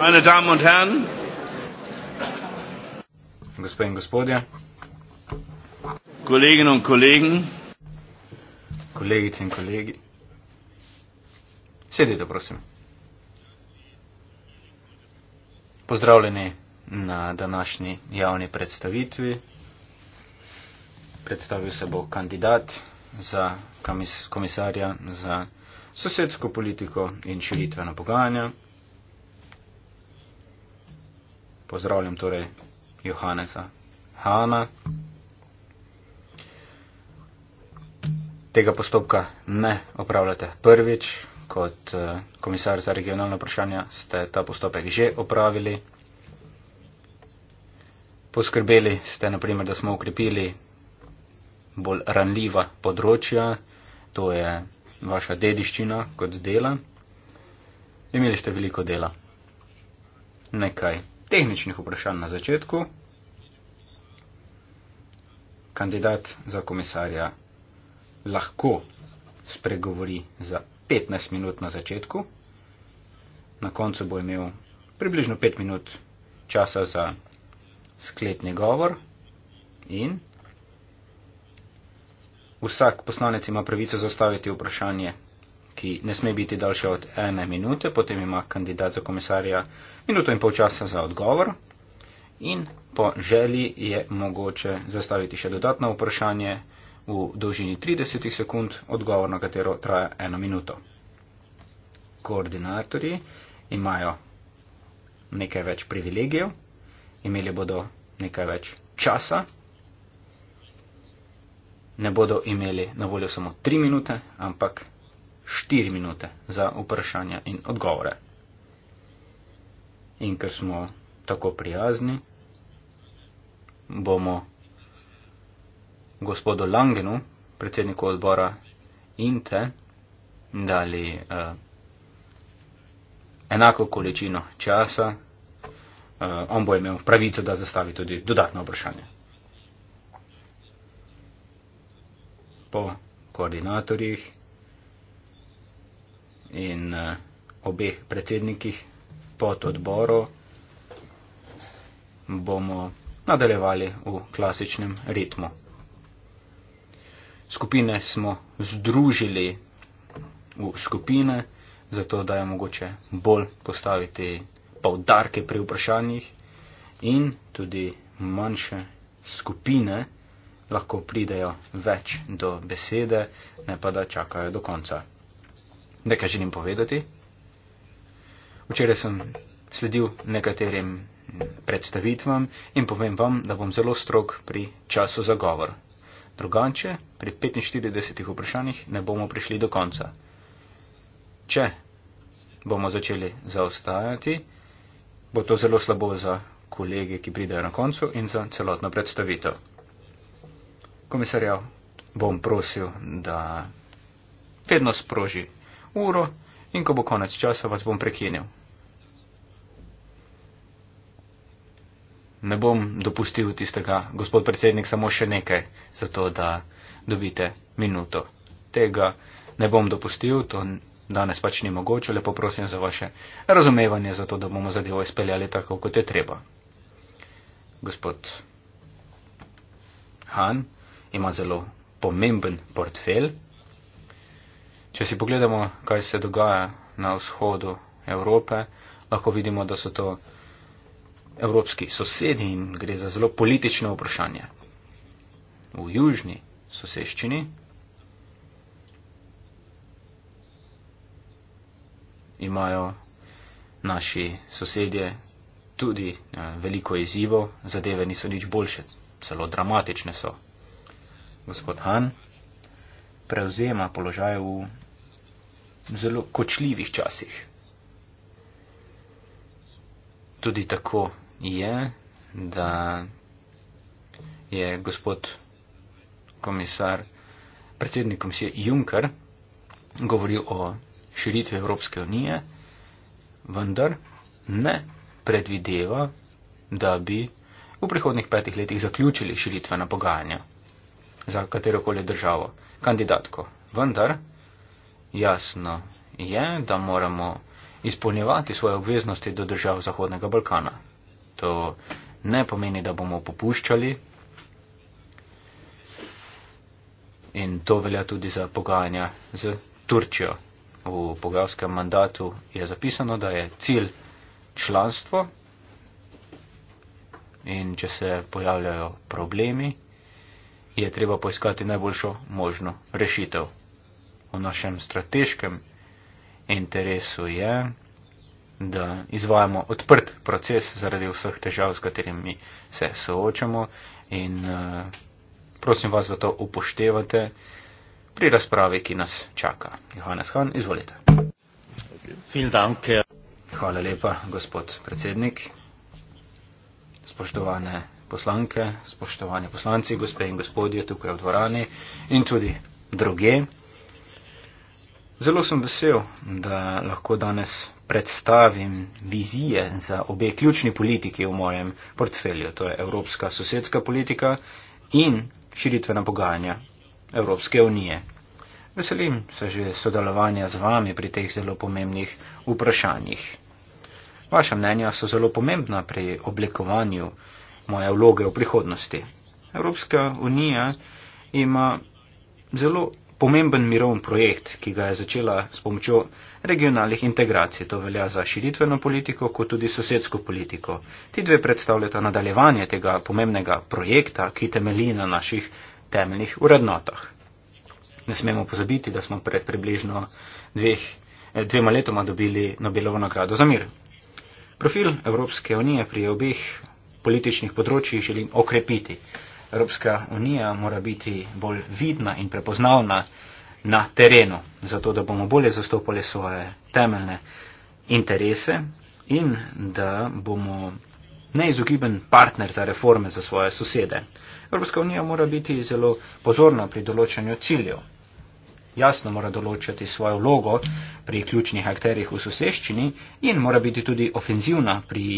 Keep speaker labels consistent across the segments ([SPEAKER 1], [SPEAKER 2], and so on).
[SPEAKER 1] Meine Damen und Herren,
[SPEAKER 2] Господин, Господи, Kolleginnen und Kollegen, Kolleginnen und Kollegen, sedite, prosim. Pozdravljeni na današnji javni predstavitvi. Predstavil se bo kandidat za komisarja za sosedsko politiko in širitveno pogajanje pozdravljam torej Johanesa Hana. Tega postopka ne opravljate prvič, kot eh, komisar za regionalno vprašanje ste ta postopek že opravili. Poskrbeli ste, naprimer, da smo ukrepili bolj ranljiva področja, to je vaša dediščina kot dela. Imeli ste veliko dela. Nekaj tehničnih vprašanj na začetku. Kandidat za komisarja lahko spregovori za 15 minut na začetku, na koncu bo imel približno 5 minut časa za sklepni govor in vsak poslanec ima pravico zastaviti vprašanje ki ne sme biti daljša od ene minute, potem ima kandidat za komisarja minuto in pol časa za odgovor in po želji je mogoče zastaviti še dodatno vprašanje v dolžini 30 sekund, odgovor na katero traja eno minuto. Koordinatorji imajo nekaj več privilegijev, imeli bodo nekaj več časa, ne bodo imeli na voljo samo 3 minute, ampak 4 minute za vprašanja in odgovore. In ker smo tako prijazni, bomo gospodu Langenu, predsedniku odbora INTE, dali uh, enako količino časa, uh, on bo imel pravico, da zastavi tudi dodatno vprašanje. Po koordinatorjih in eh, obeh predsednikih pod odboru bomo nadaljevali v klasičnem ritmu. Skupine smo združili v skupine, zato da je mogoče bolj postaviti povdarke pri vprašanjih in tudi manjše skupine lahko pridejo več do besede, ne pa da čakajo do konca nekaj želim povedati. Včeraj sem sledil nekaterim predstavitvam in povem vam, da bom zelo strok pri času za govor. Drugače, pri 45 vprašanjih ne bomo prišli do konca. Če bomo začeli zaostajati, bo to zelo slabo za kolege, ki pridejo na koncu in za celotno predstavitev. Komisarja bom prosil, da vedno sproži uro in ko bo konec časa, vas bom prekinil. Ne bom dopustil tistega, gospod predsednik, samo še nekaj, zato da dobite minuto. Tega ne bom dopustil, to danes pač ni mogoče, lepo prosim za vaše razumevanje, zato da bomo zadevo izpeljali tako, kot je treba. Gospod Han ima zelo pomemben portfelj. Če si pogledamo, kaj se dogaja na vzhodu Evrope, lahko vidimo, da so to evropski sosedi in gre za zelo politično vprašanje. V južni soseščini imajo naši sosedje tudi eh, veliko izzivov, zadeve niso nič boljše, celo dramatične so. Gospod Han prevzema položaj v zelo kočljivih časih. Tudi tako je, da je gospod komisar, predsednik komisije Juncker govoril o širitvi Evropske unije, vendar ne predvideva, da bi v prihodnih petih letih zaključili širitvena pogajanja za katerokoli državo, kandidatko. Vendar jasno je, da moramo izpolnjevati svoje obveznosti do držav Zahodnega Balkana. To ne pomeni, da bomo popuščali. In to velja tudi za pogajanja z Turčijo. V pogajalskem mandatu je zapisano, da je cilj članstvo in če se pojavljajo problemi, je treba poiskati najboljšo možno rešitev v našem strateškem interesu je, da izvajamo odprt proces zaradi vseh težav, s katerimi se soočamo in eh, prosim vas, da to upoštevate pri razpravi, ki nas čaka. Johannes Han, izvolite. Hvala lepa, gospod predsednik. Spoštovane poslanke, spoštovane poslanci, gospe in gospodje tukaj v dvorani in tudi druge. Zelo sem vesel, da lahko danes predstavim vizije za obe ključni politiki v mojem portfelju, to je evropska sosedska politika in širitvena pogajanja Evropske unije. Veselim se že sodelovanja z vami pri teh zelo pomembnih vprašanjih. Vaša mnenja so zelo pomembna pri oblikovanju moje vloge v prihodnosti. Evropska unija ima zelo pomemben miroven projekt, ki ga je začela s pomočjo regionalnih integracij. To velja za širitveno politiko, kot tudi sosedsko politiko. Ti dve predstavljata nadaljevanje tega pomembnega projekta, ki temelji na naših temeljnih urednotah. Ne smemo pozabiti, da smo pred približno dveh, eh, dvema letoma dobili Nobelovo nagrado za mir. Profil Evropske unije pri obeh političnih področjih želim okrepiti. Evropska unija mora biti bolj vidna in prepoznavna na terenu, zato da bomo bolje zastopali svoje temeljne interese in da bomo neizogiben partner za reforme za svoje sosede. Evropska unija mora biti zelo pozorna pri določanju ciljev. Jasno mora določati svojo vlogo pri ključnih akterjih v soseščini in mora biti tudi ofenzivna pri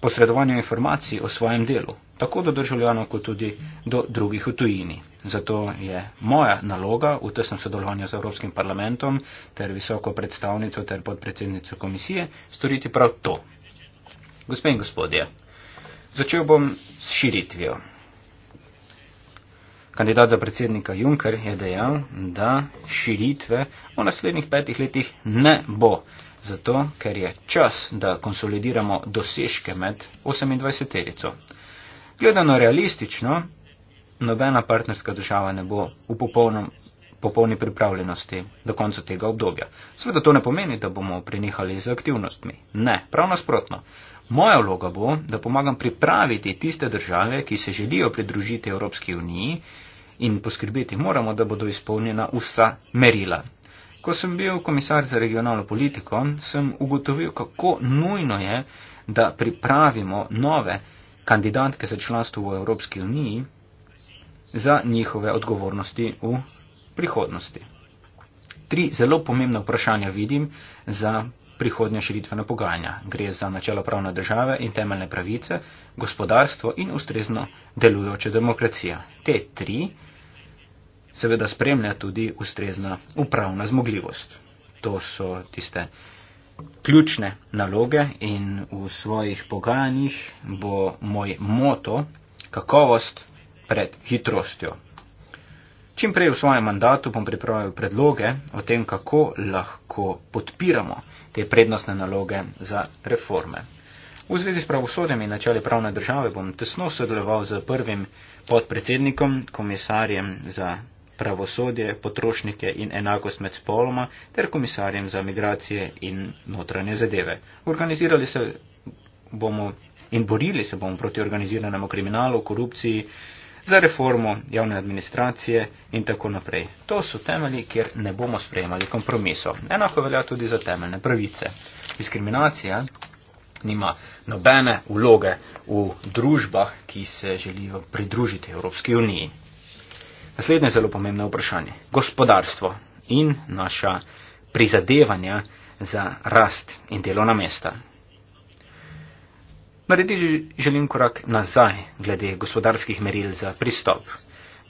[SPEAKER 2] posredovanju informacij o svojem delu, tako do državljanov, kot tudi do drugih v tujini. Zato je moja naloga v tesnem sodelovanju z Evropskim parlamentom ter visoko predstavnico ter podpredsednico komisije storiti prav to. Gospe in gospodje, začel bom s širitvijo. Kandidat za predsednika Juncker je dejal, da širitve v naslednjih petih letih ne bo zato ker je čas, da konsolidiramo dosežke med 28-terico. Gledano realistično, nobena partnerska država ne bo v popolnom, popolni pripravljenosti do konca tega obdobja. Sveda to ne pomeni, da bomo prenehali z aktivnostmi. Ne, prav nasprotno. Moja vloga bo, da pomagam pripraviti tiste države, ki se želijo pridružiti Evropski uniji in poskrbeti moramo, da bodo izpolnjena vsa merila. Ko sem bil komisar za regionalno politiko, sem ugotovil, kako nujno je, da pripravimo nove kandidatke za članstvo v Evropski uniji za njihove odgovornosti v prihodnosti. Tri zelo pomembna vprašanja vidim za prihodnja širitvena pogajanja. Gre za načelo pravne države in temeljne pravice, gospodarstvo in ustrezno delujoče demokracija. Te tri seveda spremlja tudi ustrezna upravna zmogljivost. To so tiste ključne naloge in v svojih pogajanjih bo moj moto kakovost pred hitrostjo. Čim prej v svojem mandatu bom pripravil predloge o tem, kako lahko podpiramo te prednostne naloge za reforme. V zvezi s pravosodjem in načeli pravne države bom tesno sodeloval z prvim podpredsednikom, komisarjem za pravosodje, potrošnike in enakost med spoloma ter komisarjem za migracije in notranje zadeve. Organizirali se bomo in borili se bomo proti organiziranemu kriminalu, korupciji, za reformo javne administracije in tako naprej. To so temelji, kjer ne bomo sprejemali kompromiso. Enako velja tudi za temeljne pravice. Diskriminacija nima nobene uloge v družbah, ki se želijo pridružiti Evropski uniji. Naslednje zelo pomembno vprašanje. Gospodarstvo in naša prizadevanja za rast in delovna mesta. Narediti želim korak nazaj glede gospodarskih meril za pristop.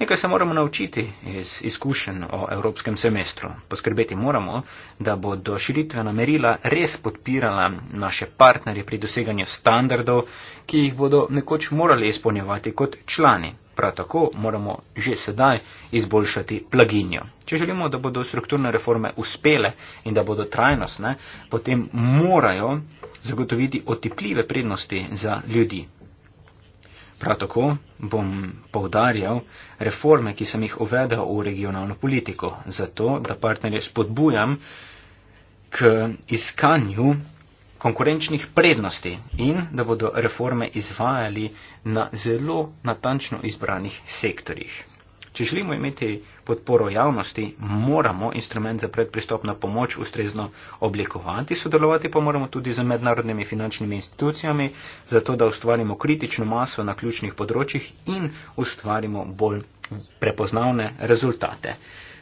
[SPEAKER 2] Nekaj se moramo naučiti iz izkušenj o evropskem semestru. Poskrbeti moramo, da bodo širitvena merila res podpirala naše partnerje pri doseganju standardov, ki jih bodo nekoč morali izpolnjevati kot člani. Prav tako moramo že sedaj izboljšati plaginjo. Če želimo, da bodo strukturne reforme uspele in da bodo trajnostne, potem morajo zagotoviti otipljive prednosti za ljudi. Prav tako bom povdarjal reforme, ki sem jih uvedel v regionalno politiko, zato da partnerje spodbujam k iskanju konkurenčnih prednosti in da bodo reforme izvajali na zelo natančno izbranih sektorjih. Če želimo imeti podporo javnosti, moramo instrument za predpristopno pomoč ustrezno oblikovati, sodelovati pa moramo tudi z mednarodnimi finančnimi institucijami, zato da ustvarimo kritično maso na ključnih področjih in ustvarimo bolj prepoznavne rezultate.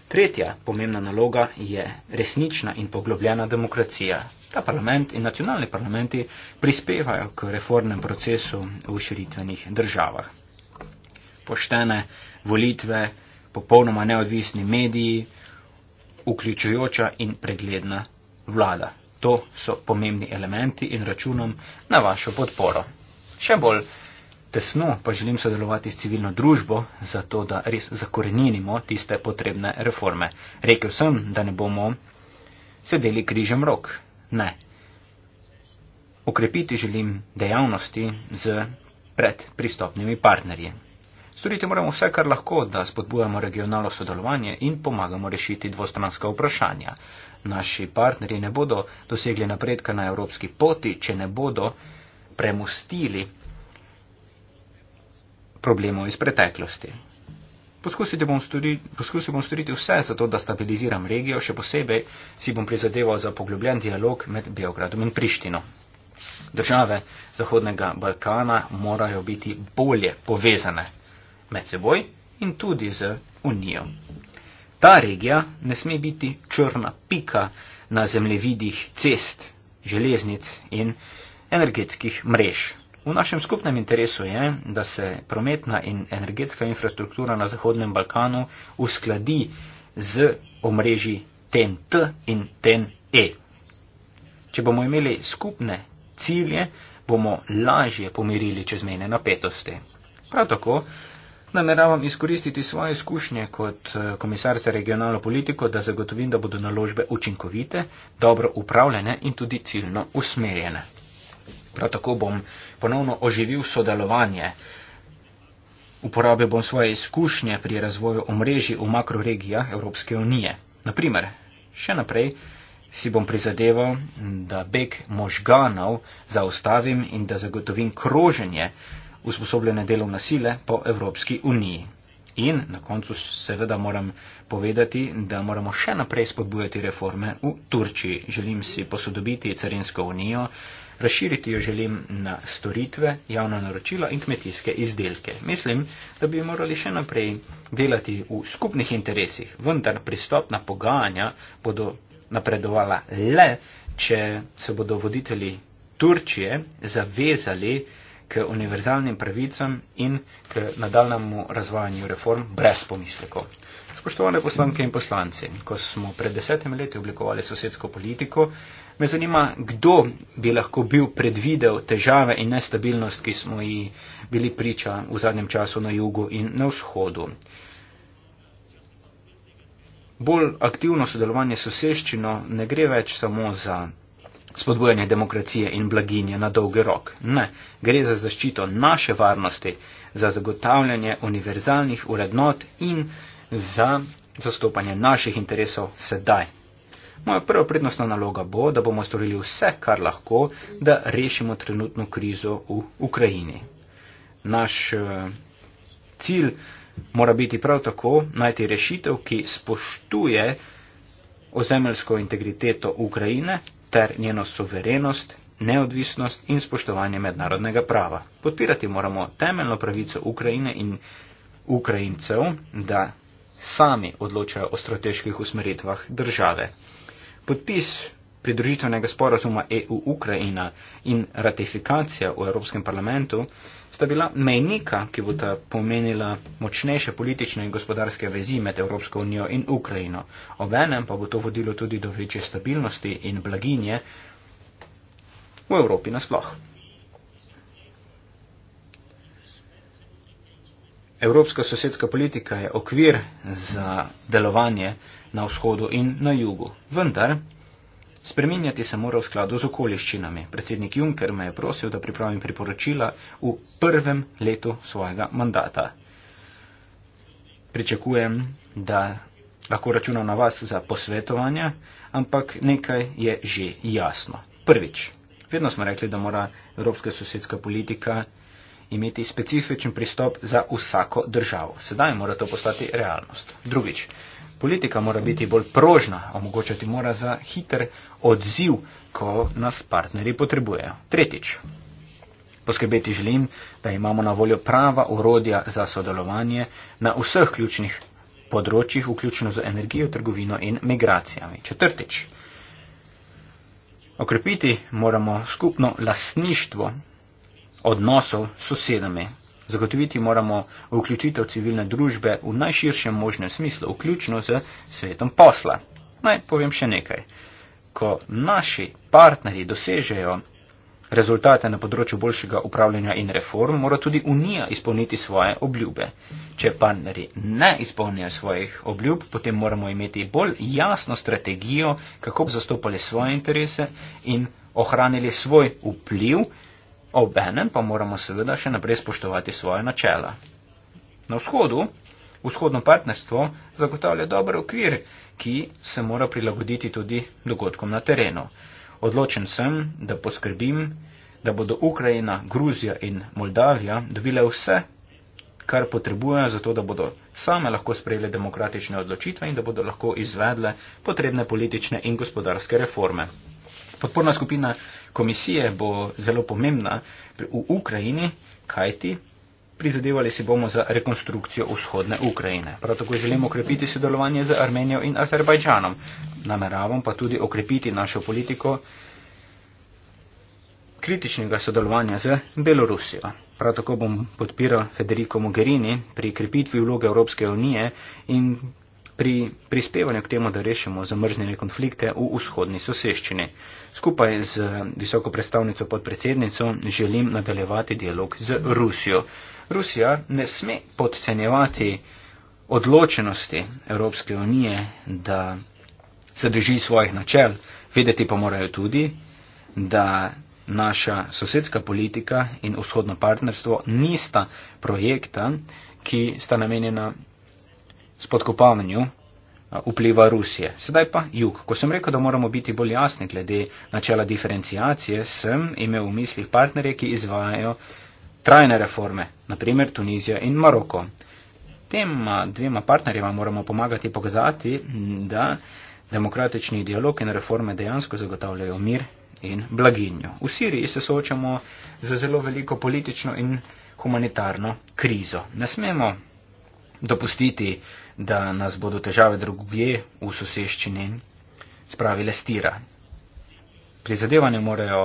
[SPEAKER 2] Tretja pomembna naloga je resnična in poglobljena demokracija. Ta parlament in nacionalni parlamenti prispevajo k reformnem procesu v širitvenih državah poštene volitve, popolnoma neodvisni mediji, vključujoča in pregledna vlada. To so pomembni elementi in računam na vašo podporo. Še bolj tesno pa želim sodelovati s civilno družbo, zato da res zakorenimo tiste potrebne reforme. Rekel sem, da ne bomo sedeli križem rok. Ne. Okrepiti želim dejavnosti z predpristopnimi partnerji. Storiti moramo vse, kar lahko, da spodbujamo regionalno sodelovanje in pomagamo rešiti dvostranska vprašanja. Naši partnerji ne bodo dosegli napredka na evropski poti, če ne bodo premustili problemov iz preteklosti. Poskusiti bom, stori, poskusiti bom storiti vse za to, da stabiliziram regijo, še posebej si bom prizadeval za poglobljen dialog med Beogradom in Prištino. Države Zahodnega Balkana morajo biti bolje povezane med seboj in tudi z Unijo. Ta regija ne sme biti črna pika na zemljevidih cest, železnic in energetskih mrež. V našem skupnem interesu je, da se prometna in energetska infrastruktura na Zahodnem Balkanu uskladi z omrežji TNT in TNE. Če bomo imeli skupne cilje, bomo lažje pomirili čezmejne napetosti. Prav tako Nameravam izkoristiti svoje izkušnje kot eh, komisar za regionalno politiko, da zagotovim, da bodo naložbe učinkovite, dobro upravljene in tudi ciljno usmerjene. Prav tako bom ponovno oživil sodelovanje. Uporabil bom svoje izkušnje pri razvoju omrežij v makroregijah Evropske unije. Naprimer, še naprej si bom prizadeval, da beg možganov zaustavim in da zagotovim kroženje usposobljene delovne sile po Evropski uniji. In na koncu seveda moram povedati, da moramo še naprej spodbujati reforme v Turčiji. Želim si posodobiti carinsko unijo, razširiti jo želim na storitve, javna naročila in kmetijske izdelke. Mislim, da bi morali še naprej delati v skupnih interesih, vendar pristopna pogajanja bodo napredovala le, če se bodo voditelji Turčije zavezali, k univerzalnim pravicam in k nadaljnemu razvajanju reform brez pomislekov. Spoštovane poslanke in poslanci, ko smo pred desetimi leti oblikovali sosedsko politiko, me zanima, kdo bi lahko bil predvidel težave in nestabilnost, ki smo ji bili priča v zadnjem času na jugu in na vzhodu. Bolj aktivno sodelovanje s soseščino ne gre več samo za spodbujanje demokracije in blaginje na dolgi rok. Ne, gre za zaščito naše varnosti, za zagotavljanje univerzalnih urednot in za zastopanje naših interesov sedaj. Moja prva prednostna naloga bo, da bomo storili vse, kar lahko, da rešimo trenutno krizo v Ukrajini. Naš eh, cilj mora biti prav tako najti rešitev, ki spoštuje ozemeljsko integriteto Ukrajine ter njeno suverenost, neodvisnost in spoštovanje mednarodnega prava. Podpirati moramo temeljno pravico Ukrajine in Ukrajincev, da sami odločajo o strateških usmeritvah države. Podpis pridružitvenega sporazuma EU-Ukrajina in ratifikacija v Evropskem parlamentu, sta bila mejnika, ki bo ta pomenila močnejše politične in gospodarske vezi med Evropsko unijo in Ukrajino. Obenem pa bo to vodilo tudi do večje stabilnosti in blaginje v Evropi nasploh. Evropska sosedska politika je okvir za delovanje na vzhodu in na jugu. Vendar Spreminjati se mora v skladu z okoliščinami. Predsednik Juncker me je prosil, da pripravim priporočila v prvem letu svojega mandata. Pričakujem, da lahko računam na vas za posvetovanje, ampak nekaj je že jasno. Prvič, vedno smo rekli, da mora evropska sosedska politika imeti specifičen pristop za vsako državo. Sedaj mora to postati realnost. Drugič, politika mora biti bolj prožna, omogočati mora za hiter odziv, ko nas partnerji potrebujejo. Tretjič. Poskrbeti želim, da imamo na voljo prava urodja za sodelovanje na vseh ključnih področjih, vključno z energijo, trgovino in migracijami. Četrtič. Okrepiti moramo skupno lasništvo odnosov s sosedami, Zagotoviti moramo vključitev civilne družbe v najširšem možnem smislu, vključno z svetom posla. Naj povem še nekaj. Ko naši partnerji dosežejo rezultate na področju boljšega upravljanja in reform, mora tudi Unija izpolniti svoje obljube. Če partnerji ne izpolnijo svojih obljub, potem moramo imeti bolj jasno strategijo, kako bi zastopali svoje interese in ohranili svoj vpliv obenem pa moramo seveda še naprej spoštovati svoje načela. Na vzhodu vzhodno partnerstvo zagotavlja dober okvir, ki se mora prilagoditi tudi dogodkom na terenu. Odločen sem, da poskrbim, da bodo Ukrajina, Gruzija in Moldavija dobile vse, kar potrebujejo za to, da bodo same lahko sprejele demokratične odločitve in da bodo lahko izvedle potrebne politične in gospodarske reforme podporna skupina komisije bo zelo pomembna v Ukrajini, kajti prizadevali si bomo za rekonstrukcijo vzhodne Ukrajine. Prav tako želimo okrepiti sodelovanje z Armenijo in Azerbajdžanom. Nameravam pa tudi okrepiti našo politiko kritičnega sodelovanja z Belorusijo. Prav tako bom podpiral Federico Mogherini pri krepitvi vloge Evropske unije in pri prispevanju k temu, da rešimo zamrznjene konflikte v vzhodni soseščini. Skupaj z visoko predstavnico podpredsednico želim nadaljevati dialog z Rusijo. Rusija ne sme podcenjevati odločenosti Evropske unije, da se drži svojih načel. Vedeti pa morajo tudi, da naša sosedska politika in vzhodno partnerstvo nista projekta, ki sta namenjena spodkopavanju eh, vpliva Rusije. Sedaj pa jug. Ko sem rekel, da moramo biti bolj jasni glede načela diferencijacije, sem imel v mislih partnerje, ki izvajajo trajne reforme, naprimer Tunizija in Maroko. Tem dvema partnerjema moramo pomagati pokazati, da demokratični dialog in reforme dejansko zagotavljajo mir in blaginjo. V Siriji se soočamo z zelo veliko politično in humanitarno krizo. Ne smemo dopustiti, da nas bodo težave drugje v soseščini spravile stira. Prizadevanje morajo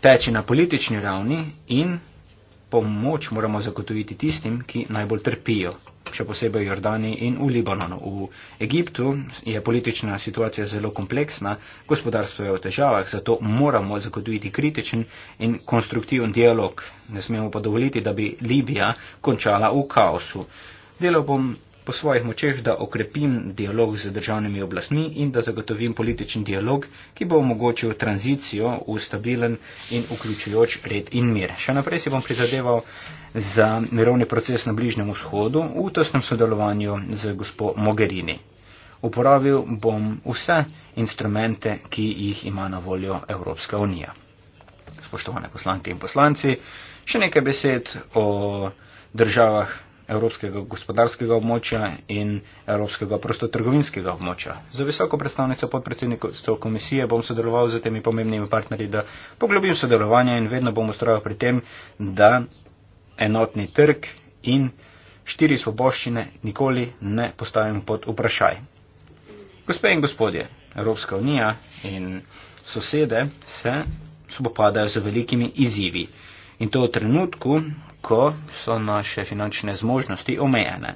[SPEAKER 2] teči na politični ravni in pomoč moramo zagotoviti tistim, ki najbolj trpijo, še posebej v Jordani in v Libanonu. V Egiptu je politična situacija zelo kompleksna, gospodarstvo je v težavah, zato moramo zagotoviti kritičen in konstruktiven dialog. Ne smemo pa dovoliti, da bi Libija končala v kaosu. Delal bom po svojih močeh, da okrepim dialog z državnimi oblastmi in da zagotovim političen dialog, ki bo omogočil tranzicijo v stabilen in vključujoč red in mir. Še naprej si bom prizadeval za mirovni proces na Bližnjem vzhodu v tesnem sodelovanju z gospo Mogherini. Uporabil bom vse instrumente, ki jih ima na voljo Evropska unija. Spoštovane poslanke in poslanci, še nekaj besed o državah Evropskega gospodarskega območja in Evropskega prostotrgovinskega območja. Za visoko predstavnico podpredsednikov komisije bom sodeloval z temi pomembnimi partnerji, da poglobim sodelovanje in vedno bom ustrajal pri tem, da enotni trg in štiri svoboščine nikoli ne postavim pod vprašaj. Gospe in gospodje, Evropska unija in sosede se spopadajo z velikimi izzivi. In to v trenutku, ko so naše finančne zmožnosti omejene.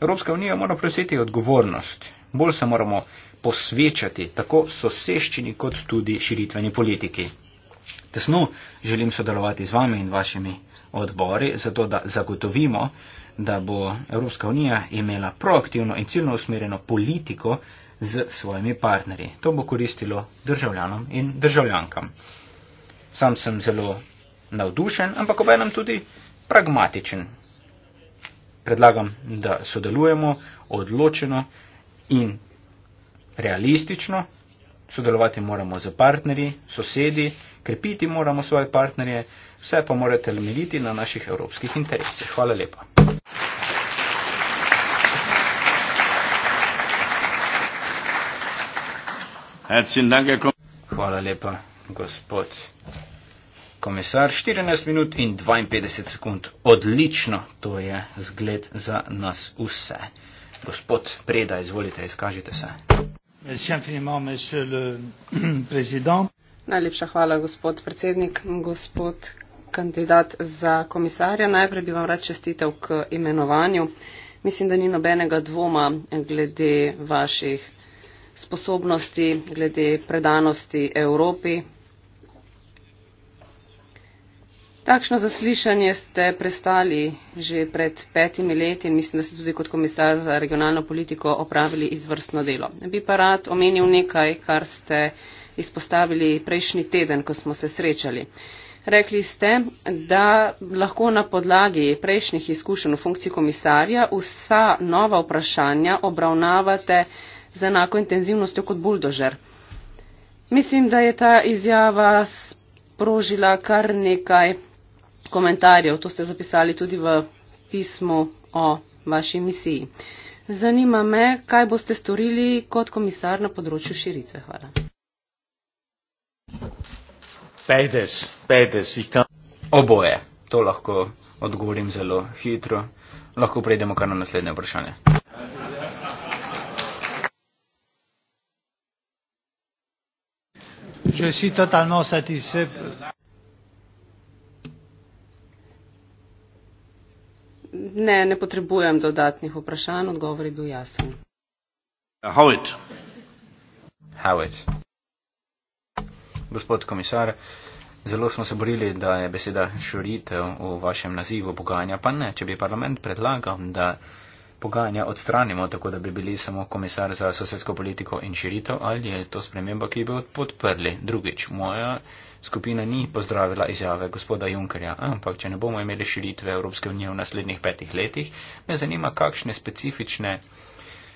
[SPEAKER 2] Evropska unija mora prevzeti odgovornost, bolj se moramo posvečati tako soseščini kot tudi širitveni politiki. Tesno želim sodelovati z vami in vašimi odbori, zato da zagotovimo, da bo Evropska unija imela proaktivno in ciljno usmerjeno politiko z svojimi partnerji. To bo koristilo državljanom in državljankam. Sam sem zelo navdušen, ampak obenem tudi pragmatičen. Predlagam, da sodelujemo odločeno in realistično. Sodelovati moramo z partnerji, sosedi, krepiti moramo svoje partnerje, vse pa morate lmiriti na naših evropskih interesih. Hvala lepa. Hvala lepa, gospod komisar, 14 minut in 52 sekund. Odlično, to je zgled za nas vse. Gospod Preda, izvolite, izkažite se.
[SPEAKER 3] Najlepša hvala, gospod predsednik, gospod kandidat za komisarja. Najprej bi vam rad čestitev k imenovanju. Mislim, da ni nobenega dvoma glede vaših sposobnosti, glede predanosti Evropi, Takšno zaslišanje ste prestali že pred petimi leti in mislim, da ste tudi kot komisar za regionalno politiko opravili izvrstno delo. Bi pa rad omenil nekaj, kar ste izpostavili prejšnji teden, ko smo se srečali. Rekli ste, da lahko na podlagi prejšnjih izkušenj v funkciji komisarja vsa nova vprašanja obravnavate z enako intenzivnostjo kot buldožer. Mislim, da je ta izjava sprožila kar nekaj komentarjev. To ste zapisali tudi v pismu o vaši misiji. Zanima me, kaj boste storili kot komisar na področju širitve. Hvala.
[SPEAKER 2] Pejdes, pejdes, oboje. To lahko odgovorim zelo hitro. Lahko prejdemo kar na naslednje vprašanje.
[SPEAKER 1] Že si totalno satisfe.
[SPEAKER 3] Ne, ne potrebujem dodatnih vprašanj, odgovor je bil jasen.
[SPEAKER 2] Uh, How it? How it? Gospod komisar, zelo smo se borili, da je beseda širitev v vašem nazivu poganja, pa ne, če bi parlament predlagal, da pogajanja odstranimo, tako da bi bili samo komisar za sosedsko politiko in širitev, ali je to sprememba, ki bi jo podprli. Drugič, moja skupina ni pozdravila izjave gospoda Junkerja, ampak če ne bomo imeli širitve Evropske unije v naslednjih petih letih, me zanima, kakšne specifične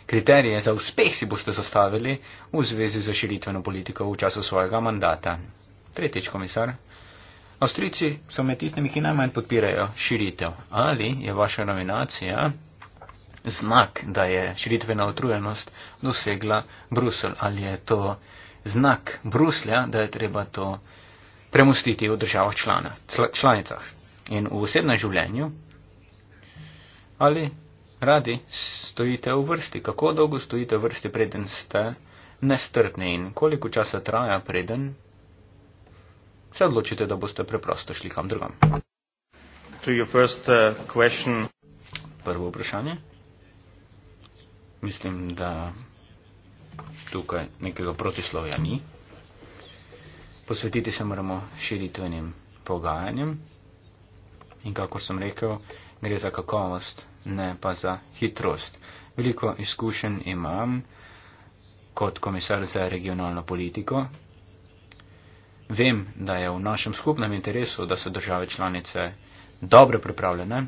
[SPEAKER 2] kriterije za uspeh si boste zastavili v zvezi za širitveno politiko v času svojega mandata. Tretjič, komisar. Avstrijci so med tistimi, ki najmanj podpirajo širitev. Ali je vaša nominacija znak, da je širitvena otrujenost dosegla Brusel. Ali je to znak Bruslja, da je treba to premustiti v državah člana, cl članicah in v osebnem življenju? Ali radi stojite v vrsti? Kako dolgo stojite v vrsti, preden ste nestrpni in koliko časa traja, preden se odločite, da boste preprosto šli kam drugam? To je uh, prvo vprašanje mislim, da tukaj nekega protislovja ni. Posvetiti se moramo širitvenim pogajanjem in kako sem rekel, gre za kakovost, ne pa za hitrost. Veliko izkušenj imam kot komisar za regionalno politiko. Vem, da je v našem skupnem interesu, da so države članice dobro pripravljene,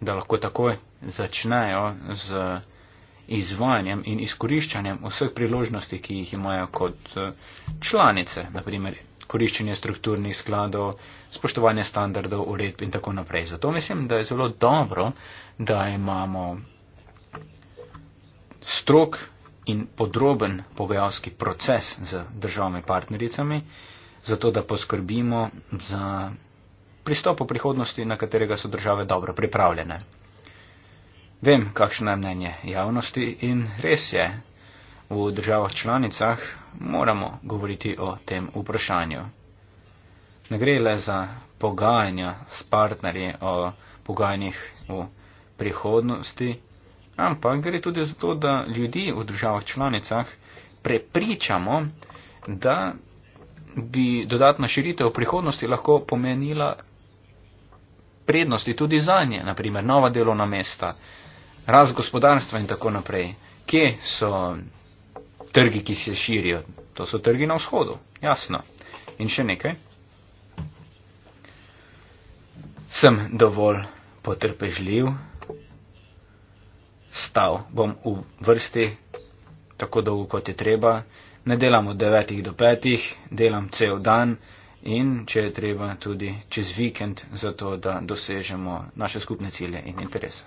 [SPEAKER 2] da lahko takoj začnejo z izvajanjem in izkoriščanjem vseh priložnosti, ki jih imajo kot eh, članice, naprimer koriščenje strukturnih skladov, spoštovanje standardov, uredb in tako naprej. Zato mislim, da je zelo dobro, da imamo strok in podroben pogajalski proces z državami partnericami, zato da poskrbimo za pristop v prihodnosti, na katerega so države dobro pripravljene. Vem, kakšno je mnenje javnosti in res je, v državah članicah moramo govoriti o tem vprašanju. Ne gre le za pogajanja s partnerji o pogajanjih v prihodnosti, ampak gre tudi za to, da ljudi v državah članicah prepričamo, da bi dodatna širitev v prihodnosti lahko pomenila prednosti tudi za nje, naprimer nova delovna mesta, rast gospodarstva in tako naprej. Kje so trgi, ki se širijo? To so trgi na vzhodu, jasno. In še nekaj. Sem dovolj potrpežljiv, stal bom v vrsti tako dolgo, kot je treba. Ne delam od 9 do 5, delam cel dan in če je treba tudi čez vikend, zato da dosežemo naše skupne cilje in interese.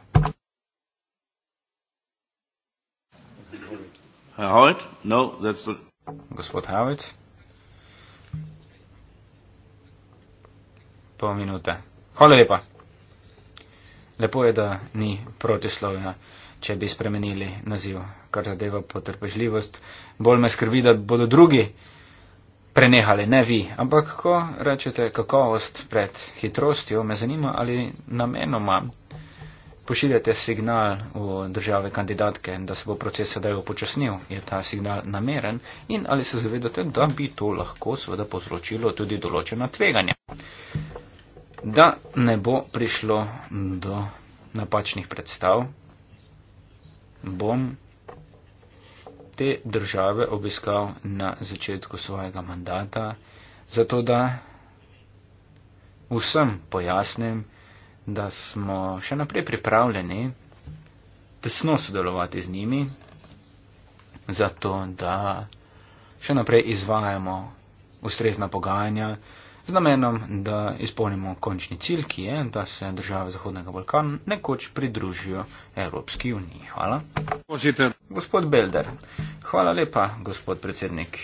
[SPEAKER 2] Herr Holt? No, that's the... Gospod Havic? Pol minute. Hvala lepa. Lepo je, da ni protislovja, če bi spremenili naziv, kar zadeva potrpežljivost. Bolj me skrbi, da bodo drugi prenehali, ne vi. Ampak, ko rečete kakovost pred hitrostjo, me zanima, ali namenoma pošiljate signal v države kandidatke, da se bo proces sedaj upočasnil, je ta signal nameren in ali se zavedate, da bi to lahko seveda povzročilo tudi določena tveganja, da ne bo prišlo do napačnih predstav, bom te države obiskal na začetku svojega mandata, zato da vsem pojasnim, da smo še naprej pripravljeni tesno sodelovati z njimi, zato da še naprej izvajamo ustrezna pogajanja z namenom, da izpolnimo končni cilj, ki je, da se države Zahodnega Balkana nekoč pridružijo Evropski uniji. Hvala. Požite. Gospod Belder. Hvala lepa, gospod predsednik.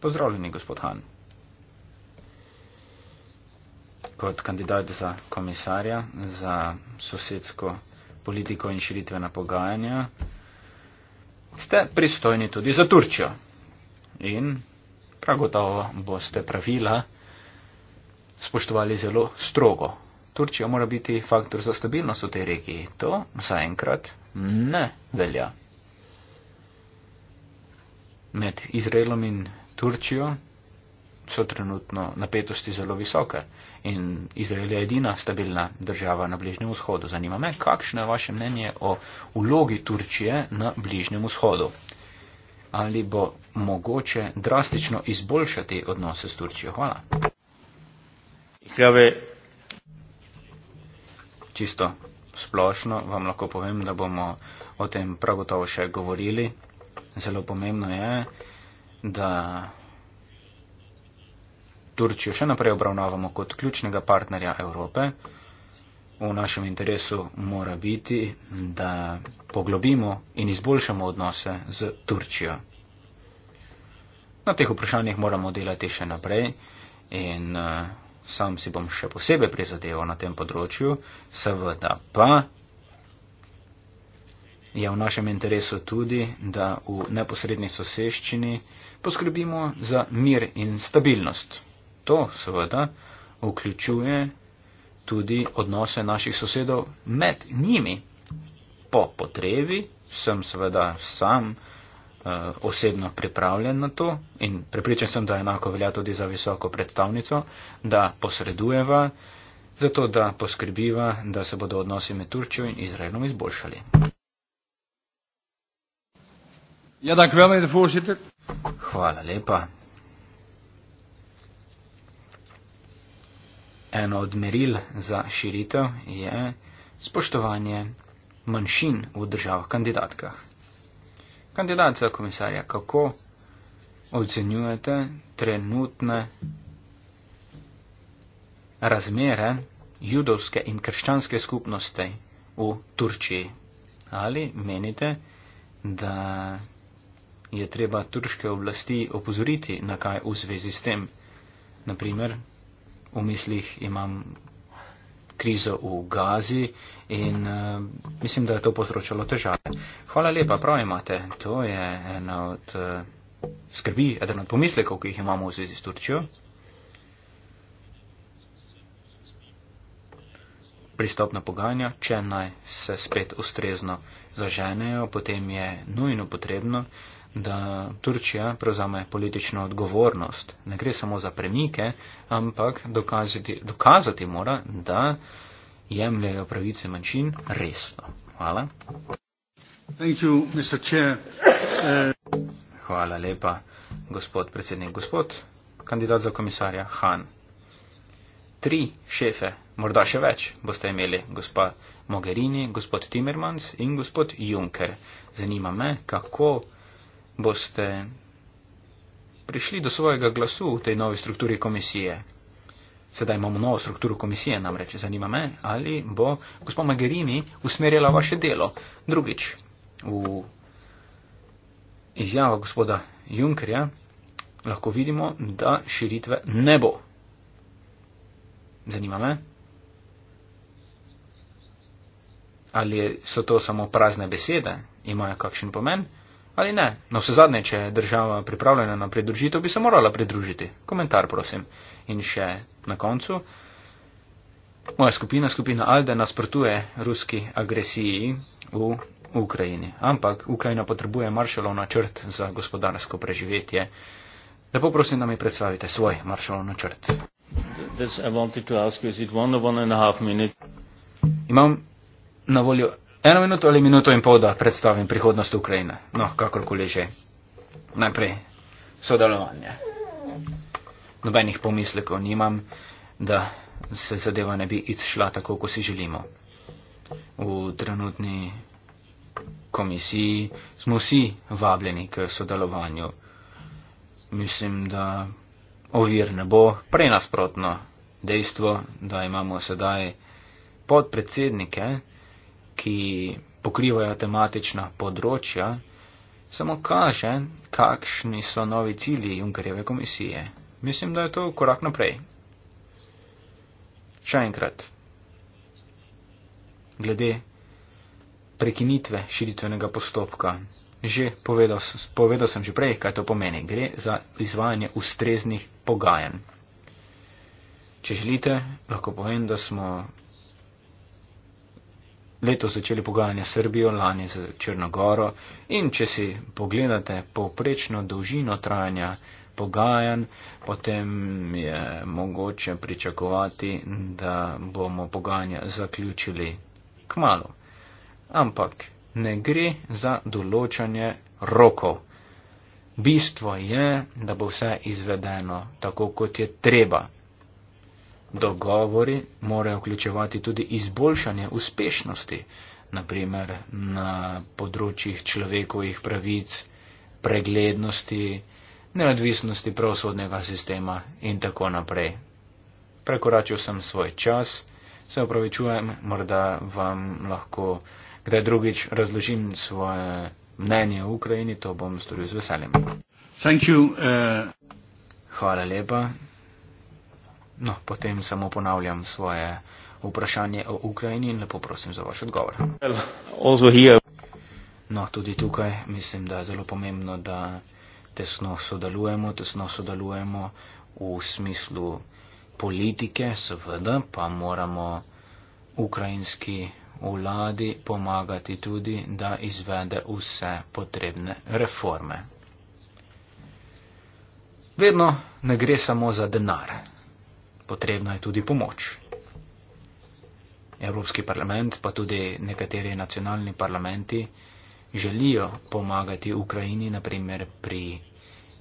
[SPEAKER 2] Pozdravljeni, gospod Han. kot kandidat za komisarja za sosedsko politiko in širitvena pogajanja, ste pristojni tudi za Turčjo. In prav gotovo boste pravila spoštovali zelo strogo. Turčija mora biti faktor za stabilnost v tej regiji. To zaenkrat ne velja. Med Izraelom in Turčijo so trenutno napetosti zelo visoke in Izrael je edina stabilna država na Bližnjem vzhodu. Zanima me, kakšno je vaše mnenje o vlogi Turčije na Bližnjem vzhodu? Ali bo mogoče drastično izboljšati odnose s Turčijo? Hvala. Ikave. Čisto splošno vam lahko povem, da bomo o tem prav gotovo še govorili. Zelo pomembno je, da Turčijo še naprej obravnavamo kot ključnega partnerja Evrope. V našem interesu mora biti, da poglobimo in izboljšamo odnose z Turčijo. Na teh vprašanjih moramo delati še naprej in eh, sam si bom še posebej prizadeval na tem področju. Seveda pa je v našem interesu tudi, da v neposredni soseščini poskrbimo za mir in stabilnost. To seveda vključuje tudi odnose naših sosedov med njimi. Po potrebi sem seveda sam uh, osebno pripravljen na to in prepričan sem, da enako velja tudi za visoko predstavnico, da posredujeva, zato da poskrbiva, da se bodo odnosi med Turčjo in Izraelom izboljšali. Ja, dank u wel, meneer de voorzitter. Hvala lepa. eno od meril za širitev je spoštovanje manjšin v državah kandidatkah. Kandidat za komisarja, kako ocenjujete trenutne razmere judovske in krščanske skupnosti v Turčiji? Ali menite, da je treba turške oblasti opozoriti na kaj v zvezi s tem? Naprimer, v mislih imam krizo v Gazi in uh, mislim, da je to povzročalo težave. Hvala lepa, prav imate. To je ena od uh, skrbi, eden od pomislekov, ki jih imamo v zvezi s Turčjo. Pristopna pogajanja, če naj se spet ustrezno zaženejo, potem je nujno potrebno, uh, da Turčija prevzame politično odgovornost. Ne gre samo za premike, ampak dokaziti, dokazati mora, da jemljajo pravice manjšin resno. Hvala.
[SPEAKER 1] You, uh...
[SPEAKER 2] Hvala lepa, gospod predsednik, gospod kandidat za komisarja Han. Tri šefe, morda še več, boste imeli, gospa Mogherini, gospod Timmermans in gospod Juncker. Zanima me, kako boste prišli do svojega glasu v tej novi strukturi komisije. Sedaj imamo novo strukturo komisije, namreč zanima me, ali bo gospod Magerini usmerjala vaše delo. Drugič, v izjavo gospoda Junkerja lahko vidimo, da širitve ne bo. Zanima me, ali so to samo prazne besede, imajo kakšen pomen ali ne. No vse zadnje, če je država pripravljena na pridružitev, bi se morala pridružiti. Komentar, prosim. In še na koncu. Moja skupina, skupina Alde, nasprotuje ruski agresiji v Ukrajini. Ampak Ukrajina potrebuje maršalov načrt za gospodarsko preživetje. Lepo prosim, da mi predstavite svoj maršalov načrt. Imam na voljo Eno minuto ali minuto in pol, da predstavim prihodnost Ukrajine. No, kakorkoli že. Najprej sodelovanje. Nobenih pomislekov nimam, da se zadeva ne bi izšla tako, kot si želimo. V trenutni komisiji smo vsi vabljeni k sodelovanju. Mislim, da ovir ne bo prej nasprotno dejstvo, da imamo sedaj podpredsednike ki pokrivajo tematična področja, samo kaže, kakšni so novi cilji Junkerjeve komisije. Mislim, da je to korak naprej. Še enkrat, glede prekinitve širitvenega postopka. Že povedal, povedal sem že prej, kaj to pomeni. Gre za izvajanje ustreznih pogajanj. Če želite, lahko povem, da smo letos začeli pogajanja s Srbijo, lani z Črnogoro in če si pogledate povprečno dolžino trajanja pogajanj, potem je mogoče pričakovati, da bomo pogajanja zaključili k malu. Ampak ne gre za določanje rokov. Bistvo je, da bo vse izvedeno tako, kot je treba. Dogovori morajo vključevati tudi izboljšanje uspešnosti, naprimer na področjih človekovih pravic, preglednosti, neodvisnosti pravosodnega sistema in tako naprej. Prekoračil sem svoj čas, se opravičujem, morda vam lahko kdaj drugič razložim svoje mnenje o Ukrajini, to bom storil z veseljem.
[SPEAKER 1] Thank you, uh...
[SPEAKER 2] Hvala lepa. No, potem samo ponavljam svoje vprašanje o Ukrajini in lepo prosim za vaš odgovor. No, tudi tukaj mislim, da je zelo pomembno, da tesno sodelujemo, tesno sodelujemo v smislu politike, seveda, pa moramo ukrajinski vladi pomagati tudi, da izvede vse potrebne reforme. Vedno ne gre samo za denar potrebna je tudi pomoč. Evropski parlament pa tudi nekateri nacionalni parlamenti želijo pomagati Ukrajini, naprimer pri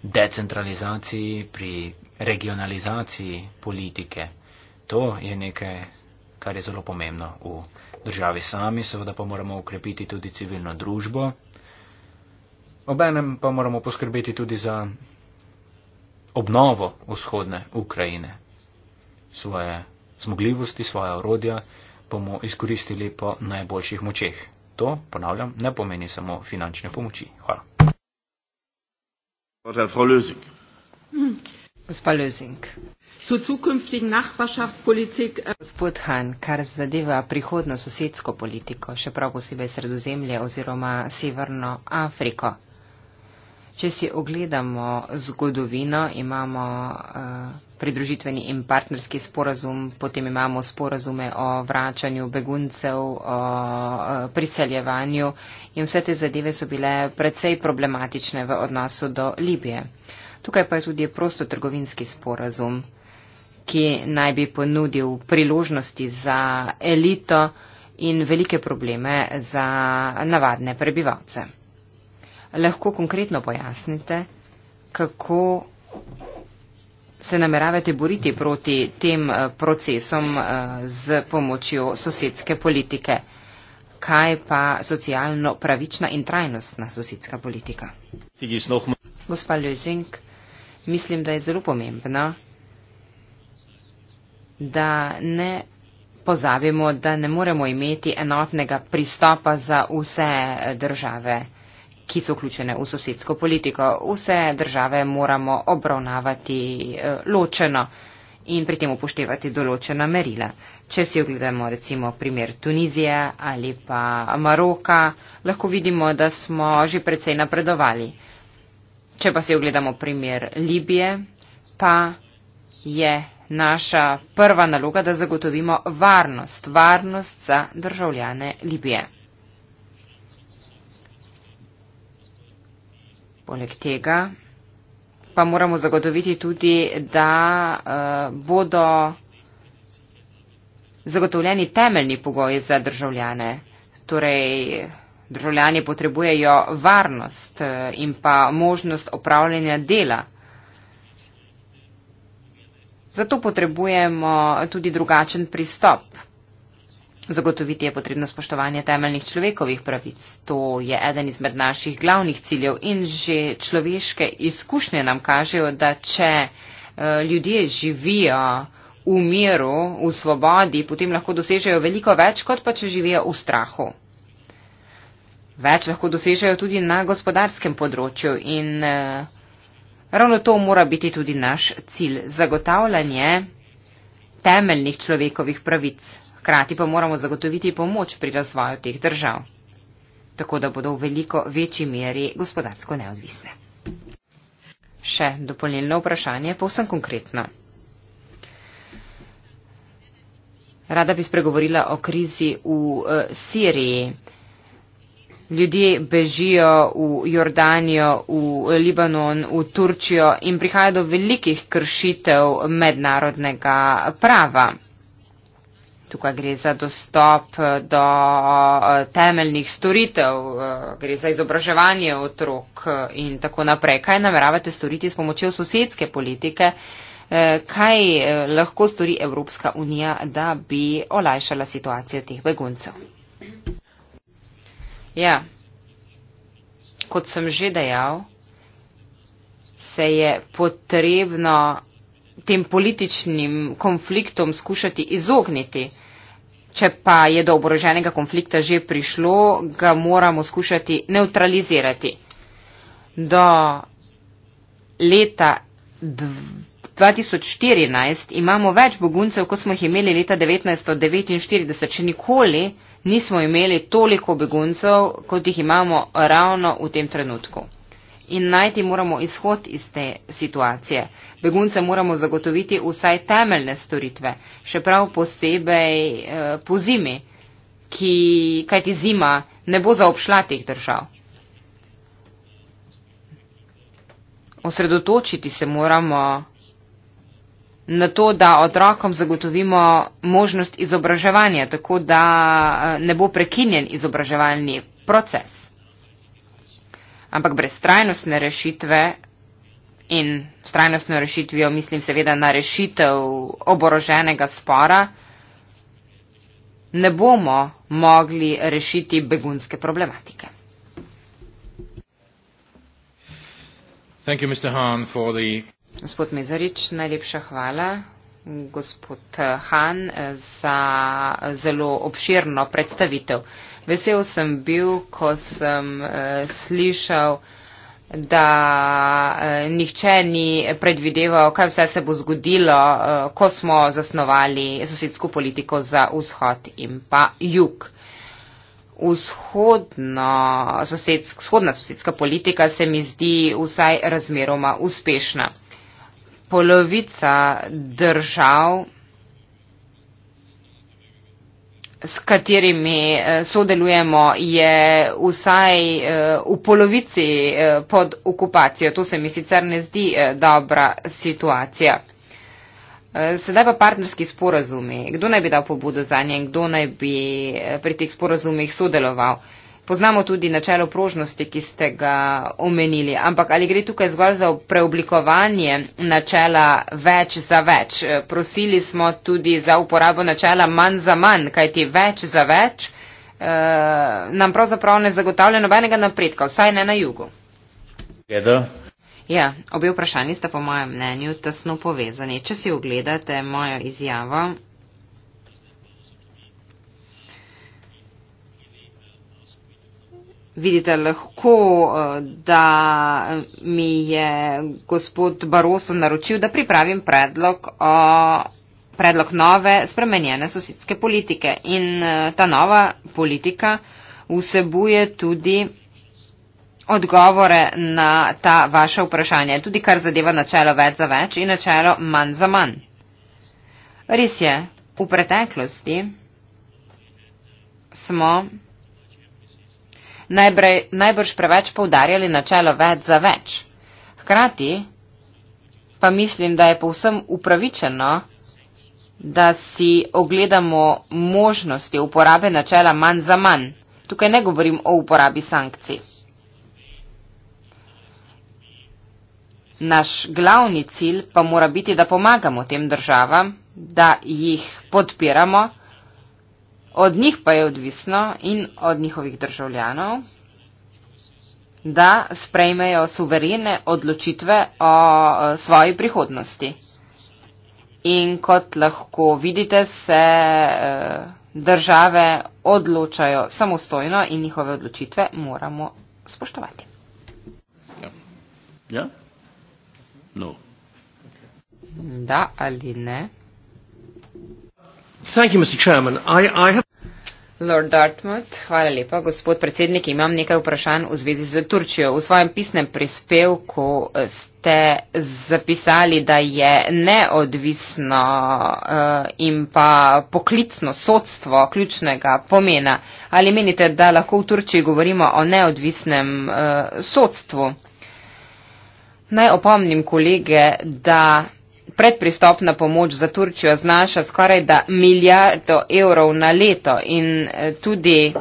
[SPEAKER 2] decentralizaciji, pri regionalizaciji politike. To je nekaj, kar je zelo pomembno v državi sami, seveda pa moramo ukrepiti tudi civilno družbo. Obenem pa moramo poskrbeti tudi za obnovo vzhodne Ukrajine svoje zmogljivosti, svoje orodja, bomo izkoristili po najboljših močeh. To, ponavljam, ne pomeni samo finančne pomoči. Hvala. Hm. Gospod
[SPEAKER 4] Lozing. Äh, Gospod Han, kar zadeva prihodno sosedsko politiko, še prav posebej sredozemlje oziroma Severno Afriko. Če si ogledamo zgodovino, imamo uh, pridružitveni in partnerski sporazum, potem imamo sporazume o vračanju beguncev, o priseljevanju in vse te zadeve so bile precej problematične v odnosu do Libije. Tukaj pa je tudi prostotrgovinski sporazum, ki naj bi ponudil priložnosti za elito in velike probleme za navadne prebivalce. Lahko konkretno pojasnite, kako se nameravate boriti proti tem eh, procesom eh, z pomočjo sosedske politike. Kaj pa socialno pravična in trajnostna sosedska politika? Gospa Ljuzink, mislim, da je zelo pomembno, da ne pozabimo, da ne moremo imeti enotnega pristopa za vse eh, države ki so vključene v sosedsko politiko. Vse države moramo obravnavati eh, ločeno in pri tem upoštevati določena merila. Če si ogledamo recimo primer Tunizije ali pa Maroka, lahko vidimo, da smo že precej napredovali. Če pa si ogledamo primer Libije, pa je naša prva naloga, da zagotovimo varnost, varnost za državljane Libije. Poleg tega pa moramo zagotoviti tudi, da eh, bodo zagotovljeni temeljni pogoji za državljane. Torej, državljani potrebujejo varnost eh, in pa možnost opravljanja dela. Zato potrebujemo tudi drugačen pristop Zagotoviti je potrebno spoštovanje temeljnih človekovih pravic. To je eden izmed naših glavnih ciljev in že človeške izkušnje nam kažejo, da če eh, ljudje živijo v miru, v svobodi, potem lahko dosežejo veliko več, kot pa če živijo v strahu. Več lahko dosežejo tudi na gospodarskem področju in eh, ravno to mora biti tudi naš cilj, zagotavljanje temeljnih človekovih pravic. Hkrati pa moramo zagotoviti pomoč pri razvoju teh držav, tako da bodo v veliko večji meri gospodarsko neodvisne. Še dopolnilno vprašanje, povsem konkretno. Rada bi spregovorila o krizi v eh, Siriji. Ljudje bežijo v Jordanijo, v Libanon, v Turčijo in prihaja do velikih kršitev mednarodnega prava. Tukaj gre za dostop eh, do eh, temeljnih storitev, eh, gre za izobraževanje otrok in tako naprej. Kaj nameravate storiti s pomočjo sosedske politike? Kaj lahko stori Evropska unija, da bi olajšala situacijo teh beguncev? Ja, kot sem že dejal, se je potrebno tem političnim konfliktom skušati izogniti. Če pa je do oboroženega konflikta že prišlo, ga moramo skušati neutralizirati. Do leta 2014 imamo več beguncev, kot smo jih imeli leta 1949. Še nikoli nismo imeli toliko beguncev, kot jih imamo ravno v tem trenutku in najti moramo izhod iz te situacije. Begunce moramo zagotoviti vsaj temeljne storitve, še prav posebej eh, po zimi, ki, kajti zima ne bo zaobšla teh držav. Osredotočiti se moramo na to, da otrokom zagotovimo možnost izobraževanja, tako da eh, ne bo prekinjen izobraževalni proces ampak brez trajnostne rešitve in s trajnostno rešitvijo mislim seveda na rešitev oboroženega spora, ne bomo mogli rešiti begunske problematike. Gospod Mezarič, najlepša hvala. Gospod Han za zelo obširno predstavitev. Vesel sem bil, ko sem uh, slišal, da uh, nihče ni predvideval, kaj vse se bo zgodilo, uh, ko smo zasnovali sosedsko politiko za vzhod in pa jug. Vzhodno, sosedsk, vzhodna sosedska politika se mi zdi vsaj razmeroma uspešna. Polovica držav s katerimi eh, sodelujemo, je vsaj eh, v polovici eh, pod okupacijo. To se mi sicer ne zdi dobra situacija. Sedaj pa partnerski sporazumi. Kdo naj bi dal pobudo za njen, kdo naj bi pri teh sporazumih sodeloval? Poznamo tudi načelo prožnosti, ki ste ga omenili, ampak ali gre tukaj zgolj za preoblikovanje načela več za več? Prosili smo tudi za uporabo načela manj za manj, kajti več za več eh, nam pravzaprav ne zagotavlja nobenega napredka, vsaj ne na jugu. Edo. Ja, obe vprašanji sta po mojem mnenju tesno povezani. Če si ogledate mojo izjavo, vidite lahko, eh, da mi je gospod Baroso naročil, da pripravim predlog o predlog nove spremenjene sosedske politike. In eh, ta nova politika vsebuje tudi odgovore na ta vaše vprašanje, tudi kar zadeva načelo več za več in načelo manj za manj. Res je, v preteklosti smo najbrej, najbrž preveč povdarjali načelo več za več. Hkrati pa mislim, da je povsem upravičeno, da si ogledamo možnosti uporabe načela manj za manj. Tukaj ne govorim o uporabi sankcij. Naš glavni cilj pa mora biti, da pomagamo tem državam, da jih podpiramo, od njih pa je odvisno in od njihovih državljanov, da sprejmejo suverene odločitve o svoji prihodnosti. In kot lahko vidite, se e, države odločajo samostojno in njihove odločitve moramo spoštovati. Ja?
[SPEAKER 1] ja? No.
[SPEAKER 4] Da ali ne?
[SPEAKER 1] Thank you, Mr. Chairman. I, I have...
[SPEAKER 4] Lord Dartmouth, hvala lepa. Gospod predsednik, imam nekaj vprašanj v zvezi z Turčijo. V svojem pisnem prispevku eh, ste zapisali, da je neodvisno uh, in pa poklicno sodstvo ključnega pomena. Ali menite, da lahko v Turčiji govorimo o neodvisnem uh, sodstvu? Naj opomnim kolege, da predpristopna pomoč za Turčijo znaša skoraj da milijardo evrov na leto in eh, tudi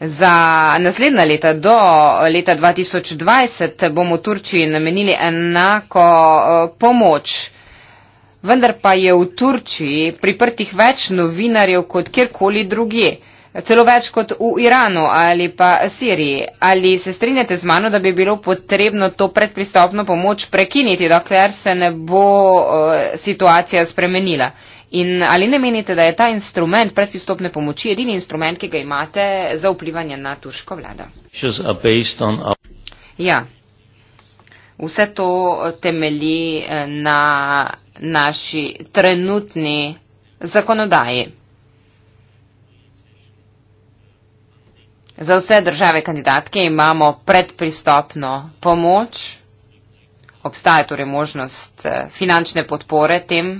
[SPEAKER 4] za naslednja leta do eh, leta 2020 bomo Turčiji namenili enako eh, pomoč. Vendar pa je v Turčiji priprtih več novinarjev kot kjerkoli drugje celo več kot v Iranu ali pa Siriji. Ali se strinjate z mano, da bi bilo potrebno to predpristopno pomoč prekiniti, dokler se ne bo uh, situacija spremenila? In ali ne menite, da je ta instrument predpristopne pomoči edini instrument, ki ga imate za vplivanje na turško vlado? Ja. Vse to eh, temelji eh, na naši trenutni zakonodaji. Za vse države kandidatke imamo predpristopno pomoč, obstaja torej možnost eh, finančne podpore tem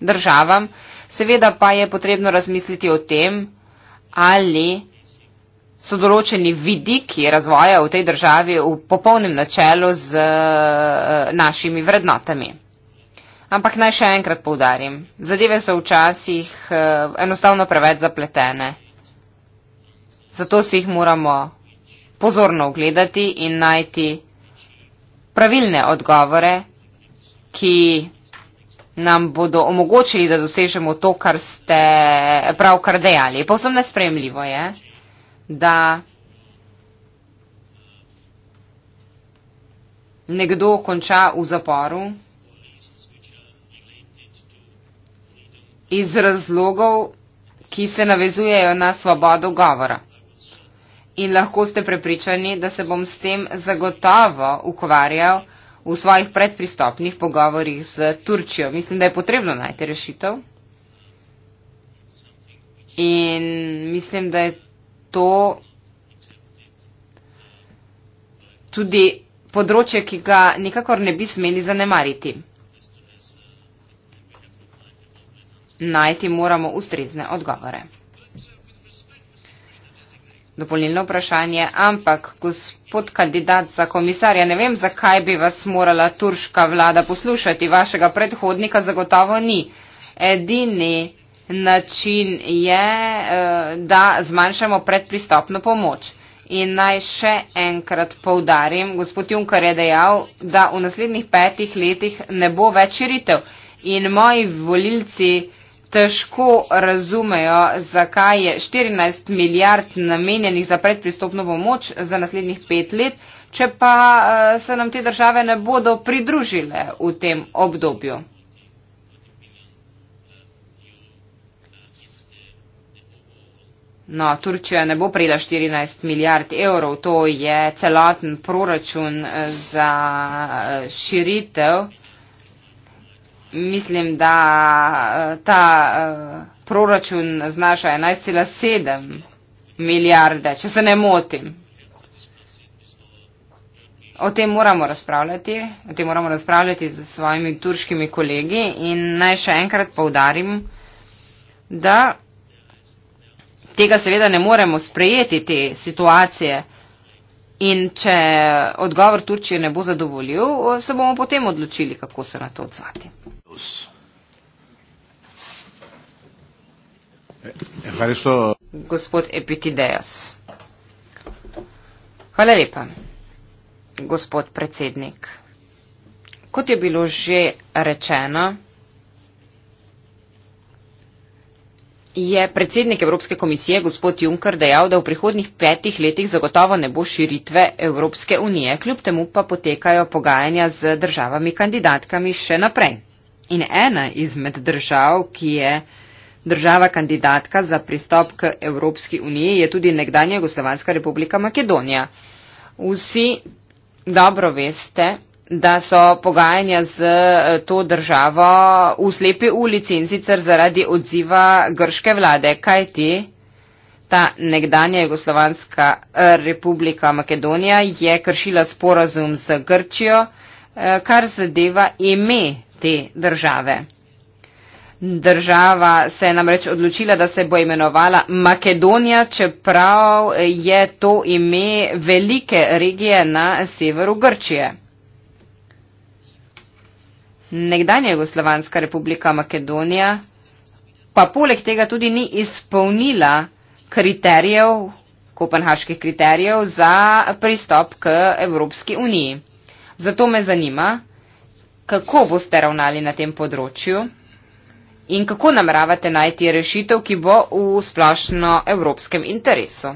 [SPEAKER 4] državam. Seveda pa je potrebno razmisliti o tem, ali so določeni vidiki razvoja v tej državi v popolnem načelu z eh, našimi vrednotami. Ampak naj še enkrat povdarim, zadeve so včasih eh, enostavno preveč zapletene. Zato si jih moramo pozorno ogledati in najti pravilne odgovore, ki nam bodo omogočili, da dosežemo to, kar ste pravkar dejali. Povsem nespremljivo je, da nekdo konča v zaporu iz razlogov, ki se navezujejo na svobodo govora in lahko ste prepričani, da se bom s tem zagotovo ukvarjal v svojih predpristopnih pogovorih z Turčijo. Mislim, da je potrebno najti rešitev. In mislim, da je to tudi področje, ki ga nikakor ne bi smeli zanemariti. Najti moramo ustrezne odgovore dopolnilno vprašanje, ampak gospod kandidat za komisarja, ne vem, zakaj bi vas morala turška vlada poslušati, vašega predhodnika zagotovo ni. Edini način je, eh, da zmanjšamo predpristopno pomoč. In naj še enkrat povdarim, gospod Junkar je dejal, da v naslednjih petih letih ne bo več širitev. In moji volilci težko razumejo, zakaj je 14 milijard namenjenih za predpristopno pomoč za naslednjih pet let, če pa eh, se nam te države ne bodo pridružile v tem obdobju. No, Turčija ne bo prejela 14 milijard evrov, to je celoten proračun eh, za eh, širitev mislim, da eh, ta eh, proračun znaša 11,7 milijarde, če se ne motim. O tem moramo razpravljati, o tem moramo razpravljati z svojimi turškimi kolegi in naj še enkrat povdarim, da tega seveda ne moremo sprejeti te situacije in če odgovor Turčije ne bo zadovoljil, se bomo potem odločili, kako se na to odzvati. Gospod Epitideos. Hvala lepa, gospod predsednik. Kot je bilo že rečeno, je predsednik Evropske komisije gospod Juncker dejal, da v prihodnjih petih letih zagotovo ne bo širitve Evropske unije, kljub temu pa potekajo pogajanja z državami kandidatkami še naprej in ena izmed držav, ki je država kandidatka za pristop k Evropski uniji, je tudi nekdanja Jugoslovanska republika Makedonija. Vsi dobro veste, da so pogajanja z eh, to državo v slepi ulici in sicer zaradi odziva grške vlade. Kaj ti? Ta nekdanja Jugoslovanska eh, republika Makedonija je kršila sporazum z Grčijo, eh, kar zadeva ime te države. Država se je namreč odločila, da se bo imenovala Makedonija, čeprav je to ime velike regije na severu Grčije. Nekdanja Jugoslovanska republika Makedonija pa poleg tega tudi ni izpolnila kriterijev, kopenhaških kriterijev za pristop k Evropski uniji. Zato me zanima, kako boste ravnali na tem področju in kako namravate najti rešitev, ki bo v splošno evropskem interesu.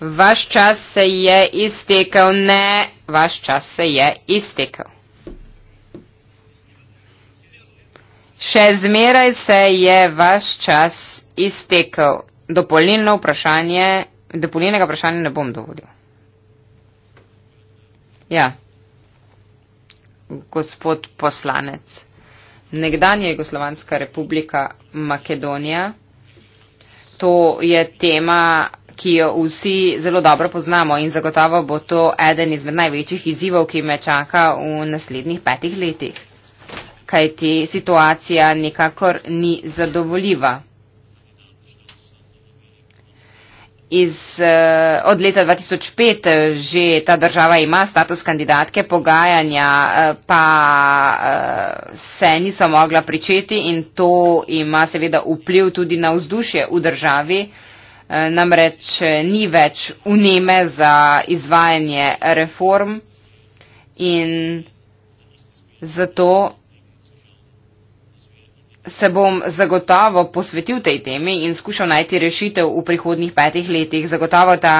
[SPEAKER 4] Vaš čas se je iztekel, ne, vaš čas se je iztekel. Še zmeraj se je vaš čas iztekel. Dopolnilno vprašanje, dopolnilnega vprašanja ne bom dovolil. Ja. Yeah gospod poslanec. Nekdanja Jugoslovanska republika Makedonija. To je tema, ki jo vsi zelo dobro poznamo in zagotovo bo to eden izmed največjih izzivov, ki me čaka v naslednjih petih letih. Kajti situacija nikakor ni zadovoljiva. iz, eh, od leta 2005 eh, že ta država ima status kandidatke, pogajanja eh, pa se niso mogla pričeti in to ima seveda vpliv tudi na vzdušje v državi. Namreč ni več uneme za izvajanje reform in zato se bom zagotovo posvetil tej temi in skušal najti rešitev v prihodnih petih letih. Zagotovo ta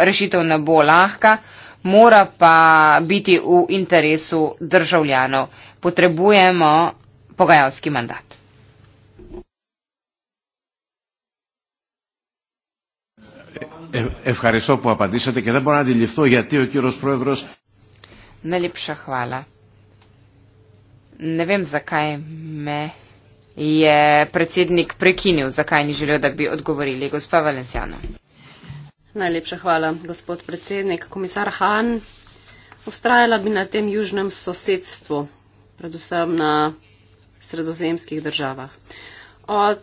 [SPEAKER 4] eh, rešitev ne bo lahka, mora pa biti v interesu državljanov. Potrebujemo pogajalski mandat.
[SPEAKER 1] E, ja,
[SPEAKER 4] Najlepša hvala. Ne vem, zakaj me je predsednik prekinil, zakaj ni želel, da bi odgovorili gospa Valencijano. Najlepša
[SPEAKER 3] hvala, gospod predsednik. Komisar Han, ustrajala bi na tem južnem sosedstvu, predvsem na sredozemskih državah. Od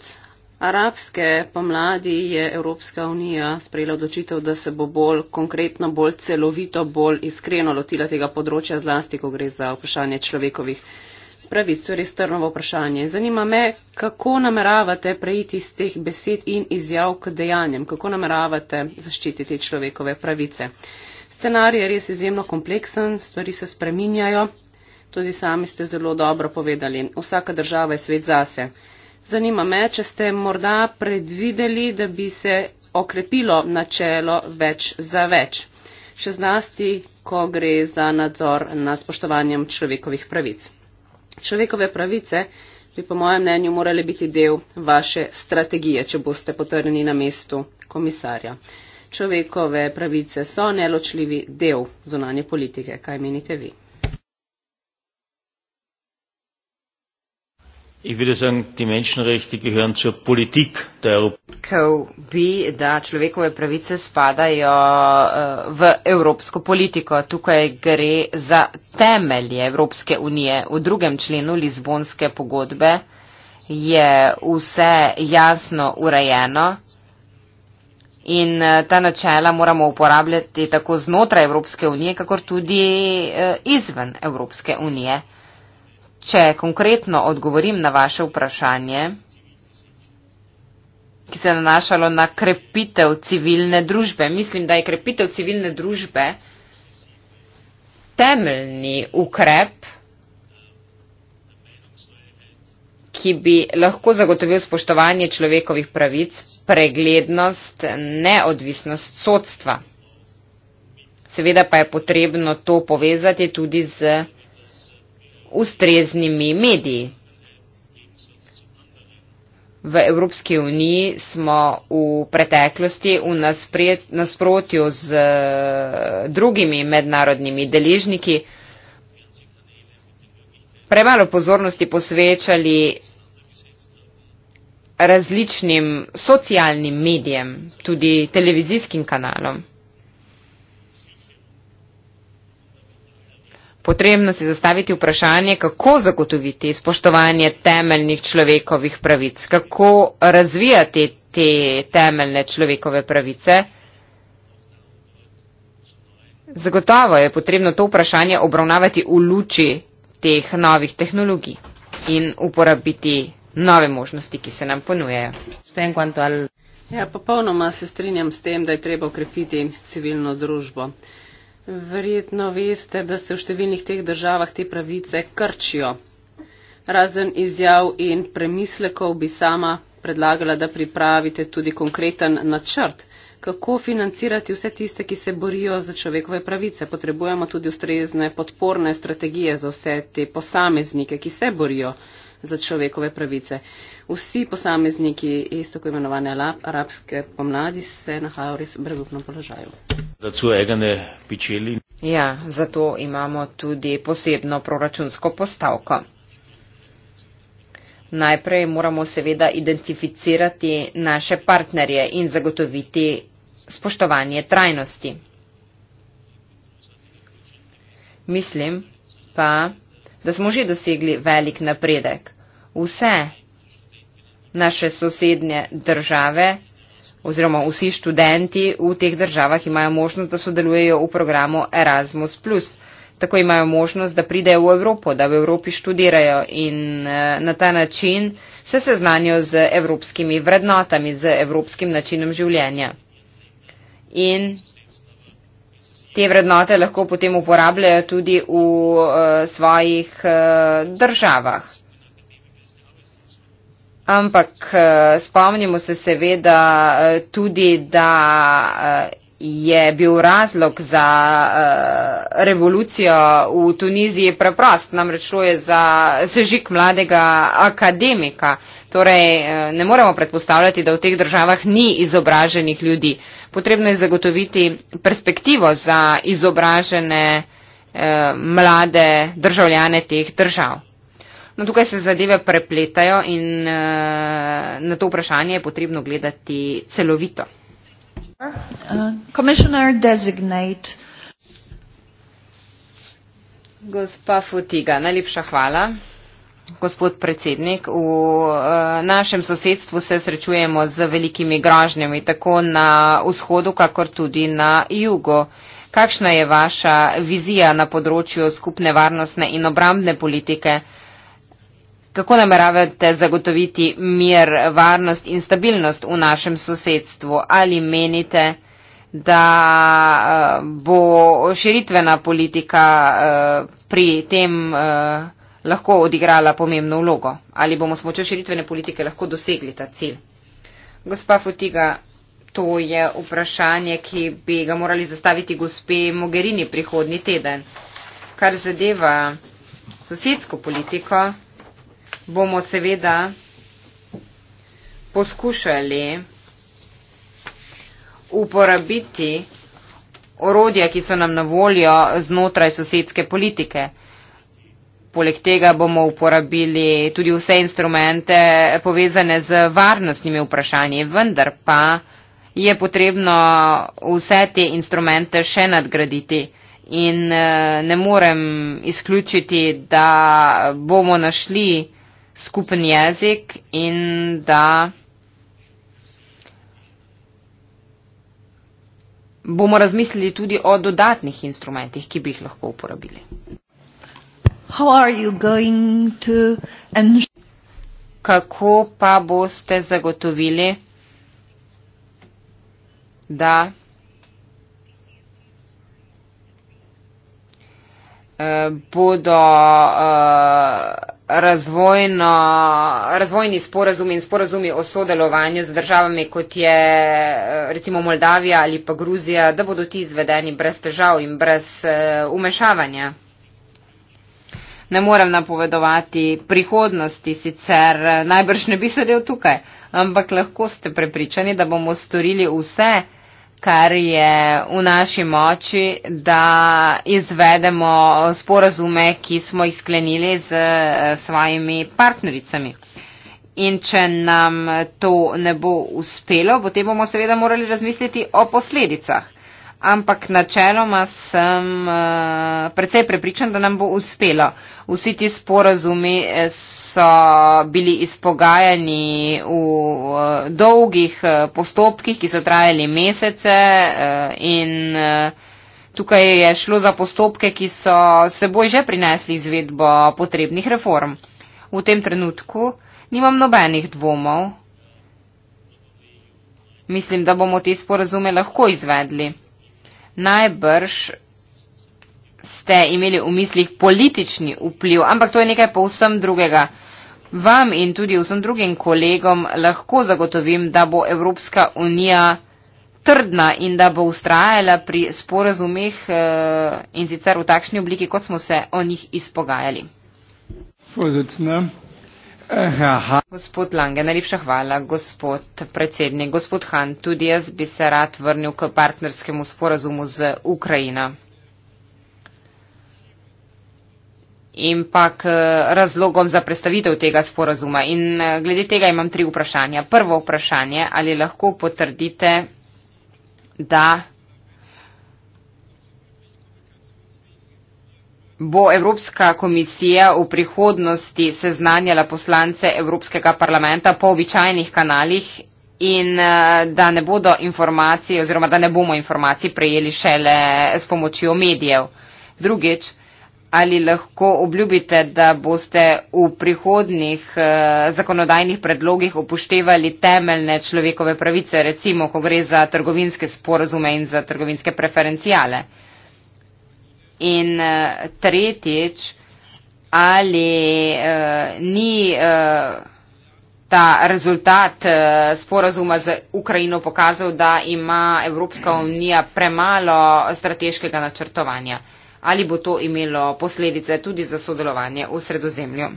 [SPEAKER 3] arabske pomladi je Evropska unija sprejela odločitev, da se bo bolj konkretno, bolj celovito, bolj iskreno lotila tega področja zlasti, ko gre za vprašanje človekovih pravic, to je res trnovo vprašanje. Zanima me, kako nameravate preiti iz teh besed in izjav k dejanjem, kako nameravate zaščititi človekove pravice. Scenarij je res izjemno kompleksen, stvari se spreminjajo, tudi sami ste zelo dobro povedali, vsaka država je svet zase. Zanima me, če ste morda predvideli, da bi se okrepilo načelo več za več. Še zlasti, ko gre za nadzor nad spoštovanjem človekovih pravic človekove pravice bi po mojem mnenju morali biti del vaše strategije, če boste potrjeni na mestu komisarja. Človekove pravice so neločljivi del zonanje politike. Kaj menite vi?
[SPEAKER 1] Ich würde sagen, die Menschenrechte gehören zur Politik der Europäischen
[SPEAKER 4] eh, Union. Je vse jasno urejeno in eh, ta načela moramo uporabljati tako znotraj Evropske unije, kakor tudi eh, izven Evropske unije. Če konkretno odgovorim na vaše vprašanje, ki se nanašalo na krepitev civilne družbe, mislim, da je krepitev civilne družbe temeljni ukrep, ki bi lahko zagotovil spoštovanje človekovih pravic, preglednost, neodvisnost sodstva. Seveda pa je potrebno to povezati tudi z ustreznimi mediji. V Evropski uniji smo v preteklosti v nasprotju z eh, drugimi mednarodnimi deležniki premalo pozornosti posvečali različnim socialnim medijem, tudi televizijskim kanalom. potrebno si zastaviti vprašanje, kako zagotoviti spoštovanje temeljnih človekovih pravic, kako razvijati te temeljne človekove pravice. Zagotovo je potrebno to vprašanje obravnavati v luči teh novih tehnologij in uporabiti nove možnosti, ki se nam ponujejo.
[SPEAKER 3] Ja, popolnoma se strinjam s tem, da je treba ukrepiti civilno družbo. Verjetno veste, da se v številnih teh državah te pravice krčijo. Razen izjav in premislekov bi sama predlagala, da pripravite tudi konkreten načrt, kako financirati vse tiste, ki se borijo za človekove pravice. Potrebujemo tudi ustrezne podporne strategije za vse te posameznike, ki se borijo za človekove pravice. Vsi posamezniki iz tako imenovane arabske pomladi se nahajajo v res brezupnem položaju.
[SPEAKER 4] Ja, zato imamo tudi posebno proračunsko postavko. Najprej moramo seveda identificirati naše partnerje in zagotoviti spoštovanje trajnosti. Mislim pa, da smo že dosegli velik napredek. Vse naše sosednje države oziroma vsi študenti v teh državah imajo možnost, da sodelujejo v programu Erasmus. Tako imajo možnost, da pridejo v Evropo, da v Evropi študirajo in eh, na ta način se seznanjajo z evropskimi vrednotami, z evropskim načinom življenja. In te vrednote lahko potem uporabljajo tudi v uh, svojih uh, državah. Ampak uh, spomnimo se seveda uh, tudi, da uh, je bil razlog za uh, revolucijo v Tuniziji preprost, namreč šlo je za sežik mladega akademika. Torej, uh, ne moremo predpostavljati, da v teh državah ni izobraženih ljudi. Uh, potrebno je zagotoviti perspektivo za izobražene eh, mlade državljane teh držav. No, tukaj se zadeve prepletajo in eh, na to vprašanje je potrebno gledati celovito.
[SPEAKER 1] Uh,
[SPEAKER 4] Gospa Futiga, najlepša hvala. Gospod predsednik, v eh, našem sosedstvu se srečujemo z velikimi grožnjami, tako na vzhodu, kakor tudi na jugu. Kakšna je vaša vizija na področju skupne varnostne in obrambne politike? Kako nameravate zagotoviti mir, varnost in stabilnost v našem sosedstvu? Ali menite, da eh, bo širitvena politika eh, pri tem? lahko odigrala pomembno vlogo? Ali bomo s močjo širitvene politike lahko dosegli ta cilj? Gospa Futiga, to je vprašanje, ki bi ga morali zastaviti gospe Mogherini prihodni teden. Kar zadeva sosedsko politiko, bomo seveda poskušali uporabiti orodja, ki so nam na voljo znotraj sosedske politike. Poleg tega bomo uporabili tudi vse instrumente povezane z varnostnimi vprašanji, vendar pa je potrebno vse te instrumente še nadgraditi in eh, ne morem izključiti, da bomo našli skupen jezik in da bomo razmislili tudi o dodatnih instrumentih, ki bi jih lahko uporabili. Kako pa boste zagotovili, da eh, bodo eh, razvojno, razvojni sporazumi in sporazumi o sodelovanju z državami, kot je eh, recimo Moldavija ali pa Gruzija, da bodo ti izvedeni brez težav in brez umešavanja? ne morem napovedovati prihodnosti, sicer eh, najbrž ne bi sedel tukaj, ampak lahko ste prepričani, da bomo storili vse, kar je v naši moči, da izvedemo sporazume, ki smo jih sklenili z eh, svojimi partnericami. In če nam to ne bo uspelo, potem bomo seveda morali razmisliti o posledicah ampak načeloma sem uh, precej prepričan, da nam bo uspelo. Vsi ti sporazumi eh, so bili izpogajani v uh, dolgih uh, postopkih, ki so trajali mesece uh, in uh, tukaj je šlo za postopke, ki so seboj že prinesli izvedbo potrebnih reform. V tem trenutku nimam nobenih dvomov. Mislim, da bomo te sporazume lahko izvedli najbrž ste imeli v mislih politični vpliv, ampak to je nekaj povsem drugega. Vam in tudi vsem drugim kolegom lahko zagotovim, da bo Evropska unija trdna in da bo ustrajala pri sporazumih eh, in sicer v takšni obliki, kot smo se o njih izpogajali.
[SPEAKER 2] Vozicne. Eh, aha.
[SPEAKER 4] Gospod Lange, najlepša hvala, gospod predsednik. Gospod Han, tudi jaz bi se rad vrnil k partnerskemu sporazumu z Ukrajina. In pa k eh, razlogom za predstavitev tega sporazuma. In eh, glede tega imam tri vprašanja. Prvo vprašanje, ali lahko potrdite, da bo Evropska komisija v prihodnosti seznanjala poslance Evropskega parlamenta po običajnih kanalih in eh, da ne bodo informacij oziroma da ne bomo informacij prejeli šele s pomočjo medijev. Drugič, ali lahko obljubite, da boste v prihodnih eh, zakonodajnih predlogih upoštevali temeljne človekove pravice, recimo, ko gre za trgovinske sporozume in za trgovinske preferencijale? In uh, tretjič, ali uh, ni uh, ta rezultat uh, sporazuma z Ukrajino pokazal, da ima Evropska unija premalo strateškega načrtovanja. Ali bo to imelo posledice tudi za sodelovanje v sredozemlju?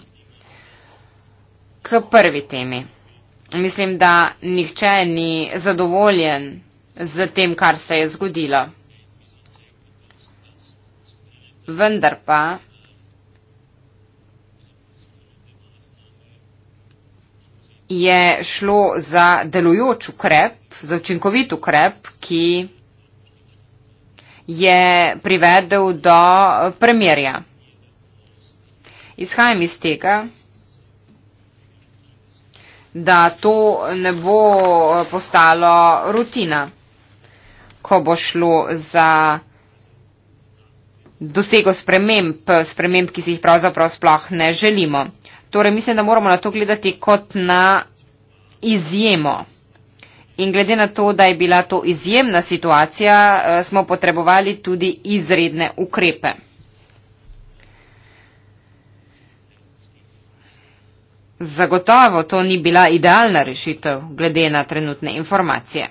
[SPEAKER 4] K prvi temi. Mislim, da nihče ni zadovoljen z tem, kar se je zgodilo vendar pa je šlo za delujoč ukrep, za učinkovit ukrep, ki je privedel do premjerja. Izhajam iz tega, da to ne bo postalo rutina, ko bo šlo za premjerja dosego sprememb, sprememb, ki si jih pravzaprav sploh ne želimo. Torej, mislim, da moramo na to gledati kot na izjemo. In glede na to, da je bila to izjemna situacija, eh, smo potrebovali tudi izredne ukrepe. Zagotovo to ni bila idealna rešitev glede na trenutne informacije.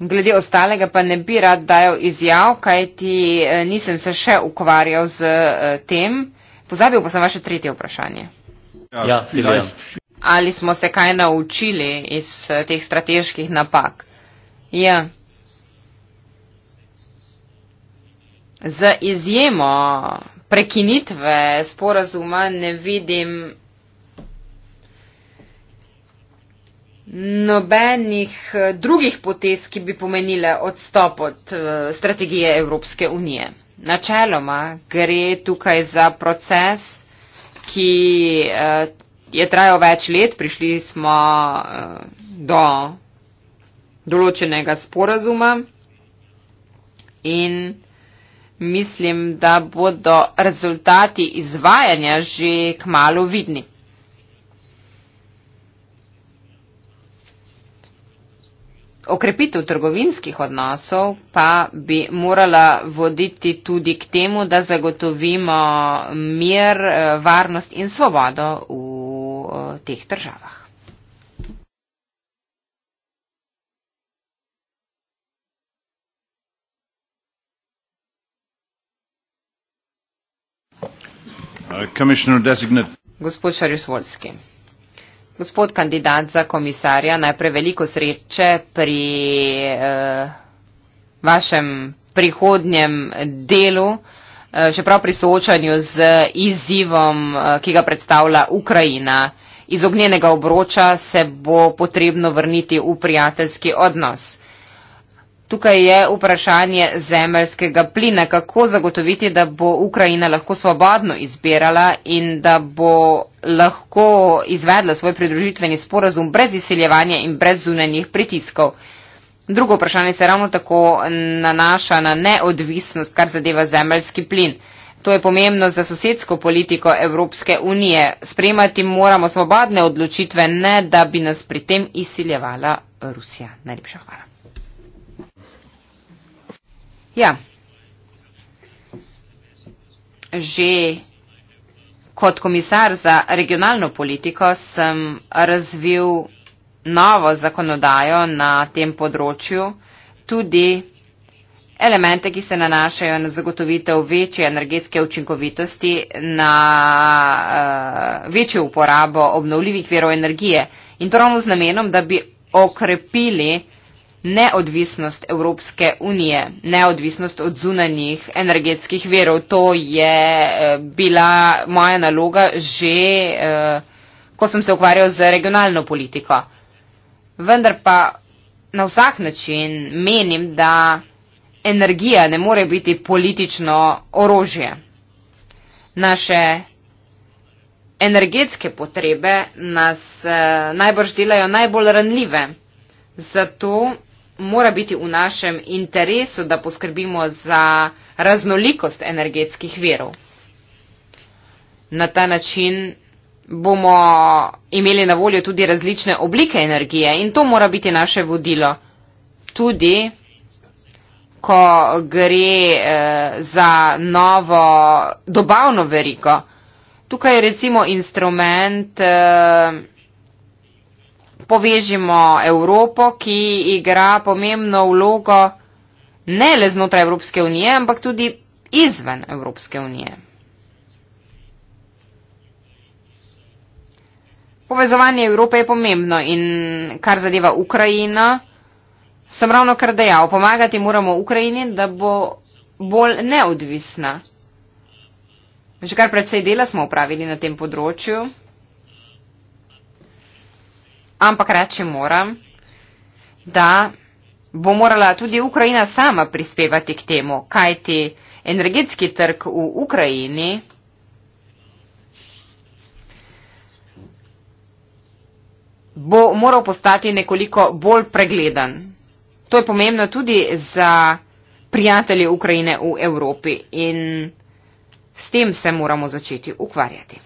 [SPEAKER 4] Glede ostalega pa ne bi rad dajal izjav, kaj ti eh, nisem se še ukvarjal z eh, tem. Pozabil pa sem vaše tretje vprašanje.
[SPEAKER 1] Ja, ja
[SPEAKER 4] Ali smo se kaj naučili iz eh, teh strateških napak? Ja. Z izjemo prekinitve sporazuma ne vidim nobenih eh, drugih potez, ki bi pomenile odstop od eh, strategije Evropske unije. Načeloma gre tukaj za proces, ki eh, je trajal več let, prišli smo do določenega sporazuma in mislim, da bodo rezultati izvajanja že k malu vidni. okrepitev trgovinskih odnosov pa bi morala voditi tudi k temu, da zagotovimo mir, eh, varnost in svobodo v eh, teh državah. Uh, Gospod Šarjusvolski. Gospod kandidat za komisarja, najprej veliko sreče pri eh, vašem prihodnjem delu, eh, še prav pri soočanju z izzivom, eh, ki ga predstavlja Ukrajina. Iz ognjenega obroča se bo potrebno vrniti v prijateljski odnos. Tukaj je vprašanje zemeljskega plina, kako zagotoviti, da bo Ukrajina lahko svobodno izbirala in da bo lahko izvedla svoj pridružitveni sporazum brez izseljevanja in brez zunanjih pritiskov. Drugo vprašanje se ravno tako nanaša na neodvisnost, kar zadeva zemeljski plin. To je pomembno za sosedsko politiko Evropske unije. Spremati moramo svobodne odločitve, ne da bi nas pri tem izsiljevala Rusija. Najlepša hvala. Ja. Že kot komisar za regionalno politiko sem razvil novo zakonodajo na tem področju, tudi elemente, ki se nanašajo na zagotovitev večje energetske učinkovitosti, na uh, večjo uporabo obnovljivih verov energije. In to ravno z namenom, da bi okrepili neodvisnost Evropske unije, neodvisnost od zunanjih energetskih verov. To je eh, bila moja naloga že, eh, ko sem se ukvarjal z regionalno politiko. Vendar pa na vsak način menim, da energija ne more biti politično orožje. Naše energetske potrebe nas eh, najbrž delajo najbolj ranljive. Zato mora biti v našem interesu, da poskrbimo za raznolikost energetskih verov. Na ta način bomo imeli na voljo tudi različne oblike energije in to mora biti naše vodilo. Tudi, ko gre eh, za novo dobavno veriko. Tukaj je recimo instrument. Eh, povežimo Evropo, ki igra pomembno vlogo ne le znotraj Evropske unije, ampak tudi izven Evropske unije. Povezovanje Evrope je pomembno in kar zadeva Ukrajina, sem ravno kar dejal, pomagati moramo Ukrajini, da bo bolj neodvisna. Že kar predsej dela smo upravili na tem področju. Ampak reči moram, da bo morala tudi Ukrajina sama prispevati k temu, kajti energetski trg v Ukrajini bo moral postati nekoliko bolj pregledan. To je pomembno tudi za prijatelje Ukrajine v Evropi in s tem se moramo začeti ukvarjati.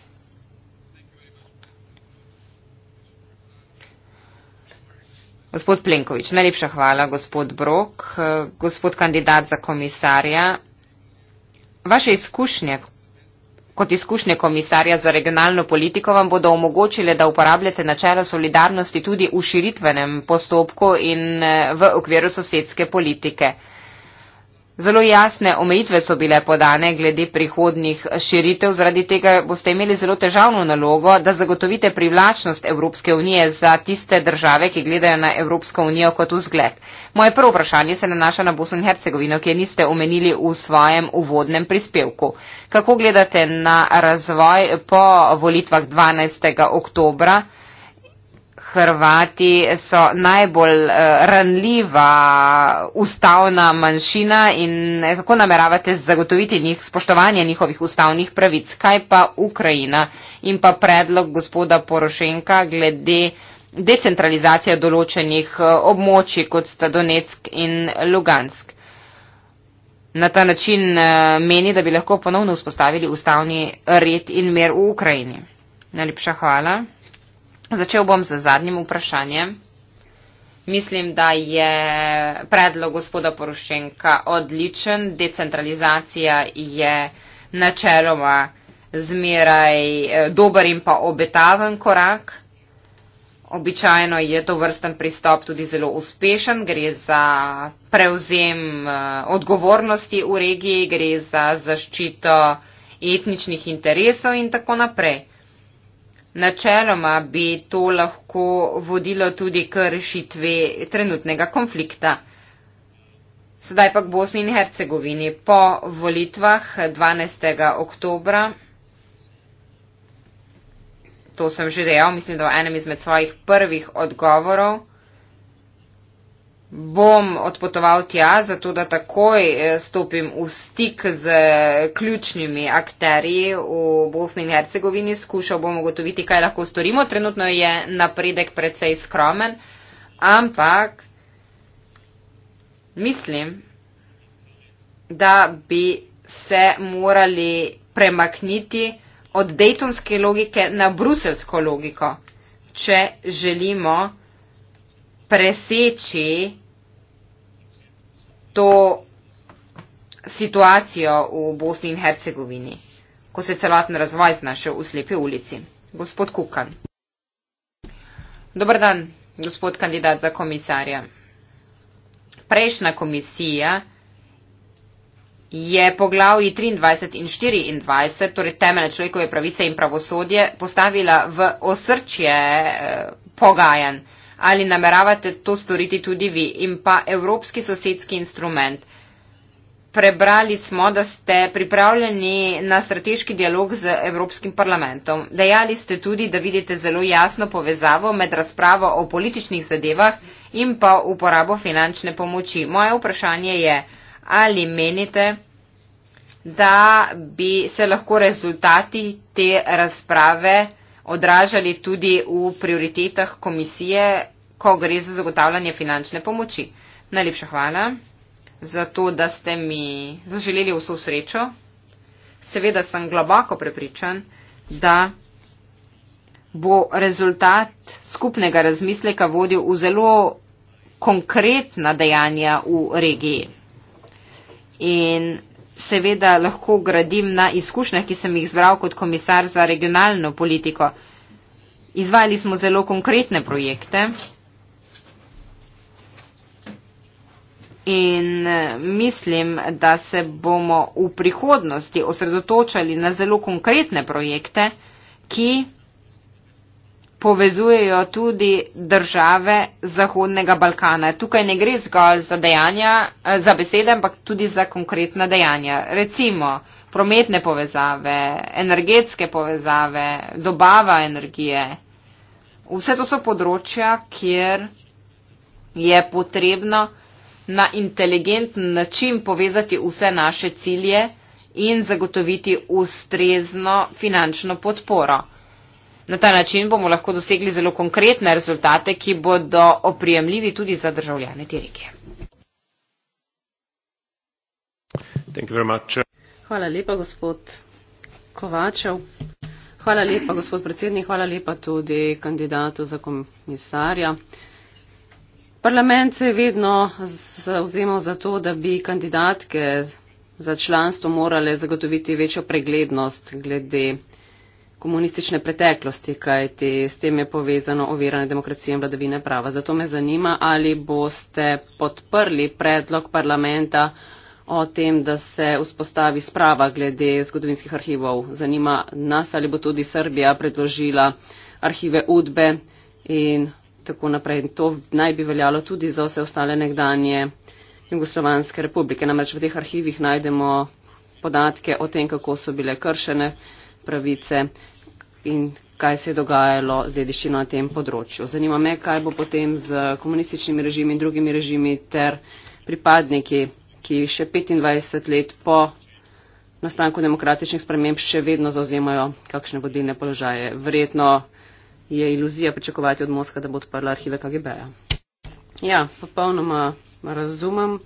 [SPEAKER 4] Gospod Plenković, najlepša hvala, gospod Brok, eh, gospod kandidat za komisarja. Vaše izkušnje kot izkušnje komisarja za regionalno politiko vam bodo omogočile, da uporabljate načelo solidarnosti tudi v širitvenem postopku in eh, v okviru sosedske politike. Zelo jasne omejitve so bile podane glede prihodnih širitev, zaradi tega boste imeli zelo težavno nalogo, da zagotovite privlačnost Evropske unije za tiste države, ki gledajo na Evropsko unijo kot vzgled. Moje prvo vprašanje se nanaša na Bosno in Hercegovino, ki je niste omenili v svojem uvodnem prispevku. Kako gledate na razvoj po volitvah 12. oktobra? Hrvati so najbolj eh, ranljiva ustavna manjšina in eh, kako nameravate zagotoviti njih spoštovanje njihovih ustavnih pravic? Kaj pa Ukrajina in pa predlog gospoda Porošenka glede decentralizacije določenih eh, območij kot sta Donetsk in Lugansk? Na ta način meni, da bi lahko ponovno vzpostavili ustavni red in mer v Ukrajini. Najlepša hvala. Začel bom z zadnjim vprašanjem. Mislim, da je predlog gospoda Porošenka odličen. Decentralizacija je načeloma zmeraj eh, dober in pa obetaven korak. Običajno je to vrsten pristop tudi zelo uspešen. Gre za prevzem eh, odgovornosti v regiji, gre za zaščito etničnih interesov in tako naprej. Načeloma bi to lahko vodilo tudi k rešitvi trenutnega konflikta. Sedaj pa k Bosni in Hercegovini. Po volitvah 12. oktobra, to sem že dejal, mislim, da v enem izmed svojih prvih odgovorov, bom odpotoval tja, zato da takoj eh, stopim v stik z ključnimi akterji v Bosni in Hercegovini. Skušal bom ugotoviti, kaj lahko storimo. Trenutno je napredek precej skromen, ampak mislim, da bi se morali premakniti od dejtonske logike na bruselsko logiko, če želimo preseči to situacijo v Bosni in Hercegovini, ko se celotno razvoj znašel v slepi ulici. Gospod Kukan. Dobar dan, gospod kandidat za komisarja. Prejšnja komisija je poglavji 23 in 24, torej temelje človekove pravice in pravosodje, postavila v osrčje eh, pogajanj ali nameravate to storiti tudi vi in pa Evropski sosedski instrument. Prebrali smo, da ste pripravljeni na strateški dialog z Evropskim parlamentom. Dejali ste tudi, da vidite zelo jasno povezavo med razpravo o političnih zadevah in pa uporabo finančne pomoči. Moje vprašanje je, ali menite, da bi se lahko rezultati te razprave odražali tudi v prioritetah komisije, ko gre za zagotavljanje finančne pomoči. Najlepša hvala za to, da ste mi zaželeli vso srečo. Seveda sem globoko prepričan, da bo rezultat skupnega razmisleka vodil v zelo konkretna dejanja v regiji. In seveda lahko gradim na izkušnjah, ki sem jih zbral kot komisar za regionalno politiko. Izvali smo zelo konkretne projekte in eh, mislim, da se bomo v prihodnosti osredotočali na zelo konkretne projekte, ki povezujejo tudi države Zahodnega Balkana. Tukaj ne gre zgolj za, dejanja, eh, za besede, ampak tudi za konkretna dejanja. Recimo prometne povezave, energetske povezave, dobava energije. Vse to so področja, kjer je potrebno na inteligenten način povezati vse naše cilje in zagotoviti ustrezno finančno podporo. Na ta način bomo lahko dosegli zelo konkretne rezultate, ki bodo oprijemljivi tudi za državljane te regije. Hvala lepa, gospod Kovačev.
[SPEAKER 3] Hvala lepa, gospod predsednik. Hvala lepa tudi kandidatu za komisarja. Parlament se je vedno zauzemal za to, da bi kandidatke za članstvo morale zagotoviti večjo preglednost glede komunistične preteklosti, kajti s tem je povezano oviranje demokracije in vladavine prava. Zato me zanima, ali boste podprli predlog parlamenta o tem, da se vzpostavi sprava glede zgodovinskih arhivov. Zanima nas, ali bo tudi Srbija predložila arhive Udbe in tako naprej. To naj bi veljalo tudi za vse ostale nekdanje Jugoslovanske republike. Namreč v teh arhivih najdemo podatke o tem, kako so bile kršene pravice in kaj se je dogajalo z dediščino na tem področju. Zanima me, kaj bo potem z komunističnimi režimi in drugimi režimi ter pripadniki, ki še 25 let po nastanku demokratičnih sprememb še vedno zauzemajo kakšne vodilne položaje. Verjetno je iluzija pričakovati od Moska, da bo odprla arhive KGB-ja. Ja, popolnoma razumem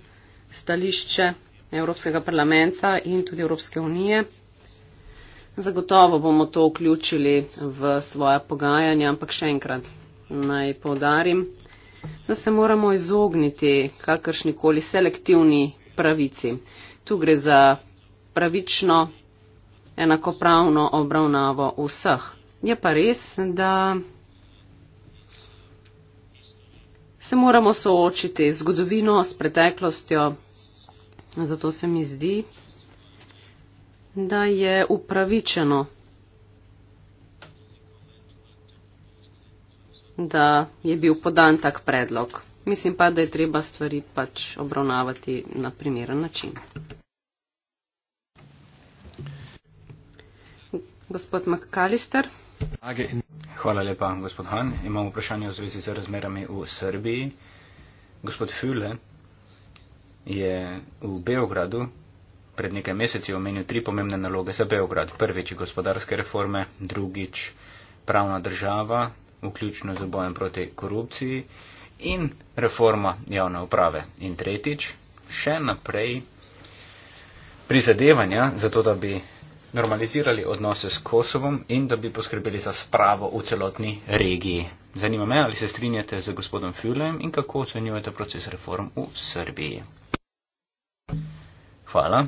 [SPEAKER 3] stališče Evropskega parlamenta in tudi Evropske unije. Zagotovo bomo to vključili v svoje pogajanja, ampak še enkrat naj povdarim, da se moramo izogniti kakršnikoli selektivni pravici. Tu gre za pravično, enakopravno obravnavo vseh. Je pa res, da se moramo soočiti z zgodovino, s preteklostjo, zato se mi zdi, da je upravičeno, da je bil podan tak predlog. Mislim pa, da je treba stvari pač obravnavati na primeren način. Gospod McAllister.
[SPEAKER 2] Hvala lepa, gospod Han. Imam vprašanje v zvezi z razmerami v Srbiji. Gospod Füle je v Beogradu pred nekaj meseci omenil tri pomembne naloge za Beograd. Prvič gospodarske reforme, drugič pravna država, vključno z bojem proti korupciji in reforma javne uprave. In tretjič, še naprej prizadevanja za to, da bi normalizirali odnose s Kosovom in da bi poskrbeli za spravo v celotni regiji. Zanima me, ali se strinjate z gospodom Fjulem in kako ocenjujete proces reform v Srbiji. Hvala.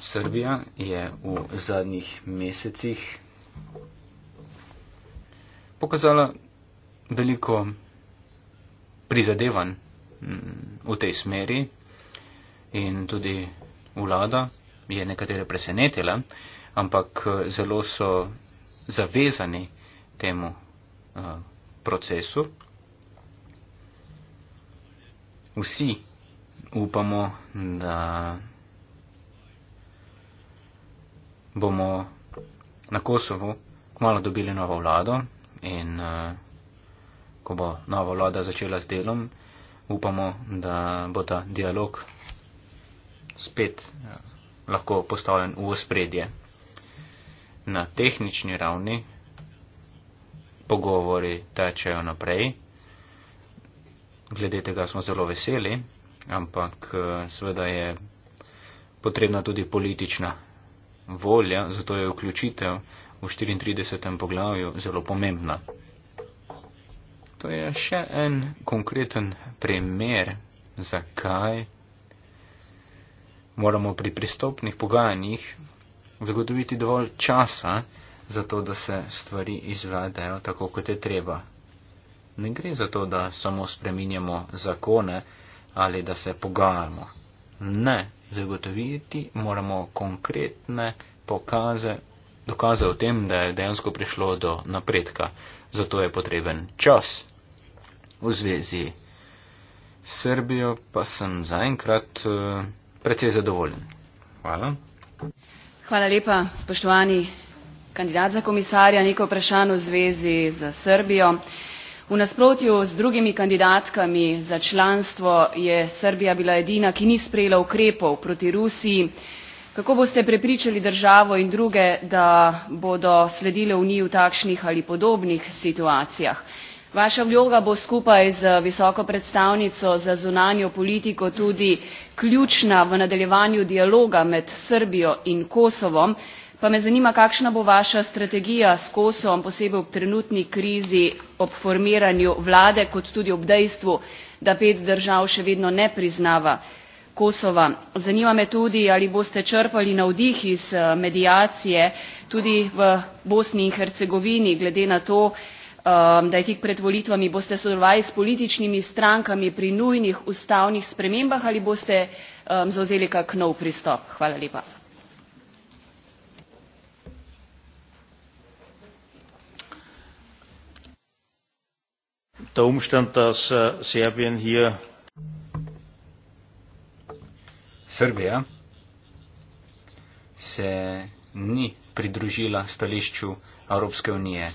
[SPEAKER 2] Srbija je v zadnjih mesecih pokazala veliko prizadevanj mm, v tej smeri in tudi vlada je nekatere presenetila, ampak eh, zelo so zavezani temu eh, procesu. Vsi upamo, da bomo na Kosovo kmalo dobili novo vlado in uh, ko bo nova vlada začela s delom, upamo, da bo ta dialog spet eh, lahko postavljen v ospredje. Na tehnični ravni pogovori tečejo naprej. Glede tega smo zelo veseli, ampak eh, seveda je potrebna tudi politična volja, zato je vključitev v 34. poglavju zelo pomembna. To je še en konkreten primer, zakaj moramo pri pristopnih pogajanjih zagotoviti dovolj časa, zato da se stvari izvedejo tako, kot je treba. Ne gre za to, da samo spreminjamo zakone ali da se pogajamo. Ne, zagotoviti, moramo konkretne pokaze, dokaze o tem, da je dejansko prišlo do napredka. Zato je potreben čas v zvezi s Srbijo, pa sem zaenkrat eh, precej zadovoljen.
[SPEAKER 4] Hvala.
[SPEAKER 1] Hvala lepa, spoštovani kandidat za komisarja. Neko vprašanje v zvezi z Srbijo v nasprotju z drugimi kandidatkami za članstvo je srbija bila edina ki ni sprejela ukrepov proti rusiji kako boste prepričali državo in druge da bodo sledile uniji v takšnih ali podobnih situacijah vaša vloga bo skupaj z visoko predstavnico za zunanjo politiko tudi ključna v nadaljevanju dialoga med srbijo in kosovom pa me zanima kakšna bo vaša strategija s kosom posebej ob trenutni krizi ob formiranju vlade kot tudi ob dejstvu da pet držav še vedno ne priznava kosova zanima me tudi ali boste črpali navdih iz eh, mediacije tudi v bosni in hercegovini glede na to eh, da je tik pred volitvami boste sodelovali s političnimi strankami pri nujnih ustavnih spremembah ali boste eh, zavzeli kak nov pristop. der umstand dass äh, serbien hier srbija
[SPEAKER 2] se ni pridružila stališču evropske unije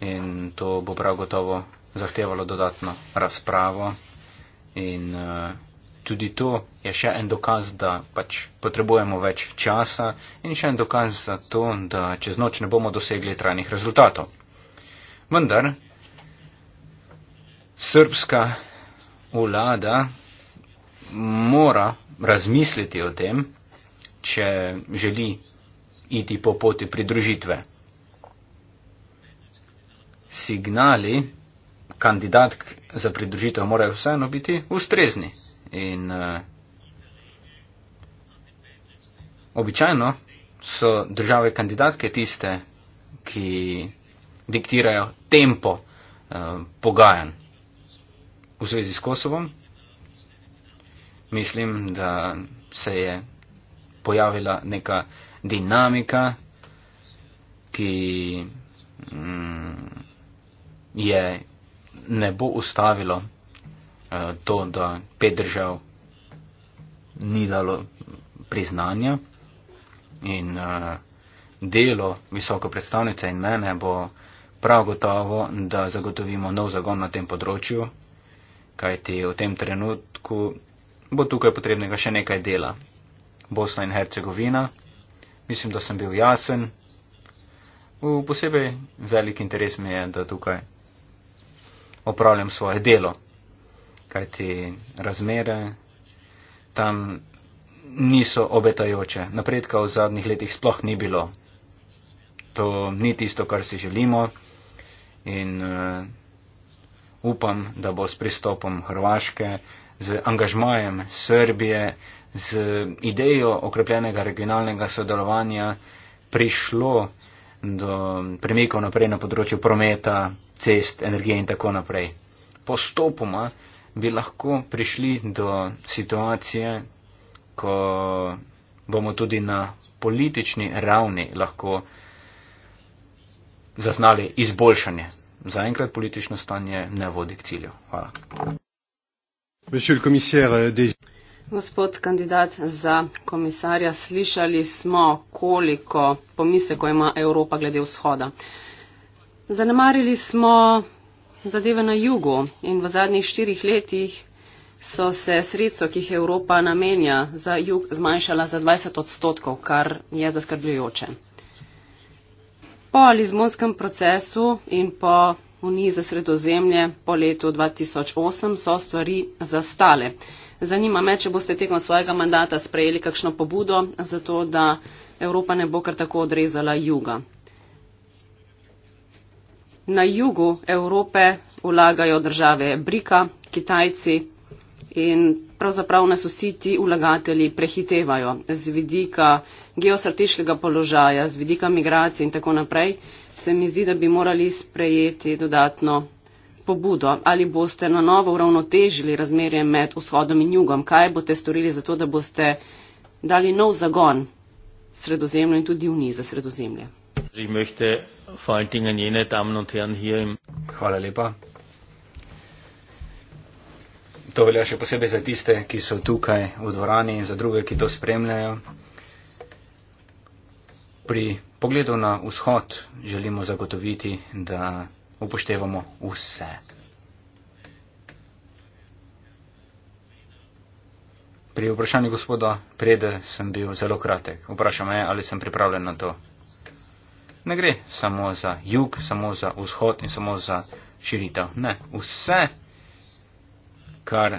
[SPEAKER 2] in to bo prav gotovo zahtevalo dodatno razpravo in äh, Tudi to je še en dokaz, da pač potrebujemo več časa in še en dokaz za to, da čez noč ne bomo dosegli trajnih rezultatov. Vendar srpska vlada mora razmisliti o tem, če želi iti po poti pridružitve. Signali kandidatk za pridružitev morajo vseeno biti ustrezni. In uh, običajno so države kandidatke tiste, ki diktirajo tempo uh, pogajanj v zvezi s Kosovom. Mislim, da se je pojavila neka dinamika, ki mm, je ne bo ustavilo eh, to, da pet držav ni dalo priznanja in eh, delo visoko predstavnice in mene bo prav gotovo, da zagotovimo nov zagon na tem področju kajti v tem trenutku bo tukaj potrebnega še nekaj dela. Bosna in Hercegovina, mislim, da sem bil jasen. V posebej velik interes mi je, da tukaj opravljam svoje delo, kajti razmere tam niso obetajoče. Napredka v zadnjih letih sploh ni bilo. To ni tisto, kar si želimo. In, uh, upam, da bo s pristopom Hrvaške, z angažmajem Srbije, z idejo okrepljenega regionalnega sodelovanja prišlo do premikov naprej na področju prometa, cest, energije in tako naprej. Postopoma bi lahko prišli do situacije, ko bomo tudi na politični ravni lahko zaznali izboljšanje zaenkrat politično stanje ne vodi k cilju. Hvala.
[SPEAKER 1] Euh,
[SPEAKER 3] Gospod kandidat za komisarja, slišali smo, koliko pomisleko ima Evropa glede vzhoda. Zanemarili smo zadeve na jugu in v zadnjih štirih letih so se sredstva, ki jih Evropa namenja za jug, zmanjšala za 20 odstotkov, kar je zaskrbljujoče. Po Lizbonskem procesu in po Uniji za sredozemlje po letu 2008 so stvari zastale. Zanima me, če boste tekom svojega mandata sprejeli kakšno pobudo za to, da Evropa ne bo kar tako odrezala juga. Na jugu Evrope vlagajo države Brika, Kitajci, in pravzaprav nas vsi ti vlagatelji prehitevajo z vidika geostrateškega položaja, z vidika migracije in tako naprej, se mi zdi, da bi morali sprejeti dodatno pobudo. Ali boste na novo uravnotežili razmerje med vzhodom in jugom? Kaj boste storili za to, da boste dali nov zagon sredozemlju in tudi uniji za sredozemlje?
[SPEAKER 1] Hvala lepa.
[SPEAKER 2] To velja še posebej za tiste, ki so tukaj v dvorani in za druge, ki to spremljajo. Pri pogledu na vzhod želimo zagotoviti, da upoštevamo vse. Pri vprašanju gospoda Prede sem bil zelo kratek. Vprašal me je, ali sem pripravljen na to. Ne gre samo za jug, samo za vzhod in samo za širitev. Ne, vse kar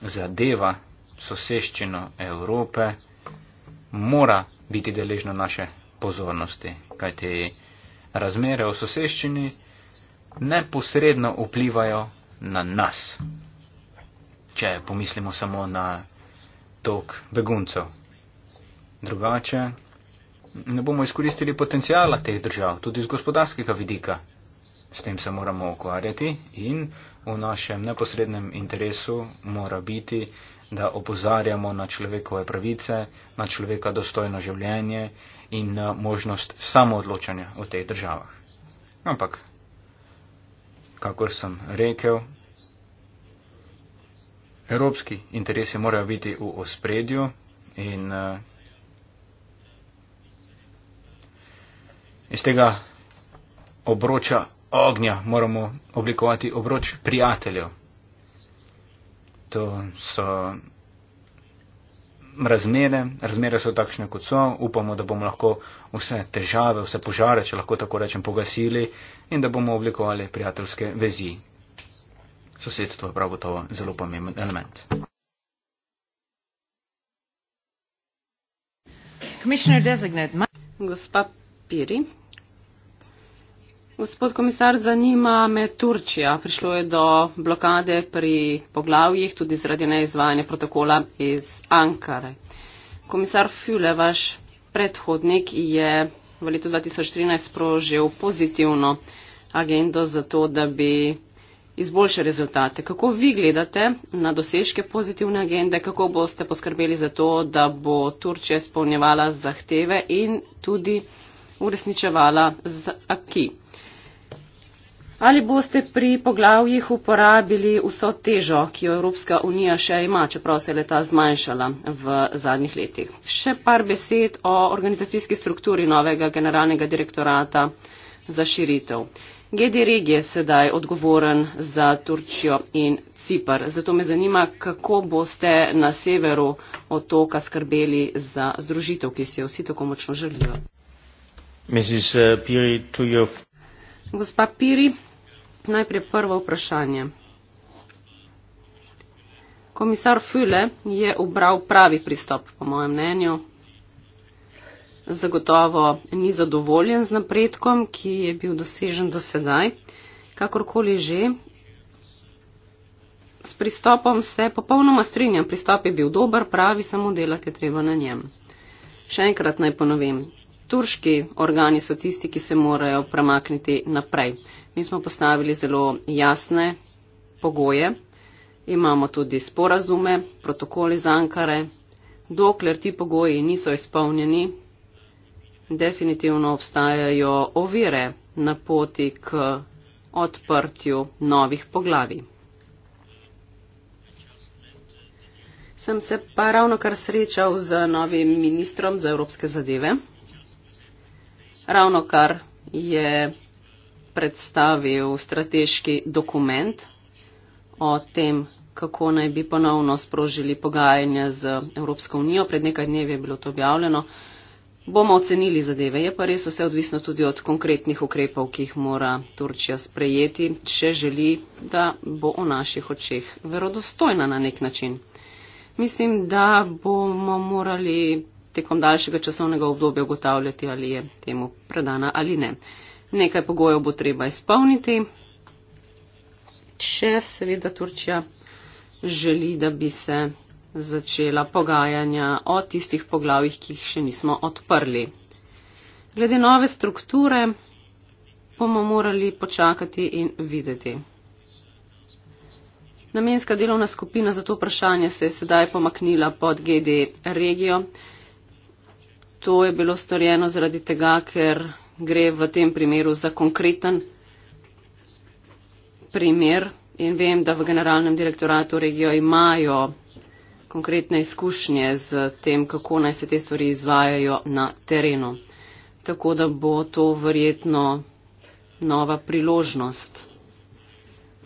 [SPEAKER 2] zadeva soseščino Evrope, mora biti deležno naše pozornosti, kajte razmere v soseščini neposredno vplivajo na nas, če pomislimo samo na tok beguncev. Drugače, ne bomo izkoristili potencijala teh držav, tudi z gospodarskega vidika s tem se moramo ukvarjati in v našem neposrednem interesu mora biti, da opozarjamo na človekove pravice, na človeka dostojno življenje in na možnost samoodločanja v teh državah. Ampak, kakor sem rekel, evropski interesi morajo biti v ospredju in uh, iz tega obroča ognja moramo oblikovati obroč prijateljev. To so razmere, razmere so takšne, kot so. Upamo, da bomo lahko vse težave, vse požare, če lahko tako rečem, pogasili in da bomo oblikovali prijateljske vezi. Sosedstvo je prav gotovo zelo pomemben element.
[SPEAKER 3] Gospa Piri, Gospod komisar, zanima me Turčija. Prišlo je do blokade pri poglavjih, tudi zaradi neizvajanja protokola iz Ankare. Komisar Füle, vaš predhodnik, je v letu 2013 sprožil pozitivno agendo za to, da bi izboljšali rezultate. Kako vi gledate na dosežke pozitivne agende, kako boste poskrbeli za to, da bo Turčija izpolnjevala zahteve in tudi uresničevala z akij? Ali boste pri poglavjih uporabili vso težo, ki jo Evropska unija še ima, čeprav se je leta zmanjšala v zadnjih letih? Še par besed o organizacijski strukturi novega generalnega direktorata za širitev. GD Reg je sedaj odgovoren za Turčijo in Cipr. Zato me zanima, kako boste na severu otoka skrbeli za združitev, ki si jo vsi tako močno želijo.
[SPEAKER 1] Eh,
[SPEAKER 3] Gospa Piri, Najprej prvo vprašanje. Komisar Füle je obral pravi pristop, po mojem mnenju. Zagotovo ni zadovoljen z napredkom, ki je bil dosežen do sedaj. Kakorkoli že, s pristopom se popolnoma strinjam. Pristop je bil dober, pravi, samo delati je treba na njem. Še enkrat naj ponovim. Turški organi so tisti, ki se morajo premakniti naprej. Mi smo postavili zelo jasne pogoje, imamo tudi sporazume, protokoli za Ankare. Dokler ti pogoji niso izpolnjeni, definitivno obstajajo ovire na poti k odprtju novih poglavi. Sem se pa ravno kar srečal z novim ministrom za evropske zadeve. Ravno kar je predstavil strateški dokument o tem, kako naj bi ponovno sprožili pogajanja z Evropsko unijo. Pred nekaj dnevi je bilo to objavljeno. Bomo ocenili zadeve. Je pa res vse odvisno tudi od konkretnih ukrepov, ki jih mora Turčija sprejeti, če želi, da bo v naših očeh verodostojna na nek način. Mislim, da bomo morali tekom daljšega časovnega obdobja ugotavljati, ali je temu predana ali ne. Nekaj pogojev bo treba izpolniti, če seveda Turčija želi, da bi se začela pogajanja o tistih poglavjih, ki jih še nismo odprli. Glede nove strukture bomo morali počakati in videti. Namenska delovna skupina za to vprašanje se je sedaj pomaknila pod GD regijo. To je bilo storjeno zaradi tega, ker gre v tem primeru za konkreten primer in vem, da v generalnem direktoratu regijo imajo konkretne izkušnje z tem, kako naj se te stvari izvajajo na terenu. Tako da bo to verjetno nova priložnost,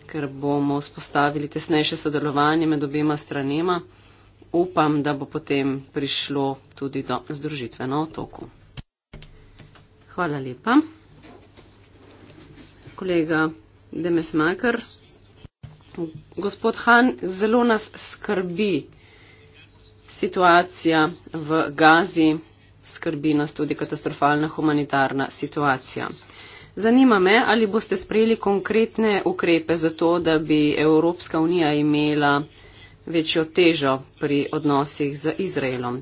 [SPEAKER 3] ker bomo vzpostavili tesnejše sodelovanje med obima stranima. Upam, da bo potem prišlo tudi do združitve na otoku. Hvala lepa. Kolega Demesmaker, gospod Han, zelo nas skrbi situacija v Gazi, skrbi nas tudi katastrofalna humanitarna situacija. Zanima me, ali boste sprejeli konkretne ukrepe za to, da bi Evropska unija imela večjo težo pri odnosih z Izraelom.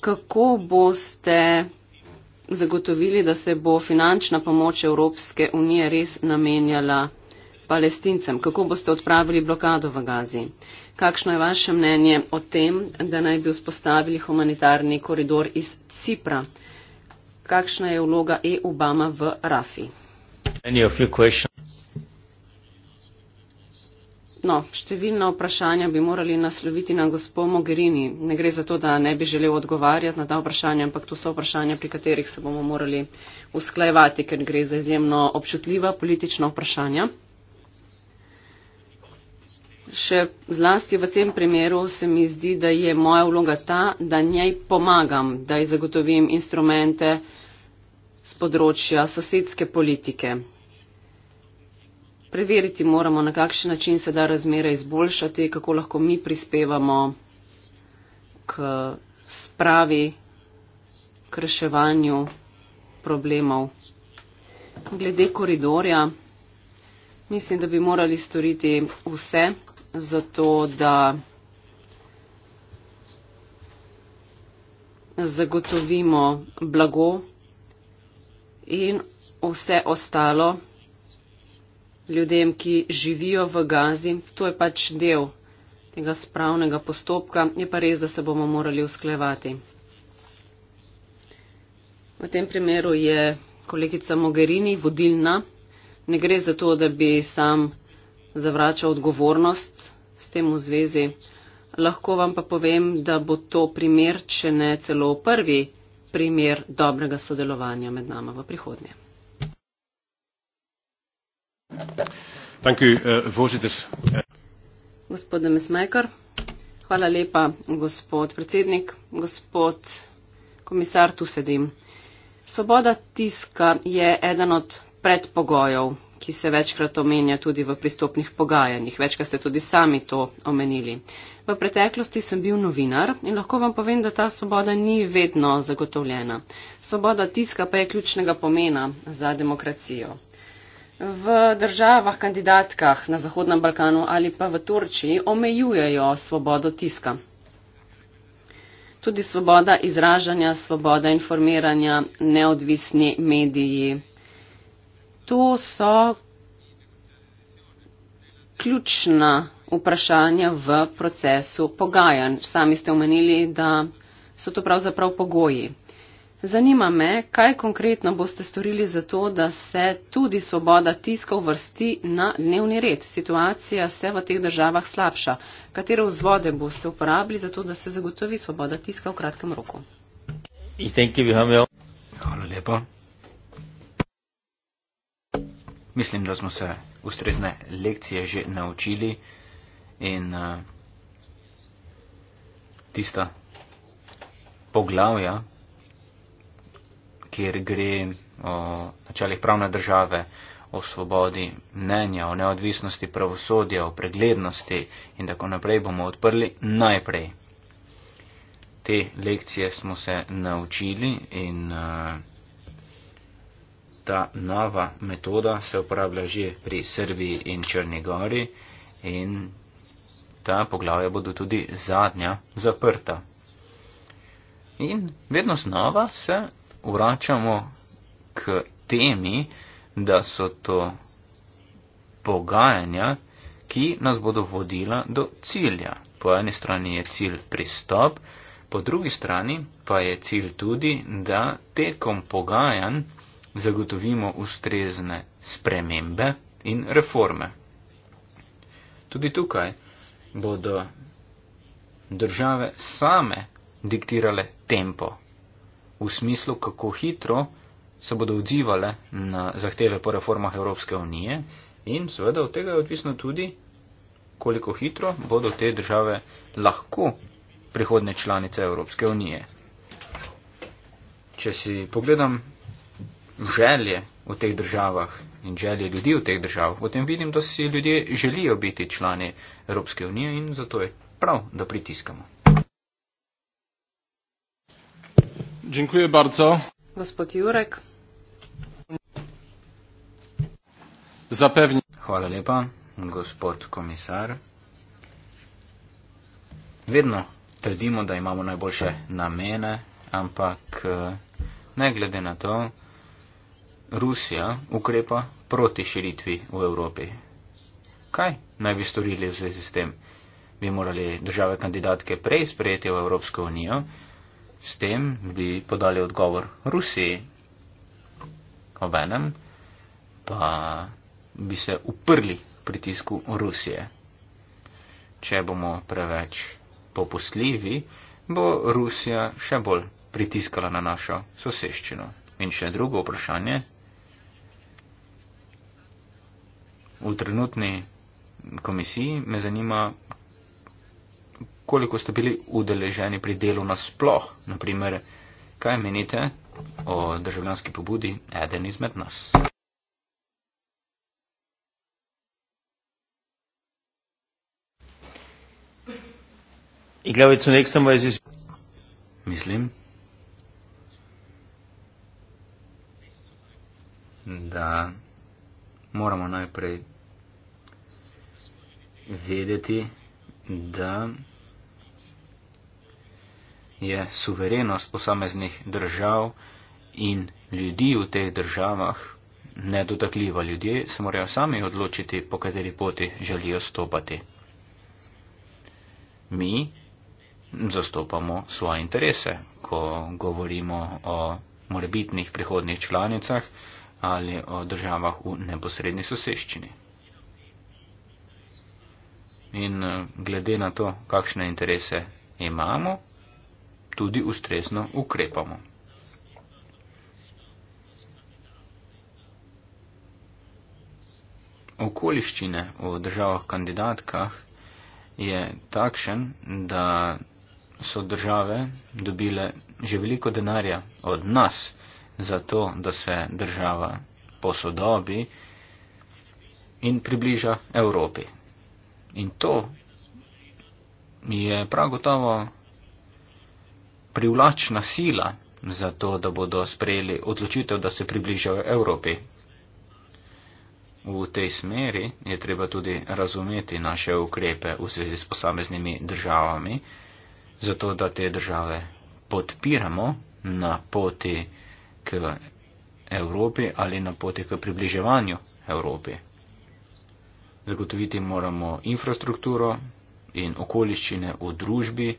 [SPEAKER 3] Kako boste zagotovili, da se bo finančna pomoč Evropske unije res namenjala palestincem? Kako boste odpravili blokado v Gazi? Kakšno je vaše mnenje o tem, da naj bi vzpostavili humanitarni koridor iz Cipra? Kakšna je vloga EU-Bama v Rafi? Absolutno. Številna vprašanja bi morali nasloviti na gospo Mogherini. Ne gre za to, da ne bi želel odgovarjati na ta vprašanja, ampak to so vprašanja, pri katerih se bomo morali usklajevati, ker gre za izjemno občutljiva politična vprašanja. Še zlasti v tem primeru se mi zdi, da je moja vloga ta, da njej pomagam, da ji zagotovim instrumente z področja sosedske politike preveriti moramo, na kakšen način se da razmere izboljšati, kako lahko mi prispevamo k spravi, k reševanju problemov. Glede koridorja, mislim, da bi morali storiti vse za to, da zagotovimo blago in vse ostalo ljudem, ki živijo v Gazi. To je pač del tega spravnega postopka. Je pa res, da se bomo morali usklevati. V tem primeru je kolegica Mogherini vodilna. Ne gre za to, da bi sam zavračal odgovornost s tem v zvezi. Lahko vam pa povem, da bo to primer, če ne celo prvi primer dobrega sodelovanja med nama v prihodnje.
[SPEAKER 1] Dank u, eh, voorzitter.
[SPEAKER 3] Gospod de Mesmaker. Hvala lepa, gospod predsednik, gospod komisar, tu sedim. Svoboda tiska je eden od predpogojev, ki se večkrat omenja tudi v pristopnih pogajanjih. Večkrat ste tudi sami to omenili. V preteklosti sem bil novinar in lahko vam povem, da ta svoboda ni vedno zagotovljena. Svoboda tiska pa je ključnega pomena za demokracijo v državah kandidatkah na Zahodnem Balkanu ali pa v Turčiji omejujejo svobodo tiska. Tudi svoboda izražanja, svoboda informiranja, neodvisni mediji. To so ključna vprašanja v procesu pogajanj. Sami ste omenili, da so to pravzaprav pogoji. Zanima me, kaj konkretno boste storili za to, da se tudi svoboda tiska uvrsti na dnevni red. Situacija se v teh državah slabša. Katere vzvode boste uporabili za to, da se zagotovi svoboda tiska v kratkem roku?
[SPEAKER 2] Hvala lepa. Mislim, da smo se ustrezne lekcije že naučili in uh, tista poglavja, kjer gre o načelih pravne države, o svobodi mnenja, o neodvisnosti pravosodja, o preglednosti in tako naprej, bomo odprli najprej. Te lekcije smo se naučili in e, ta nova metoda se uporablja že pri Srbiji in Črnegori in ta poglavja bodo tudi zadnja zaprta. In vedno znova se vračamo k temi, da so to pogajanja, ki nas bodo vodila do cilja. Po eni strani je cilj pristop, po drugi strani pa je cilj tudi, da tekom pogajanj zagotovimo ustrezne spremembe in reforme. Tudi tukaj bodo države same diktirale tempo v smislu, kako hitro se bodo odzivale na zahteve po reformah Evropske unije in seveda od tega je odvisno tudi, koliko hitro bodo te države lahko prihodne članice Evropske unije. Če si pogledam želje v teh državah in želje ljudi v teh državah, potem vidim, da si ljudje želijo biti člani Evropske unije in zato je prav, da pritiskamo. Dziękuję bardzo. Gospod Jurek. Zapewni. Hvala lepa, gospod komisar. Vedno trdimo, da imamo najboljše namene, ampak eh, ne glede na to, Rusija ukrepa proti širitvi v Evropi. Kaj naj bi storili v zvezi s tem? Bi morali države kandidatke prej sprejeti v Evropsko unijo? S tem bi podali odgovor Rusiji. Obenem pa bi se uprli pritisku Rusije. Če bomo preveč popustljivi, bo Rusija še bolj pritiskala na našo soseščino. In še drugo vprašanje. V trenutni komisiji me zanima koliko ste bili udeleženi pri delu nasploh, naprimer, kaj menite o državljanski pobudi eden izmed nas. Mislim, da moramo najprej vedeti, da je suverenost posameznih držav in ljudi v teh državah nedotakljiva. Ljudje se morajo sami odločiti, po kateri poti želijo stopati. Mi zastopamo svoje interese, ko govorimo o morebitnih prihodnih članicah ali o državah v neposrednji soseščini. In eh, glede na to, kakšne interese imamo, tudi ustrezno ukrepamo. Okoliščine v državah kandidatkah je takšen, da so države dobile že veliko denarja od nas za to, da se država posodobi in približa Evropi. In to je prav gotovo privlačna sila za to, da bodo sprejeli odločitev, da se približajo Evropi. V tej smeri je treba tudi razumeti naše ukrepe v zvezi s posameznimi državami, zato da te države podpiramo na poti k Evropi ali na poti k približevanju Evropi. Zagotoviti moramo infrastrukturo in okoliščine v družbi,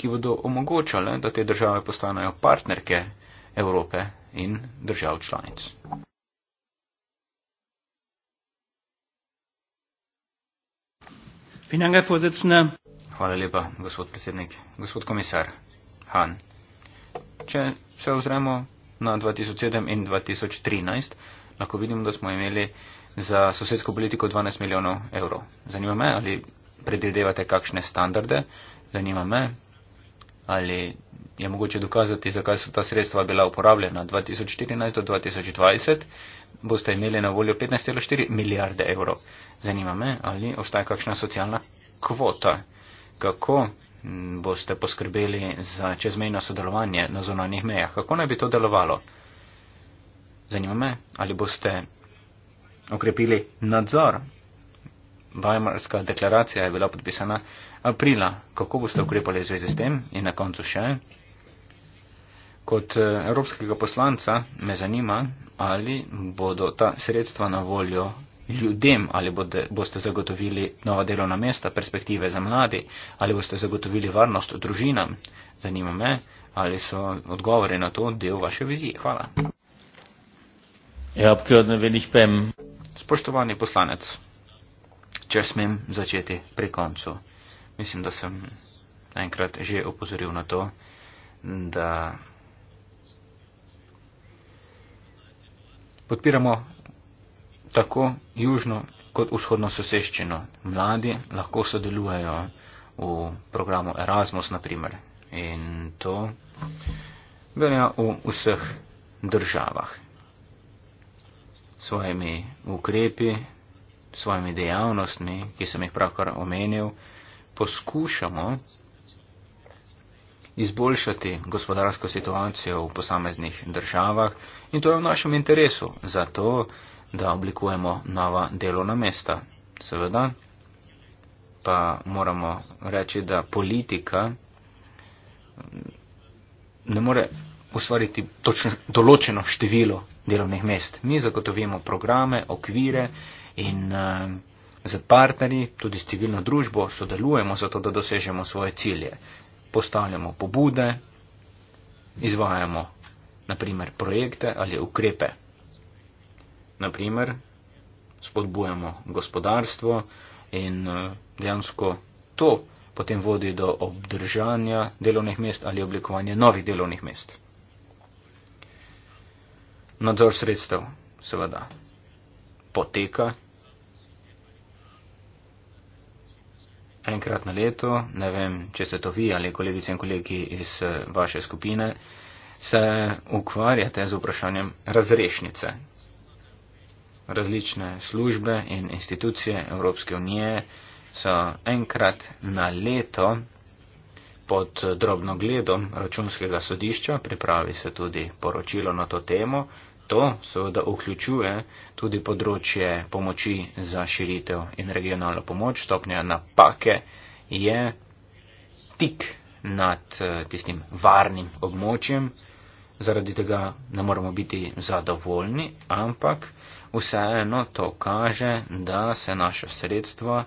[SPEAKER 2] ki bodo omogočale, da te države postanejo partnerke Evrope in držav članic. Hvala lepa, gospod predsednik. Gospod komisar Han, če se ozremo na 2007 in 2013, lahko vidimo, da smo imeli za sosedsko politiko 12 milijonov evrov. Zanima me, ali predvidevate kakšne standarde, zanima me, ali je mogoče dokazati, zakaj so ta sredstva bila uporabljena 2014 do 2020, boste imeli na voljo 15,4 milijarde evrov. Zanima me, ali obstaja kakšna socialna kvota. Kako boste poskrbeli za čezmejno sodelovanje na zunanjih mejah? Kako naj bi to delovalo? Zanima me, ali boste okrepili nadzor. Vajmarska deklaracija je bila podpisana aprila. Kako boste ukrepali v zvezi s tem? In na koncu še. Kot eh, evropskega poslanca me zanima, ali bodo ta sredstva na voljo ljudem, ali bode, boste zagotovili nova delovna mesta, perspektive za mladi, ali boste zagotovili varnost družinam. Zanima me, ali so odgovore na to del vaše vizije. Hvala. Ja, Spoštovani poslanec, če smem začeti pri koncu. Mislim, da sem enkrat že opozoril na to, da podpiramo tako južno kot vzhodno soseščino. Mladi lahko sodelujejo v programu Erasmus, naprimer. In to velja v vseh državah. Svojimi ukrepi, svojimi dejavnostmi, ki sem jih pravkar omenil, poskušamo izboljšati gospodarsko situacijo v posameznih državah in to je v našem interesu, zato da oblikujemo nova delovna mesta. Seveda pa moramo reči, da politika ne more ustvariti točno določeno število delovnih mest. Mi zagotovimo programe, okvire in uh, Z partnerji, tudi s civilno družbo, sodelujemo zato, da dosežemo svoje cilje. Postavljamo pobude, izvajamo naprimer projekte ali ukrepe. Naprimer, spodbujamo gospodarstvo in eh, dejansko to potem vodi do obdržanja delovnih mest ali oblikovanja novih delovnih mest. Nadzor sredstev seveda poteka enkrat na leto, ne vem, če se to vi ali kolegice in kolegi iz eh, vaše skupine, se ukvarjate z vprašanjem razrešnice. Različne službe in institucije Evropske unije so enkrat na leto pod drobnogledom računskega sodišča, pripravi se tudi poročilo na to temo, To seveda vključuje tudi področje pomoči za širitev in regionalno pomoč. Stopnja napake je tik nad eh, tistim varnim območjem, zaradi tega ne moramo biti zadovoljni, ampak vseeno to kaže, da se naša sredstva,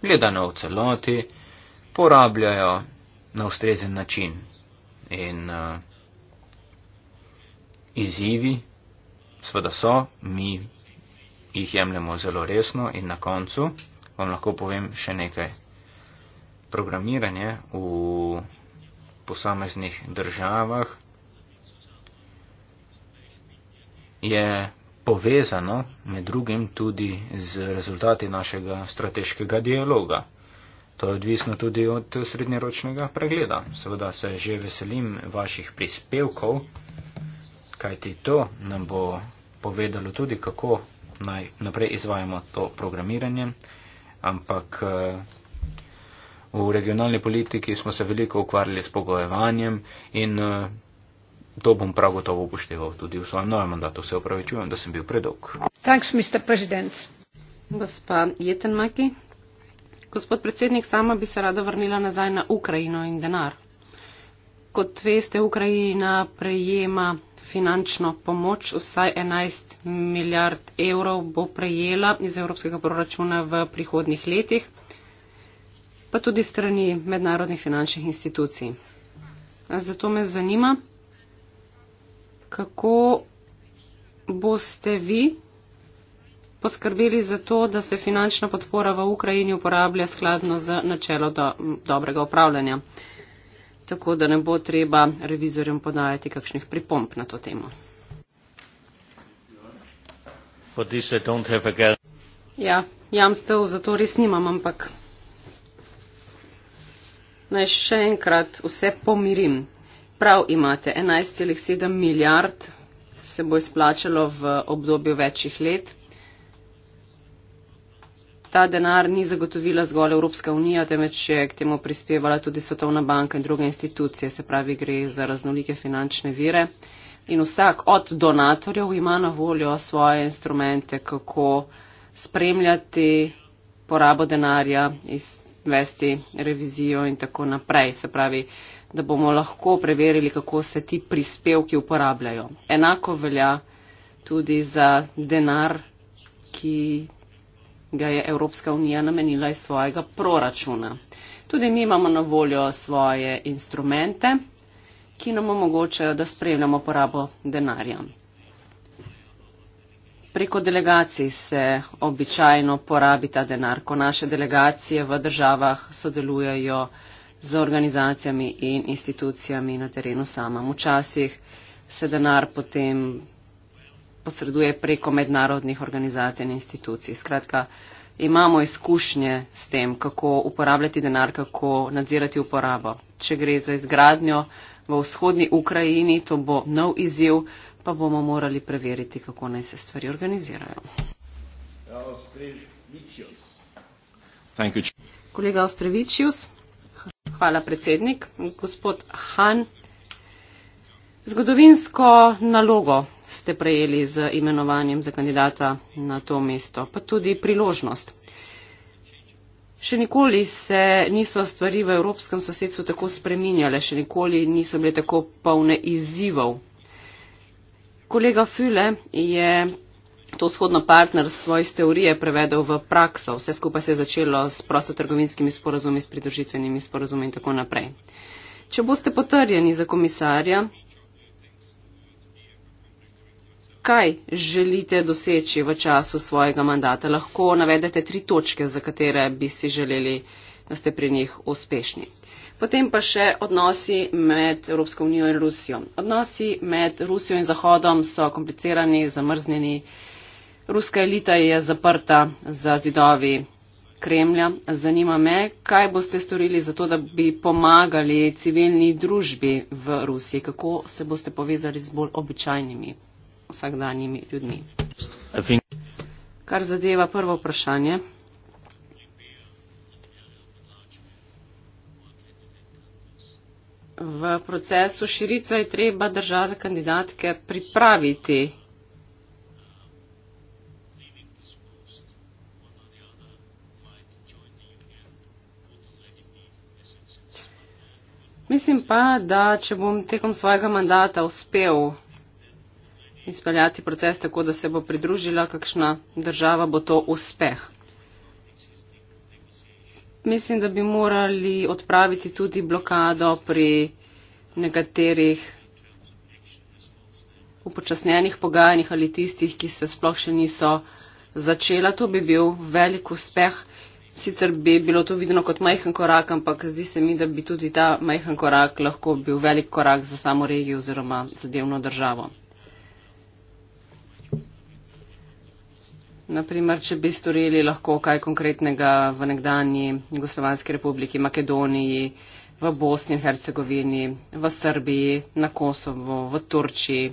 [SPEAKER 2] gledano v celoti, porabljajo na ustrezen način. In uh, izzivi, sveda so, mi jih jemljemo zelo resno in na koncu vam lahko povem še nekaj. Programiranje v posameznih državah je povezano med drugim tudi z rezultati našega strateškega dialoga. To je odvisno tudi od srednjeročnega pregleda. Seveda se že veselim vaših prispevkov kajti to nam bo povedalo tudi, kako naj naprej izvajamo to programiranje, ampak eh, v regionalni politiki smo se veliko ukvarjali s pogojevanjem in eh, to bom prav gotovo upošteval tudi v svojem novem mandatu. Se upravičujem, da sem bil predolg.
[SPEAKER 3] Thanks, Mr. President. Gospa Jetenmaki. Gospod predsednik, sama bi se rada vrnila nazaj na Ukrajino in denar. Kot veste, Ukrajina prejema finančno pomoč, vsaj 11 milijard evrov bo prejela iz evropskega proračuna v prihodnih letih, pa tudi strani mednarodnih finančnih institucij. Zato me zanima, kako boste vi poskrbeli za to, da se finančna podpora v Ukrajini uporablja skladno z načelo do, dobrega upravljanja tako da ne bo treba revizorjem podajati kakšnih pripomp na to temo. Ja, jamstev za to res nimam, ampak naj še enkrat vse pomirim. Prav imate, 11,7 milijard se bo izplačalo v obdobju večjih let. Ta denar ni zagotovila zgolj Evropska unija, temveč je k temu prispevala tudi Svetovna banka in druge institucije, se pravi, gre za raznolike finančne vire. In vsak od donatorjev ima na voljo svoje instrumente, kako spremljati porabo denarja, izvesti revizijo in tako naprej. Se pravi, da bomo lahko preverili, kako se ti prispevki uporabljajo. Enako velja tudi za denar, ki ga je Evropska unija namenila iz svojega proračuna. Tudi mi imamo na voljo svoje instrumente, ki nam omogočajo, da spremljamo porabo denarja. Preko delegacij se običajno porabi ta denar, ko naše delegacije v državah sodelujejo z organizacijami in institucijami na terenu samem. Včasih se denar potem posreduje preko mednarodnih organizacij in institucij. Skratka, imamo izkušnje s tem, kako uporabljati denar, kako nadzirati uporabo. Če gre za izgradnjo v vzhodni Ukrajini, to bo nov izziv, pa bomo morali preveriti, kako naj se stvari organizirajo. Kolega Ostrevičius, hvala predsednik. Gospod Han, zgodovinsko nalogo ste prejeli z imenovanjem za kandidata na to mesto, pa tudi priložnost. Še nikoli se niso stvari v evropskem sosedstvu tako spreminjale, še nikoli niso bile tako polne izzivov. Kolega File je to shodno partnerstvo iz teorije prevedel v prakso. Vse skupaj se je začelo s prostotrgovinskimi sporazumi, s pridružitvenimi sporazumi in tako naprej. Če boste potrjeni za komisarja, kaj želite doseči v času svojega mandata? Lahko navedete tri točke, za katere bi si želeli, da ste pri njih uspešni. Potem pa še odnosi med Evropsko unijo in Rusijo. Odnosi med Rusijo in Zahodom so komplicirani, zamrznjeni. Ruska elita je zaprta za zidovi Kremlja. Zanima me, kaj boste storili za to, da bi pomagali civilni družbi v Rusiji, kako se boste povezali z bolj običajnimi vsakdanjimi ljudmi. Kar zadeva prvo vprašanje. V procesu širitve je treba države kandidatke pripraviti. Mislim pa, da če bom tekom svojega mandata uspel izpeljati proces tako, da se bo pridružila kakšna država, bo to uspeh. Mislim, da bi morali odpraviti tudi blokado pri nekaterih upočasnjenih pogajanjih ali tistih, ki se sploh še niso začela. To bi bil velik uspeh. Sicer bi bilo to videno kot majhen korak, ampak zdi se mi, da bi tudi ta majhen korak lahko bil velik korak za samo regijo oziroma za delno državo. naprimer, če bi storili lahko kaj konkretnega v nekdanji Jugoslovanski republiki, Makedoniji, v Bosni in Hercegovini, v Srbiji, na Kosovo, v Turčiji.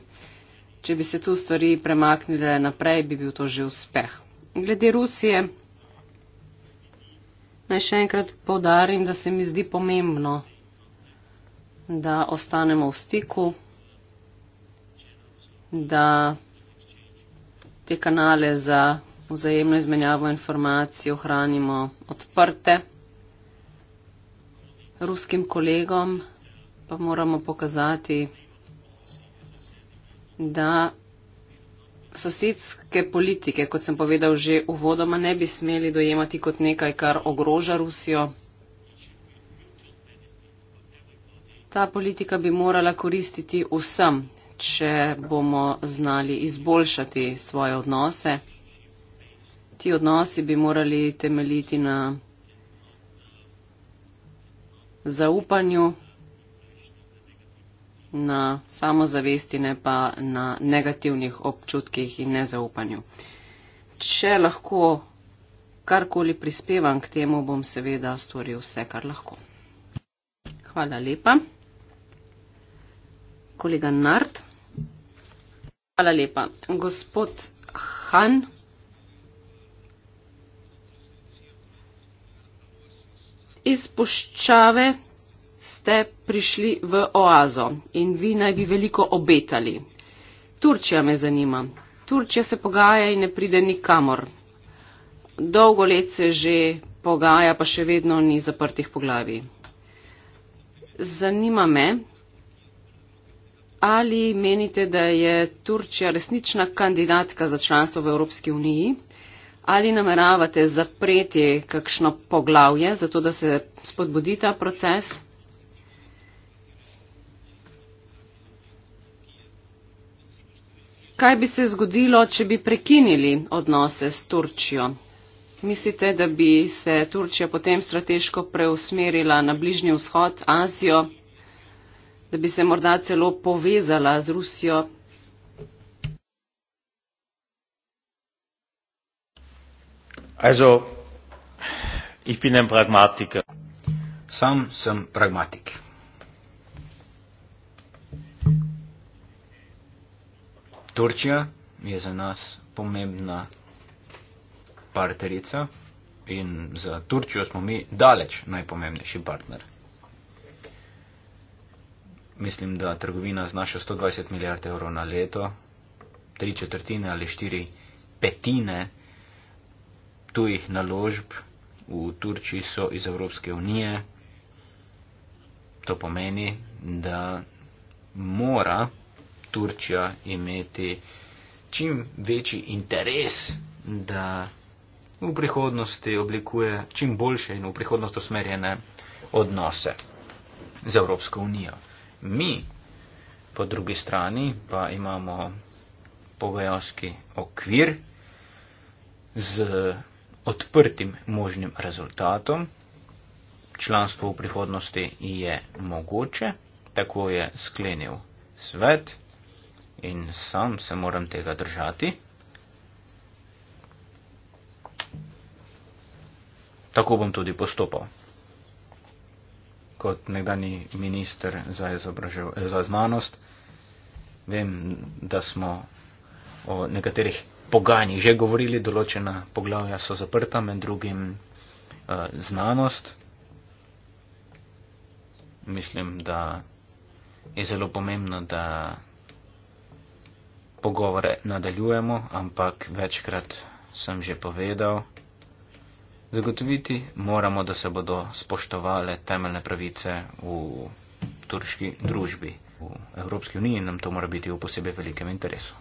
[SPEAKER 3] Če bi se tu stvari premaknile naprej, bi bil to že uspeh. Glede Rusije, naj še enkrat povdarim, da se mi zdi pomembno, da ostanemo v stiku, da te kanale za vzajemno izmenjavo informacij ohranimo odprte. Ruskim kolegom pa moramo pokazati, da sosedske politike, kot sem povedal že uvodoma, ne bi smeli dojemati kot nekaj, kar ogroža Rusijo. Ta politika bi morala koristiti vsem, če bomo znali izboljšati svoje odnose ti odnosi bi morali temeljiti na zaupanju, na samozavesti, ne pa na negativnih občutkih in nezaupanju. Če lahko karkoli prispevam k temu, bom seveda storil vse, kar lahko. Hvala lepa. Kolega Nart. Hvala lepa. Gospod Han. iz puščave ste prišli v oazo in vi naj bi veliko obetali. Turčija me zanima. Turčija se pogaja in ne pride nikamor. Dolgo let se že pogaja, pa še vedno ni zaprtih poglavi. Zanima me, ali menite, da je Turčija resnična kandidatka za članstvo v Evropski uniji? Ali nameravate zapreti kakšno poglavje, zato da se spodbudi ta proces? Kaj bi se zgodilo, če bi prekinili odnose s Turčijo? Mislite, da bi se Turčija potem strateško preusmerila na Bližnji vzhod, Azijo, da bi se morda celo povezala z Rusijo,
[SPEAKER 1] Also, ich bin ein Pragmatiker.
[SPEAKER 2] Sam sem pragmatik. Turčija je za nas pomembna partnerica in za Turčijo smo mi daleč najpomembnejši partner. Mislim, da trgovina znaša 120 milijard evrov na leto, tri četrtine ali štiri petine tujih naložb v Turčiji so iz Evropske unije. To pomeni, da mora Turčija imeti čim večji interes, da v prihodnosti oblikuje čim boljše in v prihodnost usmerjene odnose z Evropsko unijo. Mi, po drugi strani, pa imamo pogajalski okvir z odprtim možnim rezultatom. Članstvo v prihodnosti je mogoče, tako je sklenil svet in sam se moram tega držati. Tako bom tudi postopal. Kot nekdani minister za, za znanost, vem, da smo o nekaterih pogajanji že govorili, določena poglavja so zaprta, med drugim eh, znanost. Mislim, da je zelo pomembno, da pogovore nadaljujemo, ampak večkrat sem že povedal, zagotoviti moramo, da se bodo spoštovale temeljne pravice v turški družbi. V Evropski uniji nam to mora biti v posebej velikem interesu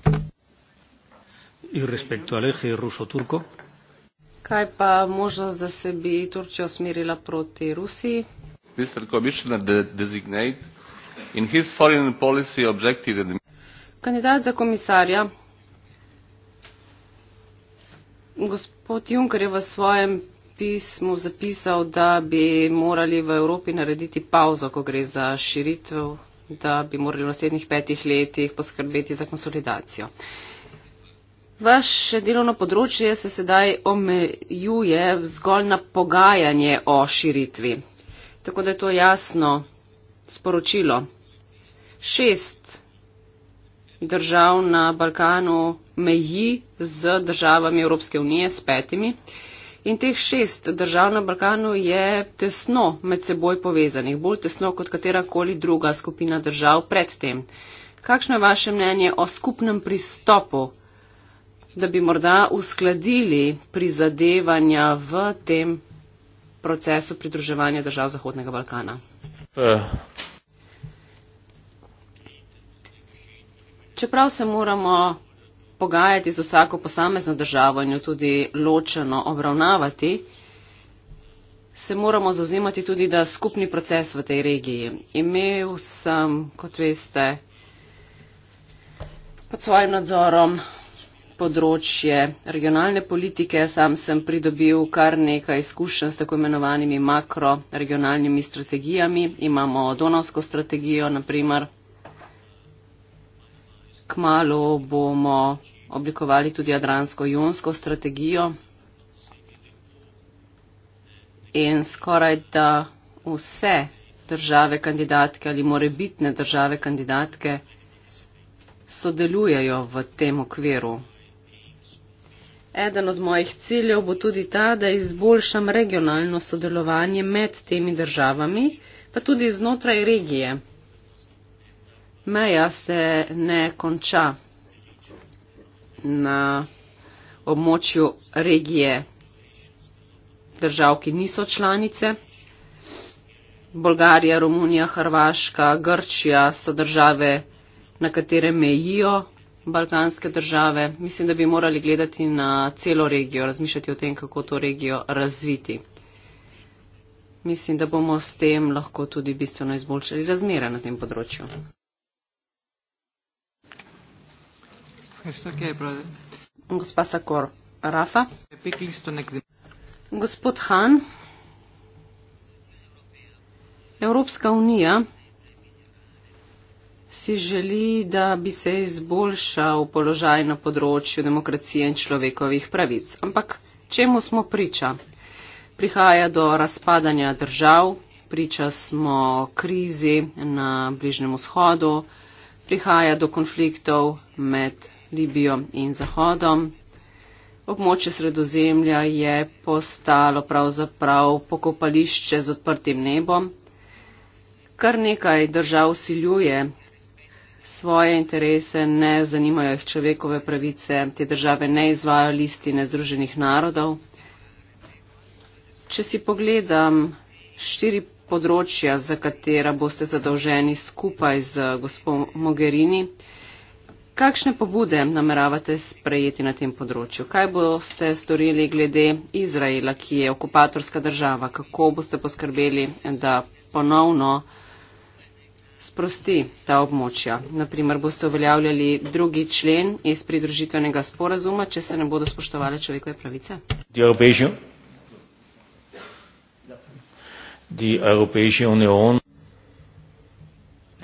[SPEAKER 2] in respecto al eje ruso-turco?
[SPEAKER 3] Kaj pa možnost, da se bi Turčija usmerila proti Rusiji? Kandidat za komisarja, gospod Juncker je v svojem pismu zapisal, da bi morali v Evropi narediti pauzo, ko gre za širitev, da bi morali v naslednjih petih letih poskrbeti za konsolidacijo. Vaše delovno področje se sedaj omejuje zgolj na pogajanje o širitvi. Tako da je to jasno sporočilo. Šest držav na Balkanu meji z državami Evropske unije, s petimi. In teh šest držav na Balkanu je tesno med seboj povezanih, bolj tesno kot katerakoli druga skupina držav predtem. Kakšno je vaše mnenje o skupnem pristopu da bi morda uskladili prizadevanja v tem procesu pridruževanja držav Zahodnega Balkana. Uh. Čeprav se moramo pogajati z vsako posamezno državo in jo tudi ločeno obravnavati, se moramo zauzemati tudi, da skupni proces v tej regiji. Imel sem, kot veste, pod svojim nadzorom področje regionalne politike. Sam sem pridobil kar nekaj izkušenj s tako imenovanimi makroregionalnimi strategijami. Imamo Donavsko strategijo, naprimer. Kmalo bomo oblikovali tudi Adransko-Junsko strategijo. In skoraj da vse države kandidatke ali more bitne države kandidatke sodelujejo v tem okviru. Eden od mojih ciljev bo tudi ta, da izboljšam regionalno sodelovanje med temi državami, pa tudi znotraj regije. Meja se ne konča na območju regije držav, ki niso članice. Bolgarija, Romunija, Hrvaška, Grčija so države, na katere mejijo balkanske države. Mislim, da bi morali gledati na celo regijo, razmišljati o tem, kako to regijo razviti. Mislim, da bomo s tem lahko tudi bistveno izboljšali razmere na tem področju. Gospa Sakor Rafa. Gospod Han. Evropska unija si želi, da bi se izboljšal položaj na področju demokracije in človekovih pravic. Ampak čemu smo priča? Prihaja do razpadanja držav, priča smo krizi na Bližnjem vzhodu, prihaja do konfliktov med Libijo in Zahodom. Območje sredozemlja je postalo pravzaprav pokopališče z odprtim nebom. Kar nekaj držav siljuje svoje interese, ne zanimajo jih človekove pravice, te države ne izvajo listine Združenih narodov. Če si pogledam štiri področja, za katera boste zadolženi skupaj z gospod Mogherini, kakšne pobude nameravate sprejeti na tem področju? Kaj boste storili glede Izraela, ki je okupatorska država? Kako boste poskrbeli, da ponovno sprosti ta območja. Naprimer, boste uveljavljali drugi člen iz pridružitvenega sporazuma, če se ne bodo spoštovali človekove pravice?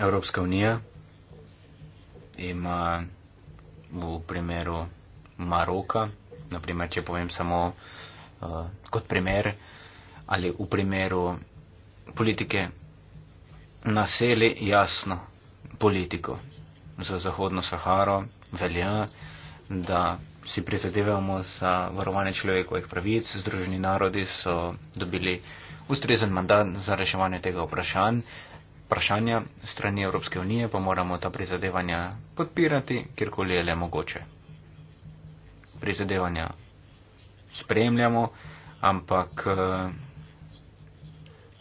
[SPEAKER 1] Evropska unija
[SPEAKER 2] ima v primeru Maroka, naprimer, če povem samo uh, kot primer, ali v primeru politike naseli jasno politiko za Zahodno Saharo, velja, da si prizadevamo za varovanje človekovih pravic. Združeni narodi so dobili ustrezen mandat za reševanje tega vprašanj. Vprašanja strani Evropske unije pa moramo ta prizadevanja podpirati, kjerkoli je le mogoče. Prizadevanja spremljamo, ampak eh,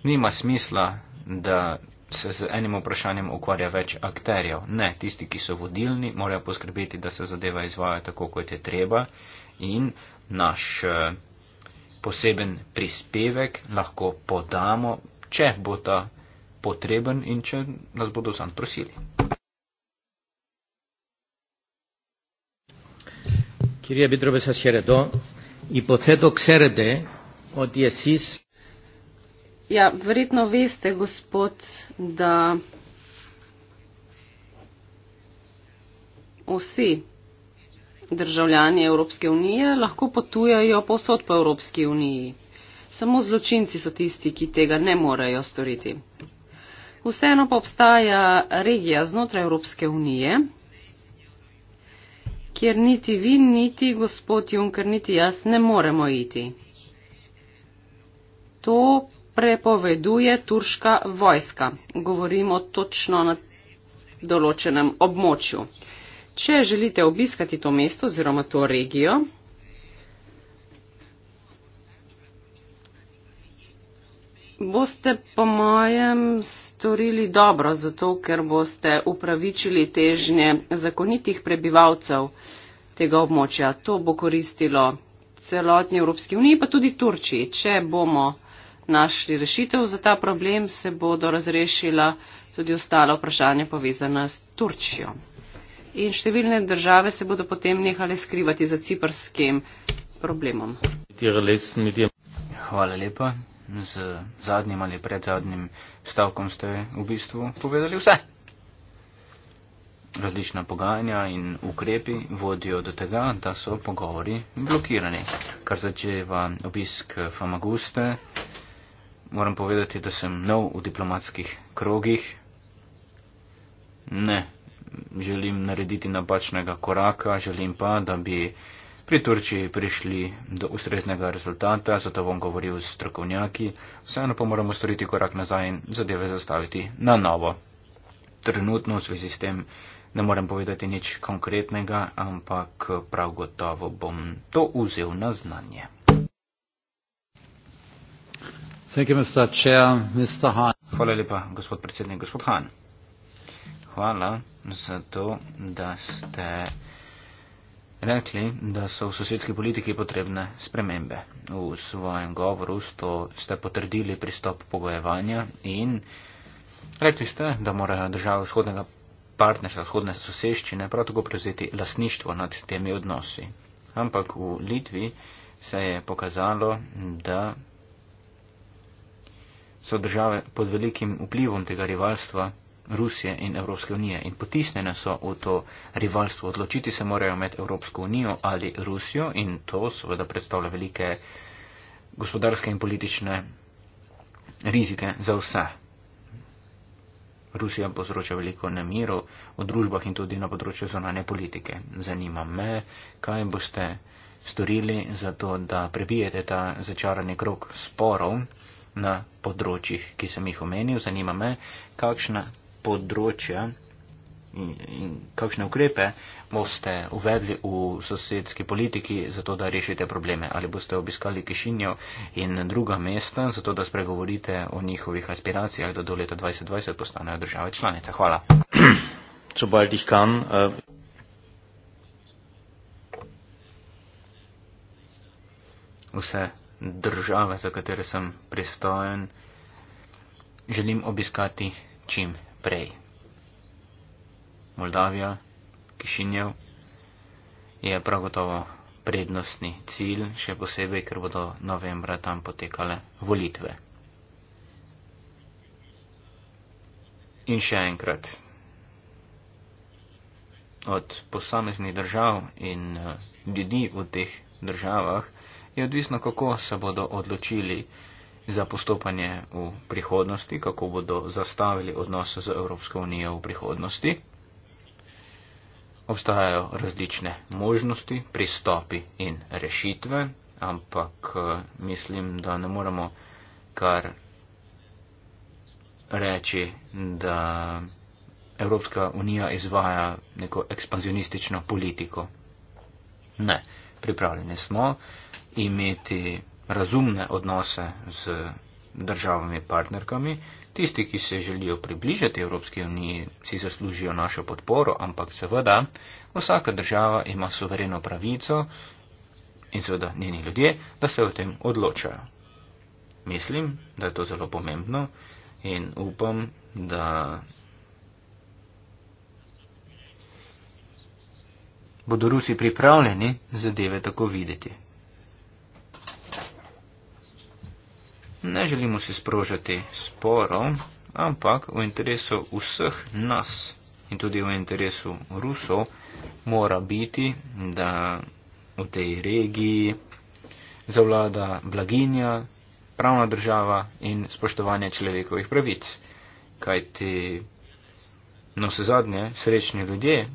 [SPEAKER 2] nima smisla, da se z enim vprašanjem ukvarja več akterjev. Ne, tisti, ki so vodilni, morajo poskrbeti, da se zadeva izvaja tako, kot je treba in naš eh, poseben prispevek lahko podamo, če bo ta potreben in če nas bodo sam prosili. Kirje Bidrobe Sasjeredo, hipotedo ksrede od Jesis.
[SPEAKER 3] Ja, verjetno veste, gospod, da vsi državljani Evropske unije lahko potujajo posod po Evropski uniji. Samo zločinci so tisti, ki tega ne morejo storiti. Vseeno pa obstaja regija znotraj Evropske unije, kjer niti vi, niti gospod Juncker, niti jaz ne moremo iti. To prepoveduje turška vojska. Govorimo točno na določenem območju. Če želite obiskati to mesto oziroma to regijo, boste po mojem storili dobro, zato ker boste upravičili težnje zakonitih prebivalcev tega območja. To bo koristilo celotni Evropski uniji, pa tudi Turčiji. Če bomo našli rešitev za ta problem, se bodo razrešila tudi ostala vprašanja povezana s Turčijo. In številne države se bodo potem nehale skrivati za ciprskim problemom.
[SPEAKER 2] Hvala lepa. Z zadnjim ali predzadnjim stavkom ste v bistvu povedali vse. Različna pogajanja in ukrepi vodijo do tega, da so pogovori blokirani, kar začeva obisk Famaguste moram povedati, da sem nov v diplomatskih krogih. Ne, želim narediti napačnega koraka, želim pa, da bi pri Turčiji prišli do ustreznega rezultata, zato bom govoril s strokovnjaki, vseeno pa moramo storiti korak nazaj in zadeve zastaviti na novo. Trenutno v zvezi s tem ne morem povedati nič konkretnega, ampak prav gotovo bom to vzel na znanje.
[SPEAKER 1] Hvala
[SPEAKER 2] lepa, gospod predsednik. Gospod Han, hvala za to, da ste rekli, da so v sosedski politiki potrebne spremembe. V svojem govoru ste potrdili pristop pogojevanja in rekli ste, da morajo države vzhodnega partnerstva, vzhodne soseščine, prav tako prevzeti lasništvo nad temi odnosi. Ampak v Litvi se je pokazalo, da so države pod velikim vplivom tega rivalstva Rusije in Evropske unije in potisnjene so v to rivalstvo. Odločiti se morajo med Evropsko unijo ali Rusijo in to seveda predstavlja velike gospodarske in politične rizike za vse. Rusija povzroča veliko nemirov v družbah in tudi na področju zonanje politike. Zanima me, kaj boste storili za to, da prebijete ta začarani krok sporov na področjih, ki sem jih omenil. Zanima me, kakšna področja in, in kakšne ukrepe boste uvedli v sosedski politiki, zato da rešite probleme. Ali boste obiskali Kišinjo in druga mesta, zato da spregovorite o njihovih aspiracijah, da do leta 2020 postanejo države članice. Hvala. Sobald ich kann. Äh eh. Vse države, za katere sem pristojen, želim obiskati čim prej. Moldavija, Kišinjev je prav gotovo prednostni cilj, še posebej, ker bodo novembra tam potekale volitve. In še enkrat. Od posameznih držav in eh, ljudi v teh državah je odvisno, kako se bodo odločili za postopanje v prihodnosti, kako bodo zastavili odnose z Evropsko unijo v prihodnosti. Obstajajo različne možnosti, pristopi in rešitve, ampak eh, mislim, da ne moremo kar reči, da Evropska unija izvaja neko ekspanzionistično politiko. Ne, pripravljeni smo, imeti razumne odnose z državami partnerkami. Tisti, ki se želijo približati Evropski uniji, si zaslužijo našo podporo, ampak seveda vsaka država ima suvereno pravico in seveda njeni ljudje, da se o tem odločajo. Mislim, da je to zelo pomembno in upam, da bodo Rusi pripravljeni zadeve tako videti. ne želimo se sprožati sporov, ampak v interesu vseh nas in tudi v interesu Rusov mora biti, da v tej regiji zavlada blaginja, pravna država in spoštovanje človekovih pravic. Kajti na vse zadnje srečni ljudje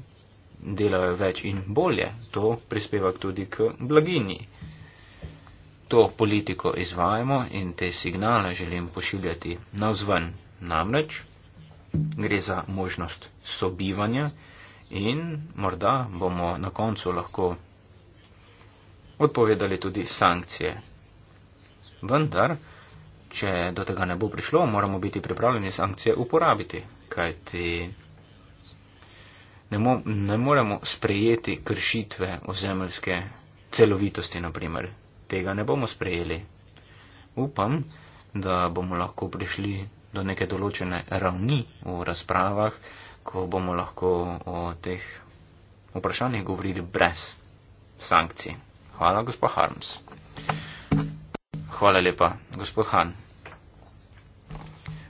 [SPEAKER 2] delajo več in bolje, to prispeva tudi k blaginji to politiko izvajamo in te signale želim pošiljati navzven. Namreč gre za možnost sobivanja in morda bomo na koncu lahko odpovedali tudi sankcije. Vendar, če do tega ne bo prišlo, moramo biti pripravljeni sankcije uporabiti, kajti ne, mo ne moremo sprejeti kršitve ozemeljske celovitosti, naprimer, tega ne bomo sprejeli. Upam, da bomo lahko prišli do neke določene ravni v razpravah, ko bomo lahko o teh vprašanjih govorili brez sankcij. Hvala, gospod Harms. Hvala lepa, gospod Han.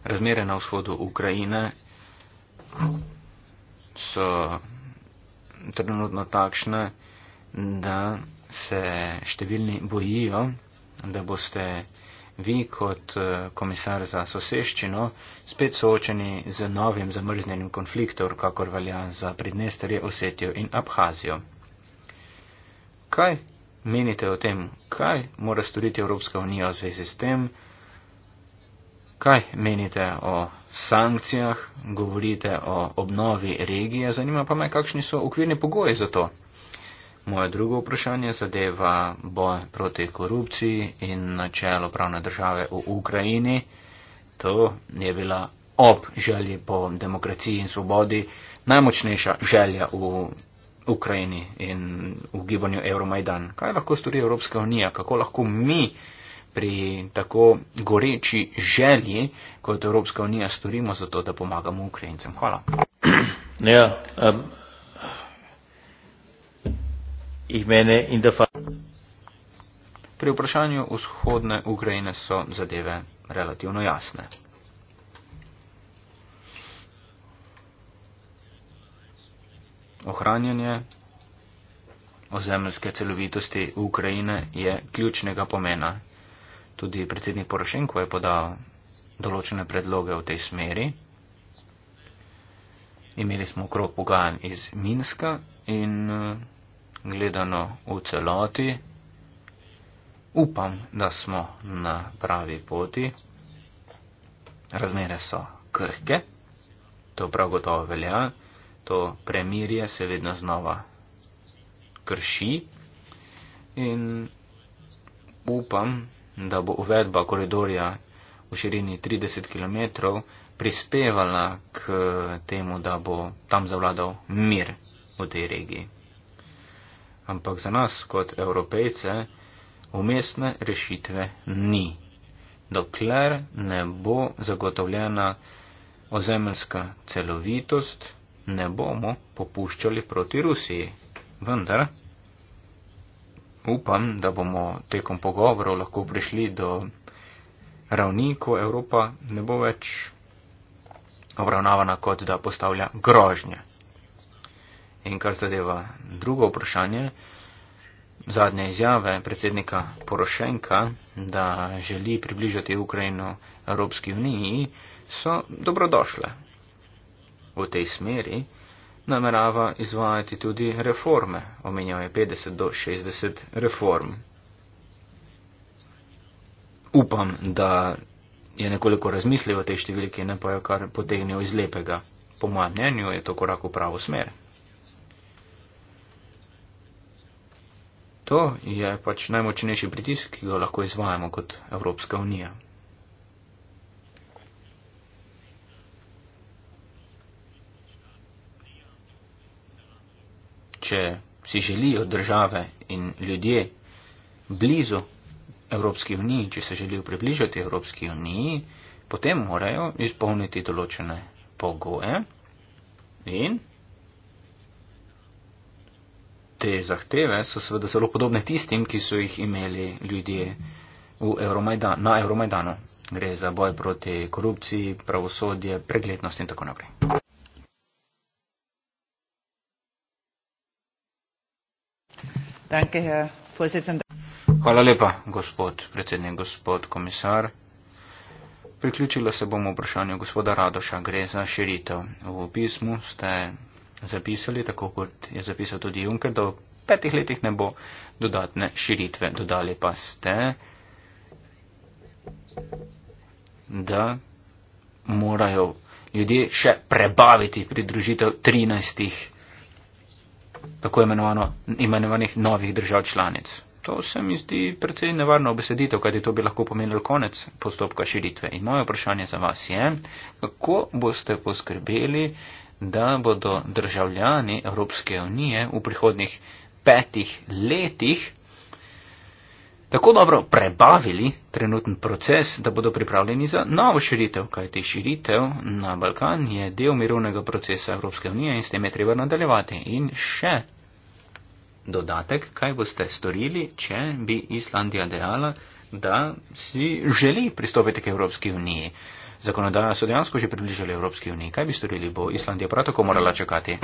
[SPEAKER 2] Razmere na vzhodu Ukrajine so trenutno takšne, da se številni bojijo, da boste vi kot eh, komisar za soseščino spet soočeni z novim zamrznjenim konfliktom, kakor velja za Pridnesterje, Osetijo in Abhazijo. Kaj menite o tem, kaj mora storiti Evropska unija v zvezi s tem? Kaj menite o sankcijah, govorite o obnovi regije, zanima pa me, kakšni so ukvirni pogoji za to? Moje drugo vprašanje zadeva boj proti korupciji in načelo pravne države v Ukrajini. To je bila ob želji po demokraciji in svobodi najmočnejša želja v Ukrajini in v gibanju Euromajdan. Kaj lahko stori Evropska unija? Kako lahko mi pri tako goreči želji kot Evropska unija storimo za to, da pomagamo Ukrajincem? Hvala.
[SPEAKER 1] Ja, um, Ich meine in der Pri
[SPEAKER 2] vprašanju vzhodne Ukrajine so zadeve relativno jasne. Ohranjanje ozemljske celovitosti Ukrajine je ključnega pomena. Tudi predsednik Porošenko je podal določene predloge v tej smeri. Imeli smo okrog pogajanj iz Minska in eh, gledano v celoti, upam, da smo na pravi poti. Razmere so krhke, to prav gotovo velja, to premirje se vedno znova krši in upam, da bo uvedba koridorja v širini 30 km prispevala k temu, da bo tam zavladal mir v tej regiji ampak za nas kot evropejce umestne rešitve ni, dokler ne bo zagotovljena ozemeljska celovitost, ne bomo popuščali proti Rusiji. Vendar upam, da bomo tekom pogovorov lahko prišli do ravni, ko Evropa ne bo več obravnavana kot da postavlja grožnje. In kar zadeva drugo vprašanje, zadnje izjave predsednika Porošenka, da želi približati Ukrajino Evropski uniji, so dobrodošle. V tej smeri namerava izvajati tudi reforme, omenjal je 50 do 60 reform. Upam, da je nekoliko razmislil o tej številki, ne pa jo kar potegnil iz lepega. Po mojem mnenju je to korak v pravo smer. To je pač najmočnejši pritisk, ki ga lahko izvajamo kot Evropska unija. Če si želijo države in ljudje blizu Evropski uniji, če se želijo približati Evropski uniji, potem morajo izpolniti določene pogoje in te zahteve so seveda zelo podobne tistim, ki so jih imeli ljudje Euromajdan, na Euromajdanu. Gre za boj proti korupciji, pravosodje, preglednost in tako naprej. Danke, Hvala lepa, gospod predsednik, gospod komisar. Priključila se bomo vprašanju gospoda Radoša. Gre za širitev. V pismu ste zapisali, tako kot je zapisal tudi Juncker, da v petih letih ne bo dodatne širitve. Dodali pa ste, da morajo ljudje še prebaviti pridružitev 13 tako imenovanih novih držav članic. To se mi zdi precej nevarno obeseditev, kajti to bi lahko pomenilo konec postopka širitve. In moje vprašanje za vas je, kako boste poskrbeli, da bodo državljani Evropske unije v prihodnih petih letih tako dobro prebavili trenuten proces, da bodo pripravljeni za novo širitev, kajti širitev na Balkan je del mirovnega procesa Evropske unije in s tem je treba nadaljevati. In še dodatek, kaj boste storili, če bi Islandija dejala, da si želi pristopiti k Evropski uniji zakonodaja so dejansko že približali Evropski uniji. Kaj bi storili, bo Islandija prav tako morala čakati?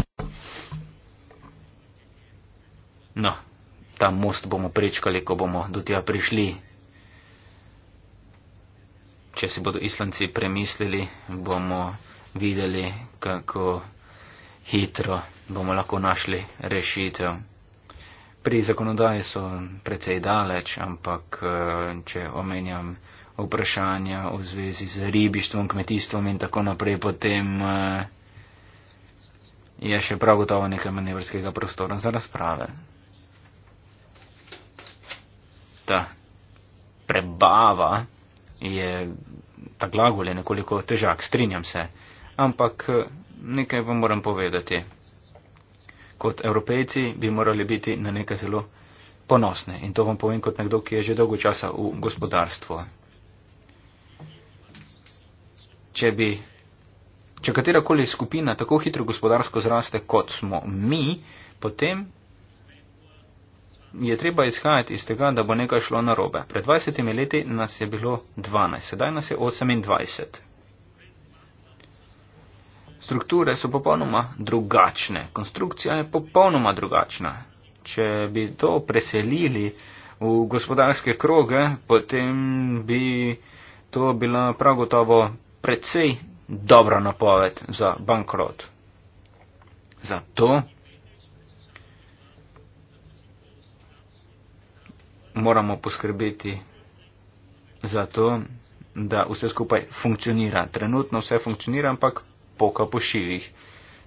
[SPEAKER 2] No, ta most bomo prečkali, ko bomo do tega prišli. Če si bodo Islandci premislili, bomo videli, kako hitro bomo lahko našli rešitev. Pri zakonodaji so precej daleč, ampak eh, če omenjam, vprašanja v zvezi z ribištvom, kmetijstvom in tako naprej, potem eh, je še prav gotovo nekaj manevrskega prostora za razprave. Ta prebava je, ta glagol je nekoliko težak, strinjam se, ampak eh, nekaj vam moram povedati. Kot evropejci bi morali biti na nekaj zelo ponosni in to vam povem kot nekdo, ki je že dolgo časa v gospodarstvu če bi, če katerakoli skupina tako hitro gospodarsko zraste, kot smo mi, potem je treba izhajati iz tega, da bo nekaj šlo na robe. Pred 20 leti nas je bilo 12, sedaj nas je 28. Strukture so popolnoma drugačne, konstrukcija je popolnoma drugačna. Če bi to preselili v gospodarske kroge, potem bi to bila prav gotovo precej dobra napoved za bankrot. Zato moramo poskrbeti za to, da vse skupaj funkcionira. Trenutno vse funkcionira, ampak poka po šivih.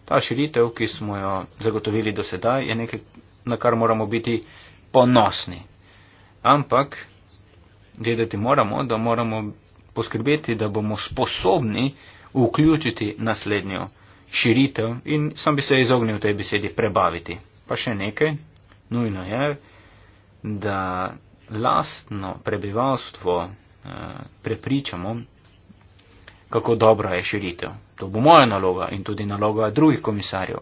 [SPEAKER 2] Ta širitev, ki smo jo zagotovili do sedaj, je nekaj, na kar moramo biti ponosni. Ampak vedeti moramo, da moramo poskrbeti, da bomo sposobni vključiti naslednjo širitev in sam bi se izognil tej besedi prebaviti. Pa še nekaj, nujno je, da lastno prebivalstvo eh, prepričamo, kako dobra je širitev. To bo moja naloga in tudi naloga drugih komisarjev.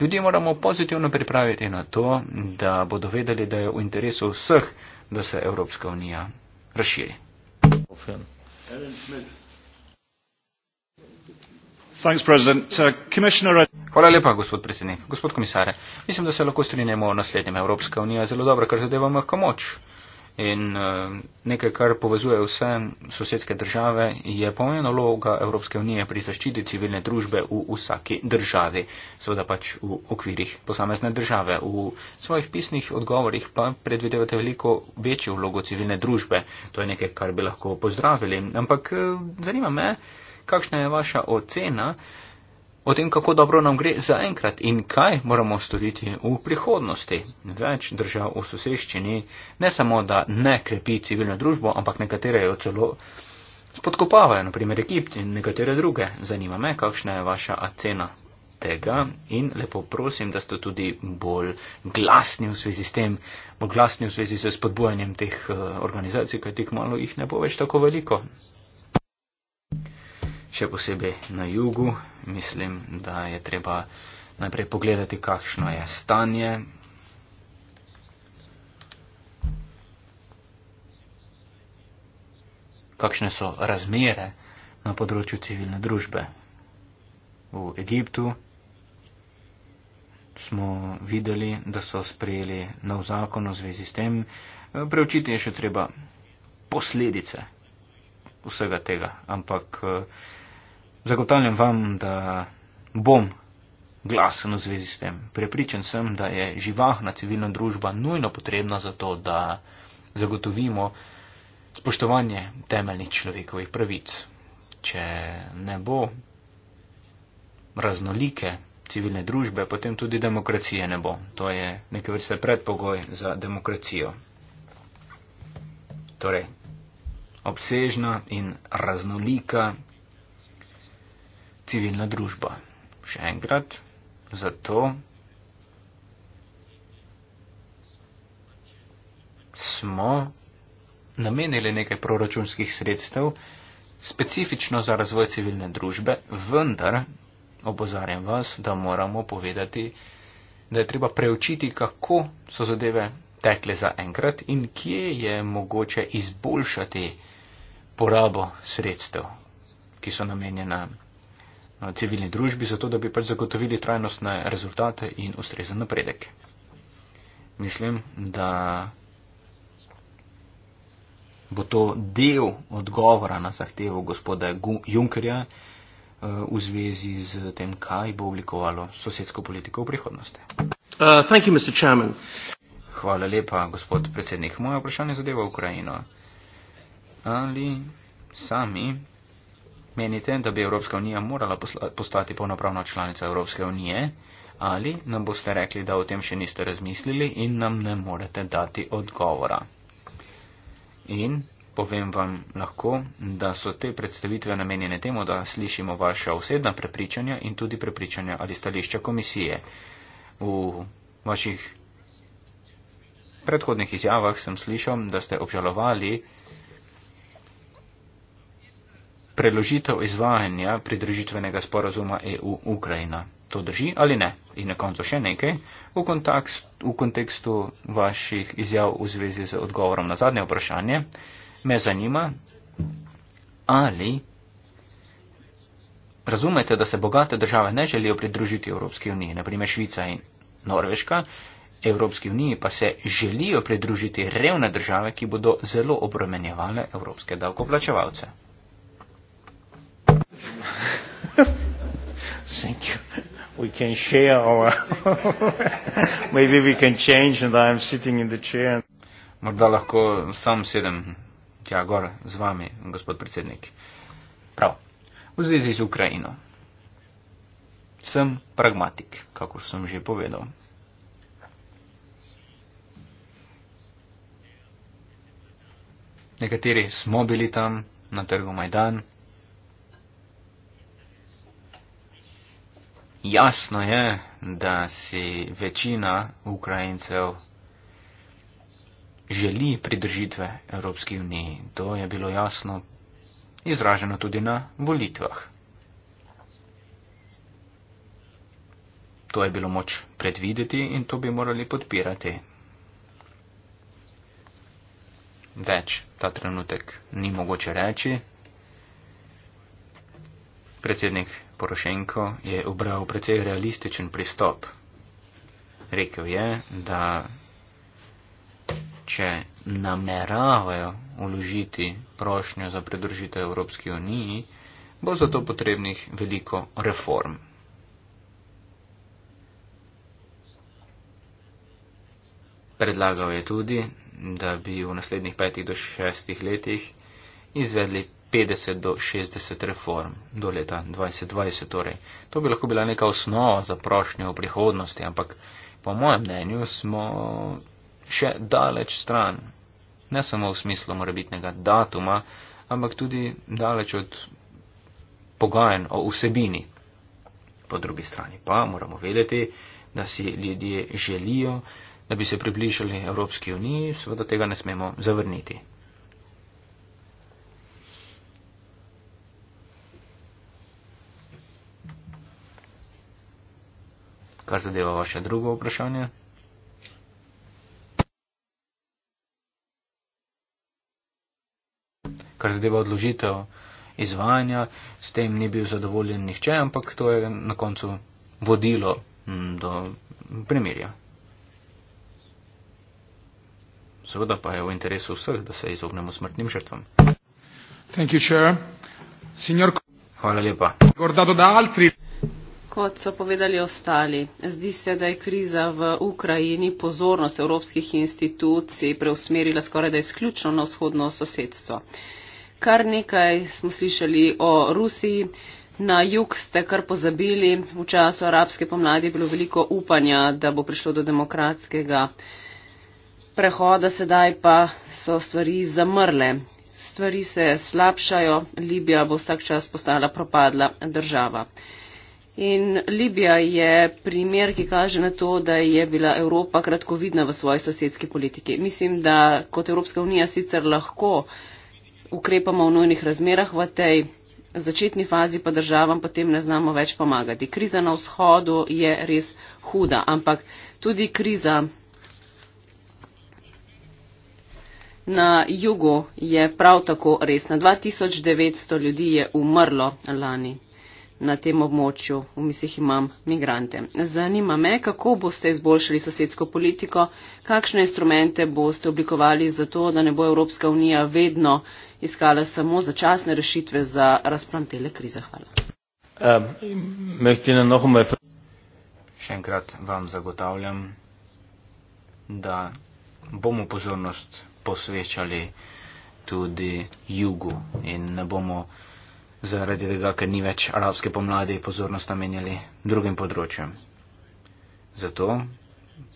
[SPEAKER 2] Ljudje moramo pozitivno pripraviti na to, da bodo vedeli, da je v interesu vseh, da se Evropska unija razširi. Film. Alan Smith. Thanks, President. Uh, Commissioner... Hvala lepa, gospod predsednik. Gospod komisar, mislim, da se lahko strinjamo o naslednjem. Evropska unija je zelo dobra, kar zadeva mehko moč in eh, nekaj, kar povezuje vse sosedske države, je pomembna vloga Evropske unije pri zaščiti civilne družbe v vsaki državi, seveda pač v okvirih posamezne države. V svojih pisnih odgovorih pa predvidevate veliko večjo vlogo civilne družbe. To je nekaj, kar bi lahko pozdravili. Ampak eh, zanima me, kakšna je vaša ocena, o tem, kako dobro nam gre zaenkrat in kaj moramo storiti v prihodnosti. Več držav v soseščini ne samo, da ne krepi civilno družbo, ampak nekatere jo celo spodkopavajo, naprimer Egipt in nekatere druge. Zanima me, kakšna je vaša ocena tega in lepo prosim, da ste tudi bolj glasni v zvezi s tem, bolj glasni v zvezi s spodbujanjem teh eh, organizacij, kajti kmalo jih ne bo več tako veliko še posebej na jugu. Mislim, da je treba najprej pogledati, kakšno je stanje. Kakšne so razmere na področju civilne družbe? V Egiptu smo videli, da so sprejeli nov zakon o zvezi s tem. Preučiti je še treba posledice vsega tega, ampak uh, zagotavljam vam, da bom glasen v zvezi s tem. Prepričan sem, da je živahna civilna družba nujno potrebna za to, da zagotovimo spoštovanje temeljnih človekovih pravic. Če ne bo raznolike civilne družbe, potem tudi demokracije ne bo. To je nekaj vrste predpogoj za demokracijo. Torej, obsežna in raznolika civilna družba. Še enkrat, zato smo namenili nekaj proračunskih sredstev specifično za razvoj civilne družbe, vendar opozarjam vas, da moramo povedati, da je treba preučiti, kako so zadeve tekle za enkrat in kje je mogoče izboljšati porabo sredstev, ki so namenjena Eh, civilni družbi, zato da bi pač zagotovili trajnostne rezultate in ustrezen napredek. Mislim, da bo to del odgovora na zahtevo gospoda Junkerja eh, v zvezi z tem, kaj bo oblikovalo sosedsko politiko v prihodnosti. Uh, you, Hvala lepa, gospod predsednik. Moje vprašanje zadeva Ukrajino. Ali sami Menite, da bi Evropska unija morala postati polnopravna članica Evropske unije ali nam boste rekli, da o tem še niste razmislili in nam ne morete dati odgovora? In povem vam lahko, da so te predstavitve namenjene temu, da slišimo vaša osebna prepričanja in tudi prepričanja ali stališča komisije. V vaših predhodnih izjavah sem slišal, da ste obžalovali, preložitev izvajanja pridružitvenega sporazuma EU-Ukrajina. To drži ali ne? In na koncu še nekaj v, kontakst, v kontekstu vaših izjav v zvezi z odgovorom na zadnje vprašanje. Me zanima, ali razumete, da se bogate države ne želijo pridružiti Evropski uniji, naprimer Švica in Norveška, Evropski uniji pa se želijo pridružiti revne države, ki bodo zelo obremenjevale evropske davkoplačevalce. Thank you. We can share our. Maybe we can change, and I'm sitting in the chair. Morda lahko sam sedem tja gor z vami, gospod predsednik. Prav. V zvezi z Ukrajino. Sem pragmatik, kakor sem že povedal. Nekateri smo bili tam na trgu Majdan, Jasno je, da si večina Ukrajincev želi pridržitve Evropski uniji. To je bilo jasno izraženo tudi na volitvah. To je bilo moč predvideti in to bi morali podpirati. Več ta trenutek ni mogoče reči. Predsednik Porošenko je obral precej realističen pristop. Rekel je, da če nameravajo uložiti prošnjo za pridružitev Evropski uniji, bo zato potrebnih veliko reform. Predlagal je tudi, da bi v naslednjih petih do šestih letih izvedli 50 do 60 reform do leta 2020. Torej. To bi lahko bila neka osnova za prošnjo v prihodnosti, ampak po mojem mnenju smo še daleč stran, ne samo v smislu morebitnega datuma, ampak tudi daleč od pogajanj o vsebini. Po drugi strani pa moramo vedeti, da si ljudje želijo, da bi se približali Evropski uniji, seveda tega ne smemo zavrniti. kar zadeva vaše drugo vprašanje. Kar zadeva odložitev izvajanja, s tem ni bil zadovoljen nihče, ampak to je na koncu vodilo mm, do primirja. Seveda pa je v interesu vseh, da se izognemo smrtnim žrtvam. Hvala lepa. Gordado da altri
[SPEAKER 3] kot so povedali ostali. Zdi se, da je kriza v Ukrajini pozornost evropskih institucij preusmerila skoraj da izključno na vzhodno sosedstvo. Kar nekaj smo slišali o Rusiji, na jug ste kar pozabili, v času arabske pomladi je bilo veliko upanja, da bo prišlo do demokratskega prehoda, sedaj pa so stvari zamrle. Stvari se slabšajo, Libija bo vsak čas postala propadla država. In Libija je primer, ki kaže na to, da je bila Evropa kratkovidna v svoji sosedski politiki. Mislim, da kot Evropska unija sicer lahko ukrepamo v nujnih razmerah v tej začetni fazi, pa državam potem ne znamo več pomagati. Kriza na vzhodu je res huda, ampak tudi kriza na jugu je prav tako resna. 2900 ljudi je umrlo lani na tem območju, v mislih imam migrante. Zanima me, kako boste izboljšali sosedsko politiko, kakšne instrumente boste oblikovali za to, da ne bo Evropska unija vedno iskala samo začasne rešitve za razplantele krize. Hvala.
[SPEAKER 2] Še enkrat vam zagotavljam, da bomo pozornost posvečali tudi jugu in ne bomo zaradi tega, ker ni več arabske pomladi, pozornost namenjali drugim področjem. Zato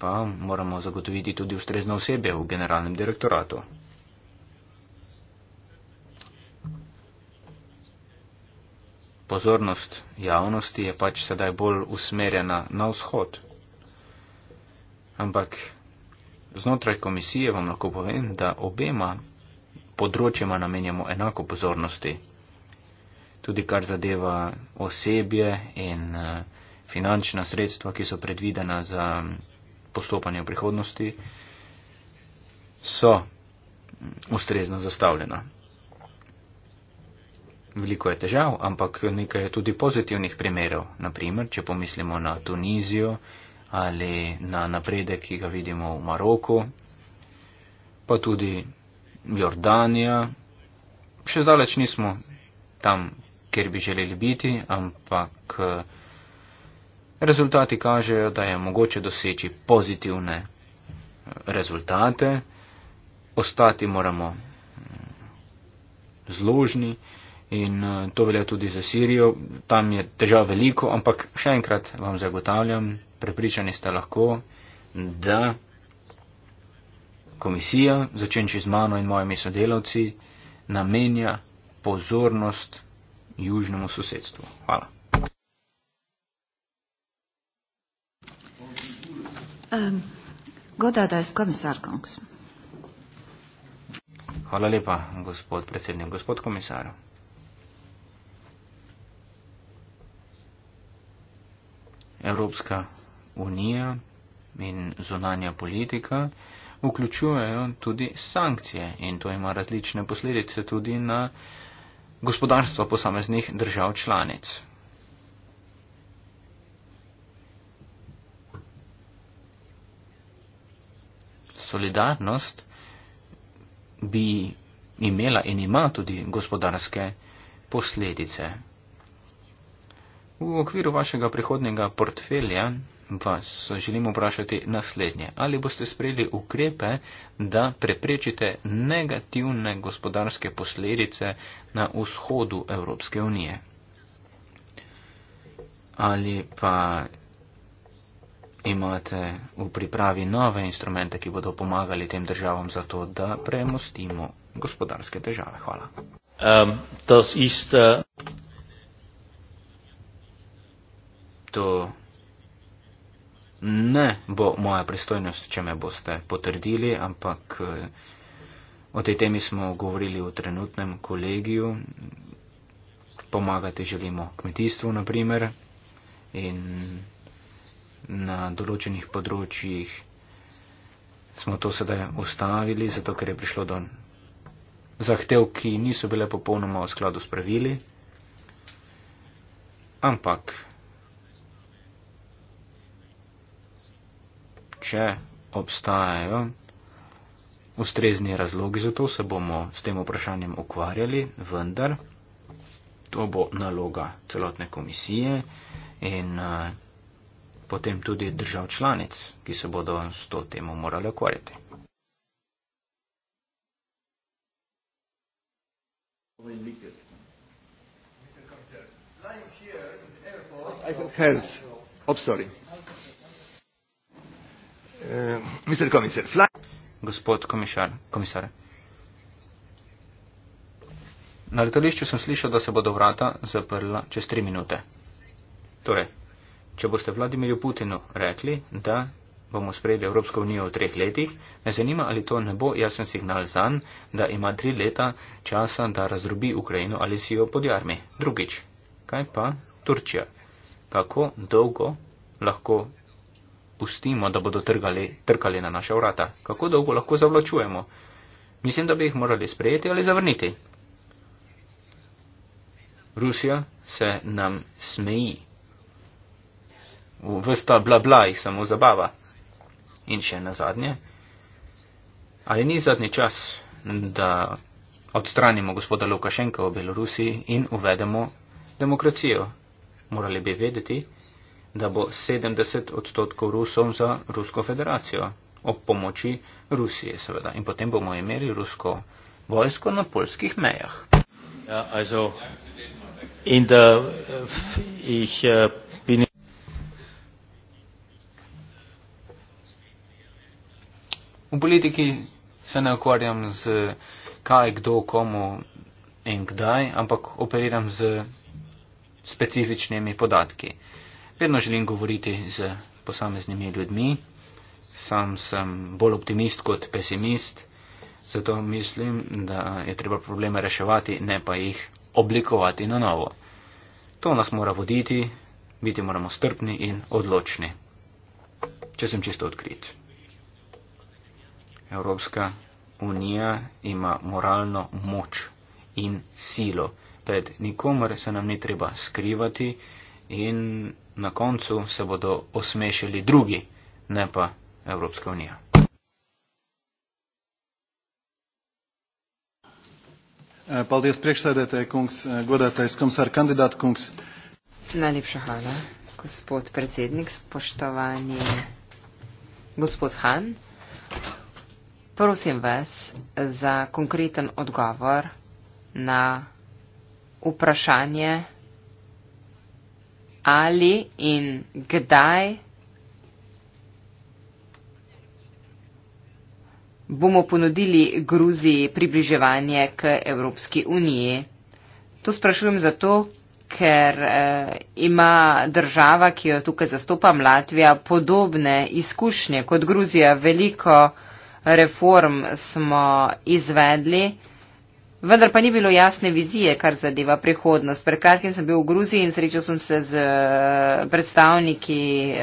[SPEAKER 2] pa moramo zagotoviti tudi ustrezno osebje v generalnem direktoratu. Pozornost javnosti je pač sedaj bolj usmerjena na vzhod. Ampak znotraj komisije vam lahko povem, da obema področjema namenjamo enako pozornosti tudi kar zadeva osebje in eh, finančna sredstva, ki so predvidena za mm, postopanje v prihodnosti, so mm, ustrezno zastavljena. Veliko je težav, ampak nekaj je tudi pozitivnih primerov. Naprimer, če pomislimo na Tunizijo ali na napredek, ki ga vidimo v Maroku, pa tudi Jordanija, še zdaleč nismo tam, kjer bi želeli biti, ampak eh, rezultati kažejo, da je mogoče doseči pozitivne eh, rezultate, ostati moramo mm, zložni in eh, to velja tudi za Sirijo. Tam je težav veliko, ampak še enkrat vam zagotavljam, prepričani ste lahko, da komisija, začenči z mano in mojimi sodelavci, namenja pozornost južnemu sosedstvu. Hvala. Hvala lepa, gospod predsednik. Gospod komisar. Evropska unija in zunanja politika vključujejo tudi sankcije in to ima različne posledice tudi na uh, gospodarstva posameznih držav članic. Solidarnost bi imela in ima tudi gospodarske posledice. V okviru vašega prihodnjega portfelja vas želim vprašati naslednje. Ali boste sprejeli ukrepe, da preprečite negativne gospodarske posledice na vzhodu Evropske unije? Ali pa imate v pripravi nove instrumente, ki bodo pomagali tem državam za to, da premostimo gospodarske težave? Hvala.
[SPEAKER 1] Um, to isto.
[SPEAKER 2] Uh ne bo moja pristojnost, če me boste potrdili, ampak eh, o tej temi smo govorili v trenutnem kolegiju. Pomagati želimo kmetijstvu, naprimer, in na določenih področjih smo to sedaj ustavili, zato ker je prišlo do zahtev, ki niso bile popolnoma v skladu s pravili. Ampak če obstajajo ustrezni razlogi za to, se bomo s tem vprašanjem ukvarjali, vendar to bo naloga celotne komisije in eh, potem tudi držav članic, ki se bodo s to temo morali ukvarjati.
[SPEAKER 1] I can help. Oh, sorry. Mr. Eh, Commissar, fly. Gospod
[SPEAKER 2] komisar, komisar. Na letališču sem slišal, da se bodo vrata zaprla čez tri minute. Torej, če boste Vladimirju Putinu rekli, da bomo sprejeli Evropsko unijo v treh letih, me zanima, ali to ne bo jasen signal zanj, da ima tri leta časa, da razdrobi Ukrajino ali si jo podjarmi. Drugič, kaj pa Turčija? Kako dolgo lahko pustimo, da bodo trgali, trkali na naša vrata? Kako dolgo lahko zavlačujemo? Mislim, da bi jih morali sprejeti ali zavrniti. Rusija se nam smeji. V vrsta bla bla jih samo zabava. In še na zadnje. Ali ni zadnji čas, da odstranimo gospoda Lukašenka v Belorusiji in uvedemo demokracijo? Morali bi vedeti, da bo 70 odstotkov Rusov za Rusko federacijo ob pomoči Rusije seveda. In potem bomo imeli rusko vojsko na polskih mejah.
[SPEAKER 1] Ja, eh, eh,
[SPEAKER 2] v politiki se ne ukvarjam z kaj, kdo, komu in kdaj, ampak operiram z specifičnimi podatki. Uh, Vedno želim govoriti z posameznimi ljudmi. Sam sem bolj optimist kot pesimist, zato mislim, da je treba probleme reševati, ne pa jih oblikovati na novo. To nas mora voditi, biti moramo strpni in odločni. Če sem čisto odkrit. Evropska unija ima moralno moč in silo. Pred nikomer se nam ni treba skrivati in na koncu se bodo osmešili drugi, ne pa Evropska
[SPEAKER 1] unija. Eh, paldies priekšsēdētāji kungs, eh, godātais komisārs kandidāts kungs.
[SPEAKER 4] Nalipša hvala, gospod predsednik, spoštovani gospod Han. Prosim vas za konkreten odgovor na vprašanje ali in kdaj bomo ponudili Gruziji približevanje k Evropski uniji. To sprašujem zato, ker eh, ima država, ki jo tukaj zastopam, Latvija, podobne izkušnje kot Gruzija. Veliko reform smo izvedli. Vendar pa ni bilo jasne vizije, kar zadeva prihodnost. Pred kratkim sem bil v Gruziji in srečal sem se z eh, predstavniki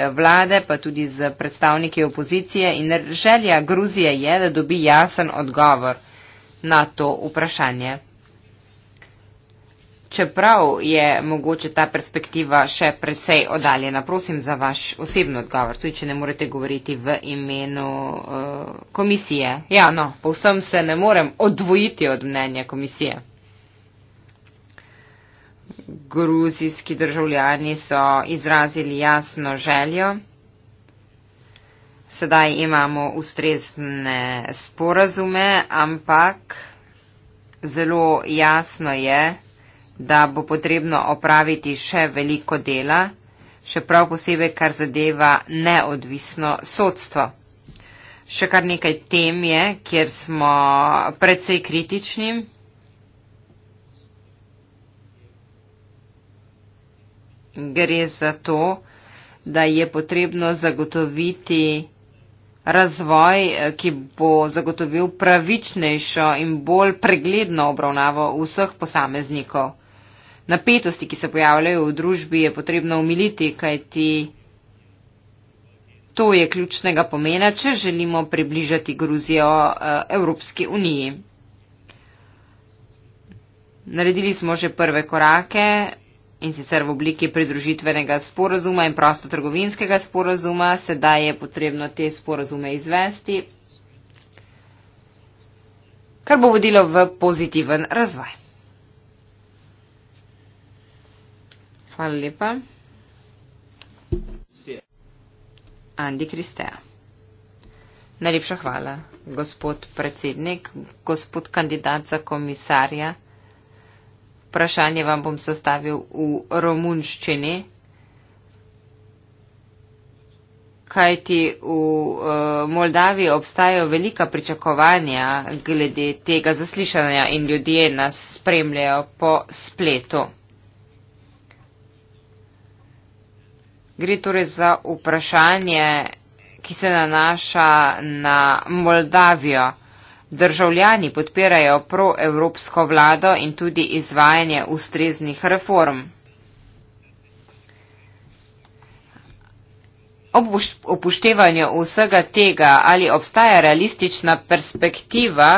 [SPEAKER 4] eh, vlade, pa tudi z predstavniki opozicije in želja Gruzije je, da dobi jasen odgovor na to vprašanje čeprav je mogoče ta perspektiva še precej odaljena. Prosim za vaš osebno odgovor, tudi če ne morete govoriti v imenu uh, komisije. Ja, no, povsem se ne morem odvojiti od mnenja komisije. Gruzijski državljani so izrazili jasno željo. Sedaj imamo ustrezne sporazume, ampak zelo jasno je, da bo potrebno opraviti še veliko dela, še prav posebej, kar zadeva neodvisno sodstvo. Še kar nekaj tem je, kjer smo predvsej kritični. Gre za to, da je potrebno zagotoviti razvoj, ki bo zagotovil pravičnejšo in bolj pregledno obravnavo vseh posameznikov napetosti, ki se pojavljajo v družbi, je potrebno umiliti, kajti to je ključnega pomena, če želimo približati Gruzijo eh, Evropski uniji. Naredili smo že prve korake in sicer v obliki pridružitvenega sporazuma in prostotrgovinskega sporazuma, sedaj je potrebno te sporazume izvesti, kar bo vodilo v pozitiven razvoj. Hvala lepa. Andi Kristeja. Najlepša hvala, gospod predsednik, gospod kandidat za komisarja. Vprašanje vam bom zastavil v romunščini. Kaj ti v eh, Moldaviji obstajajo velika pričakovanja glede tega zaslišanja in ljudje nas spremljajo po spletu. Gre torej za vprašanje, ki se nanaša na Moldavijo. Državljani podpirajo proevropsko vlado in tudi izvajanje ustreznih reform. Ob upoštevanju vsega tega, ali obstaja realistična perspektiva,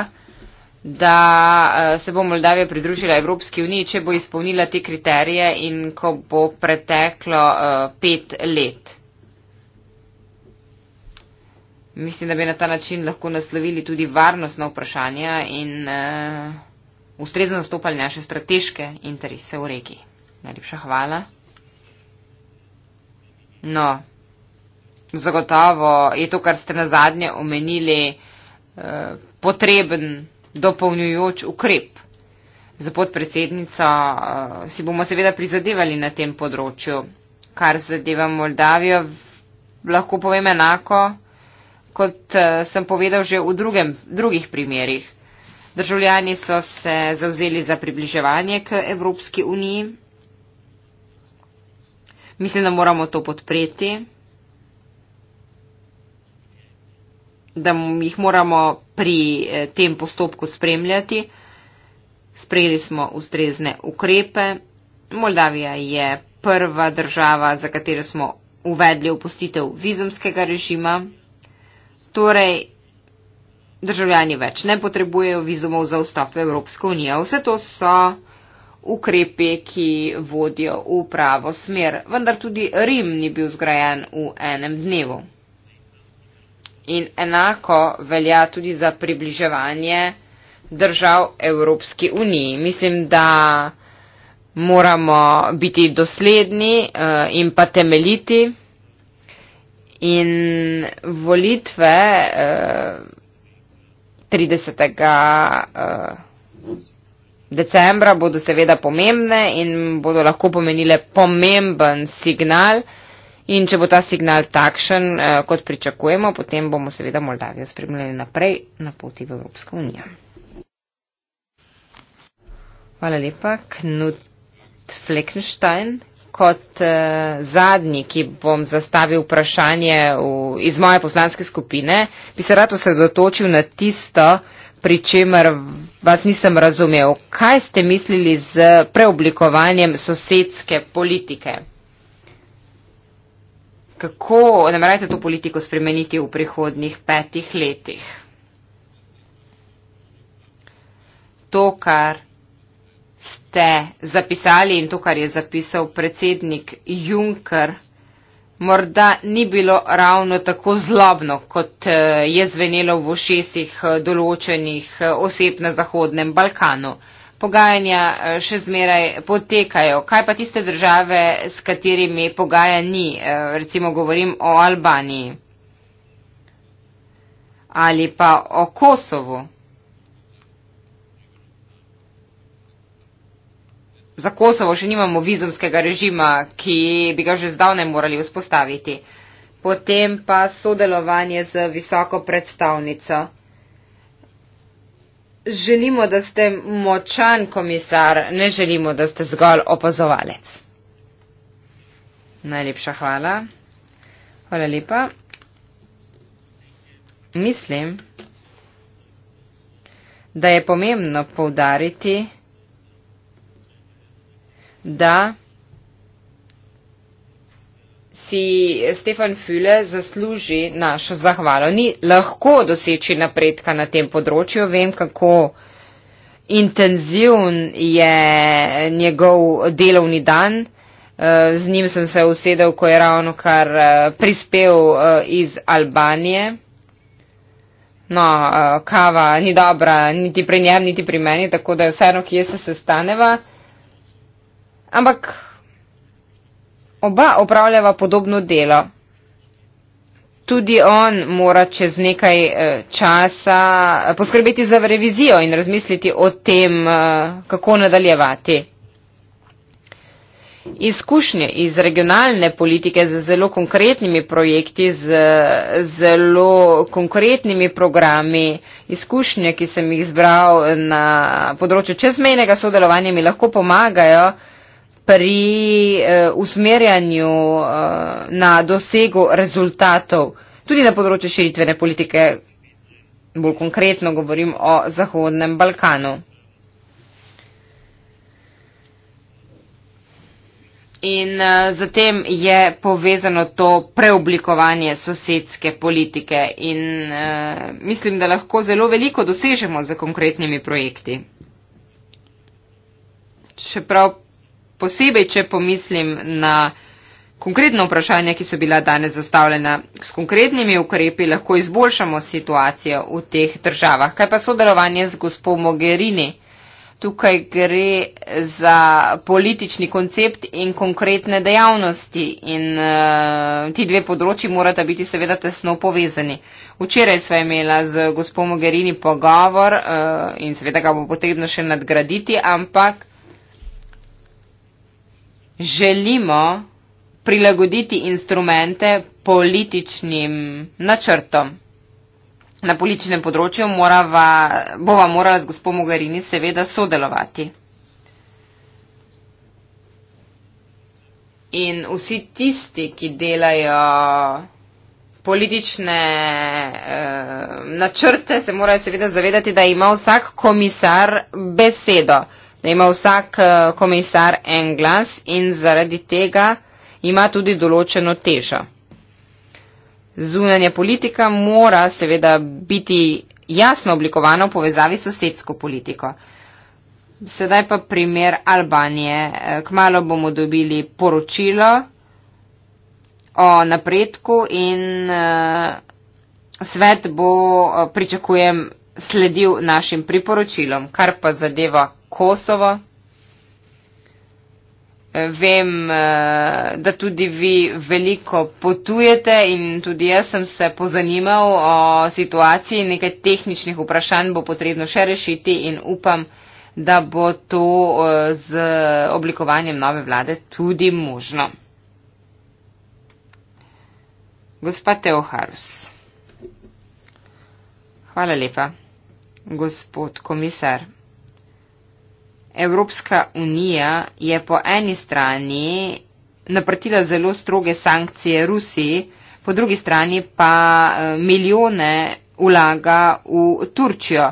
[SPEAKER 4] da eh, se bo Moldavija pridružila Evropski uniji, če bo izpolnila te kriterije in ko bo preteklo eh, pet let. Mislim, da bi na ta način lahko naslovili tudi varnostna vprašanja in uh, ustrezno nastopali naše strateške interese v regiji. Najlepša hvala. No, zagotovo je to, kar ste na zadnje omenili, uh, potreben dopolnjujoč ukrep. Za podpredsednico eh, si bomo seveda prizadevali na tem področju. Kar zadeva Moldavijo, lahko povem enako, kot eh, sem povedal že v drugem, drugih primerih. Državljani so se zauzeli za približevanje k Evropski uniji. Mislim, da moramo to podpreti. da jih moramo pri eh, tem postopku spremljati. Sprejeli smo ustrezne ukrepe. Moldavija je prva država, za katero smo uvedli opustitev vizumskega režima. Torej, državljani več ne potrebujejo vizumov za vstop v Evropsko unijo. Vse to so ukrepe, ki vodijo v pravo smer. Vendar tudi Rim ni bil zgrajen v enem dnevu in enako velja tudi za približevanje držav Evropski uniji. Mislim, da moramo biti dosledni eh, in pa temeljiti in volitve 30. Eh, eh, decembra bodo seveda pomembne in bodo lahko pomenile pomemben signal, In če bo ta signal takšen, eh, kot pričakujemo, potem bomo seveda Moldavijo spremljali naprej na poti v Evropsko unijo. Hvala lepa, Knut Fleckenstein. Kot uh, zadnji, ki bom zastavil vprašanje v, iz moje poslanske skupine, bi se rad osredotočil na tisto, pri čemer vas nisem razumel. Kaj ste mislili z preoblikovanjem sosedske politike? kako namerajte to politiko spremeniti v prihodnih petih letih. To, kar ste zapisali in to, kar je zapisal predsednik Juncker, morda ni bilo ravno tako zlobno, kot eh, je zvenelo v ošesih eh, določenih eh, oseb na Zahodnem Balkanu pogajanja eh, še zmeraj potekajo. Kaj pa tiste države, s katerimi pogaja ni? Eh, recimo govorim o Albaniji ali pa o Kosovu. Za Kosovo še nimamo vizumskega režima, ki bi ga že zdavne morali vzpostaviti. Potem pa sodelovanje z visoko predstavnico. Želimo, da ste močan komisar, ne želimo, da ste zgolj opazovalec. Najlepša hvala. Hvala lepa. Mislim, da je pomembno povdariti, da si Stefan File zasluži našo zahvalo. Ni lahko doseči napredka na tem področju. Vem, kako intenzivn je njegov delovni dan. Eh, z njim sem se usedel, ko je ravno kar eh, prispel eh, iz Albanije. No, kava ni dobra, niti pri njem, niti pri meni, tako da je vseeno, kje se sestaneva. Ampak Oba opravljava podobno delo. Tudi on mora čez nekaj eh, časa eh, poskrbeti za revizijo in razmisliti o tem, eh, kako nadaljevati. Izkušnje iz regionalne politike z zelo konkretnimi projekti, z zelo konkretnimi programi, izkušnje, ki sem jih zbral na področju čezmejnega sodelovanja, mi lahko pomagajo, pri eh, usmerjanju eh, na dosegu rezultatov, tudi na področju širitvene politike, bolj konkretno govorim o Zahodnem Balkanu. In eh, zatem je povezano to preoblikovanje sosedske politike in eh, mislim, da lahko zelo veliko dosežemo z konkretnimi projekti. Čeprav posebej, če pomislim na konkretno vprašanje, ki so bila danes zastavljena. S konkretnimi ukrepi lahko izboljšamo situacijo v teh državah. Kaj pa sodelovanje z gospod Mogherini? Tukaj gre za politični koncept in konkretne dejavnosti in uh, ti dve področji morata biti seveda tesno povezani. Včeraj sva imela z gospod Mogherini pogovor uh, in seveda ga bo potrebno še nadgraditi, ampak želimo prilagoditi instrumente političnim načrtom. Na političnem področju morava, bova morala z gospod Mogarini seveda sodelovati. In vsi tisti, ki delajo politične eh, načrte, se morajo seveda zavedati, da ima vsak komisar besedo da ima vsak eh, komisar en glas in zaradi tega ima tudi določeno težo. Zunanja politika mora seveda biti jasno oblikovana v povezavi s sosedsko politiko. Sedaj pa primer Albanije. Eh, kmalo bomo dobili poročilo o napredku in eh, svet bo, pričakujem, sledil našim priporočilom. Kar pa zadeva Kosovo. Eh, vem, eh, da tudi vi veliko potujete in tudi jaz sem se pozanimal o situaciji. Nekaj tehničnih vprašanj bo potrebno še rešiti in upam, da bo to eh, z oblikovanjem nove vlade tudi možno. Gospa Teoharus. Hvala lepa. Gospod komisar. Evropska unija je po eni strani naprtila zelo stroge sankcije Rusiji, po drugi strani pa eh, milijone vlaga v Turčijo.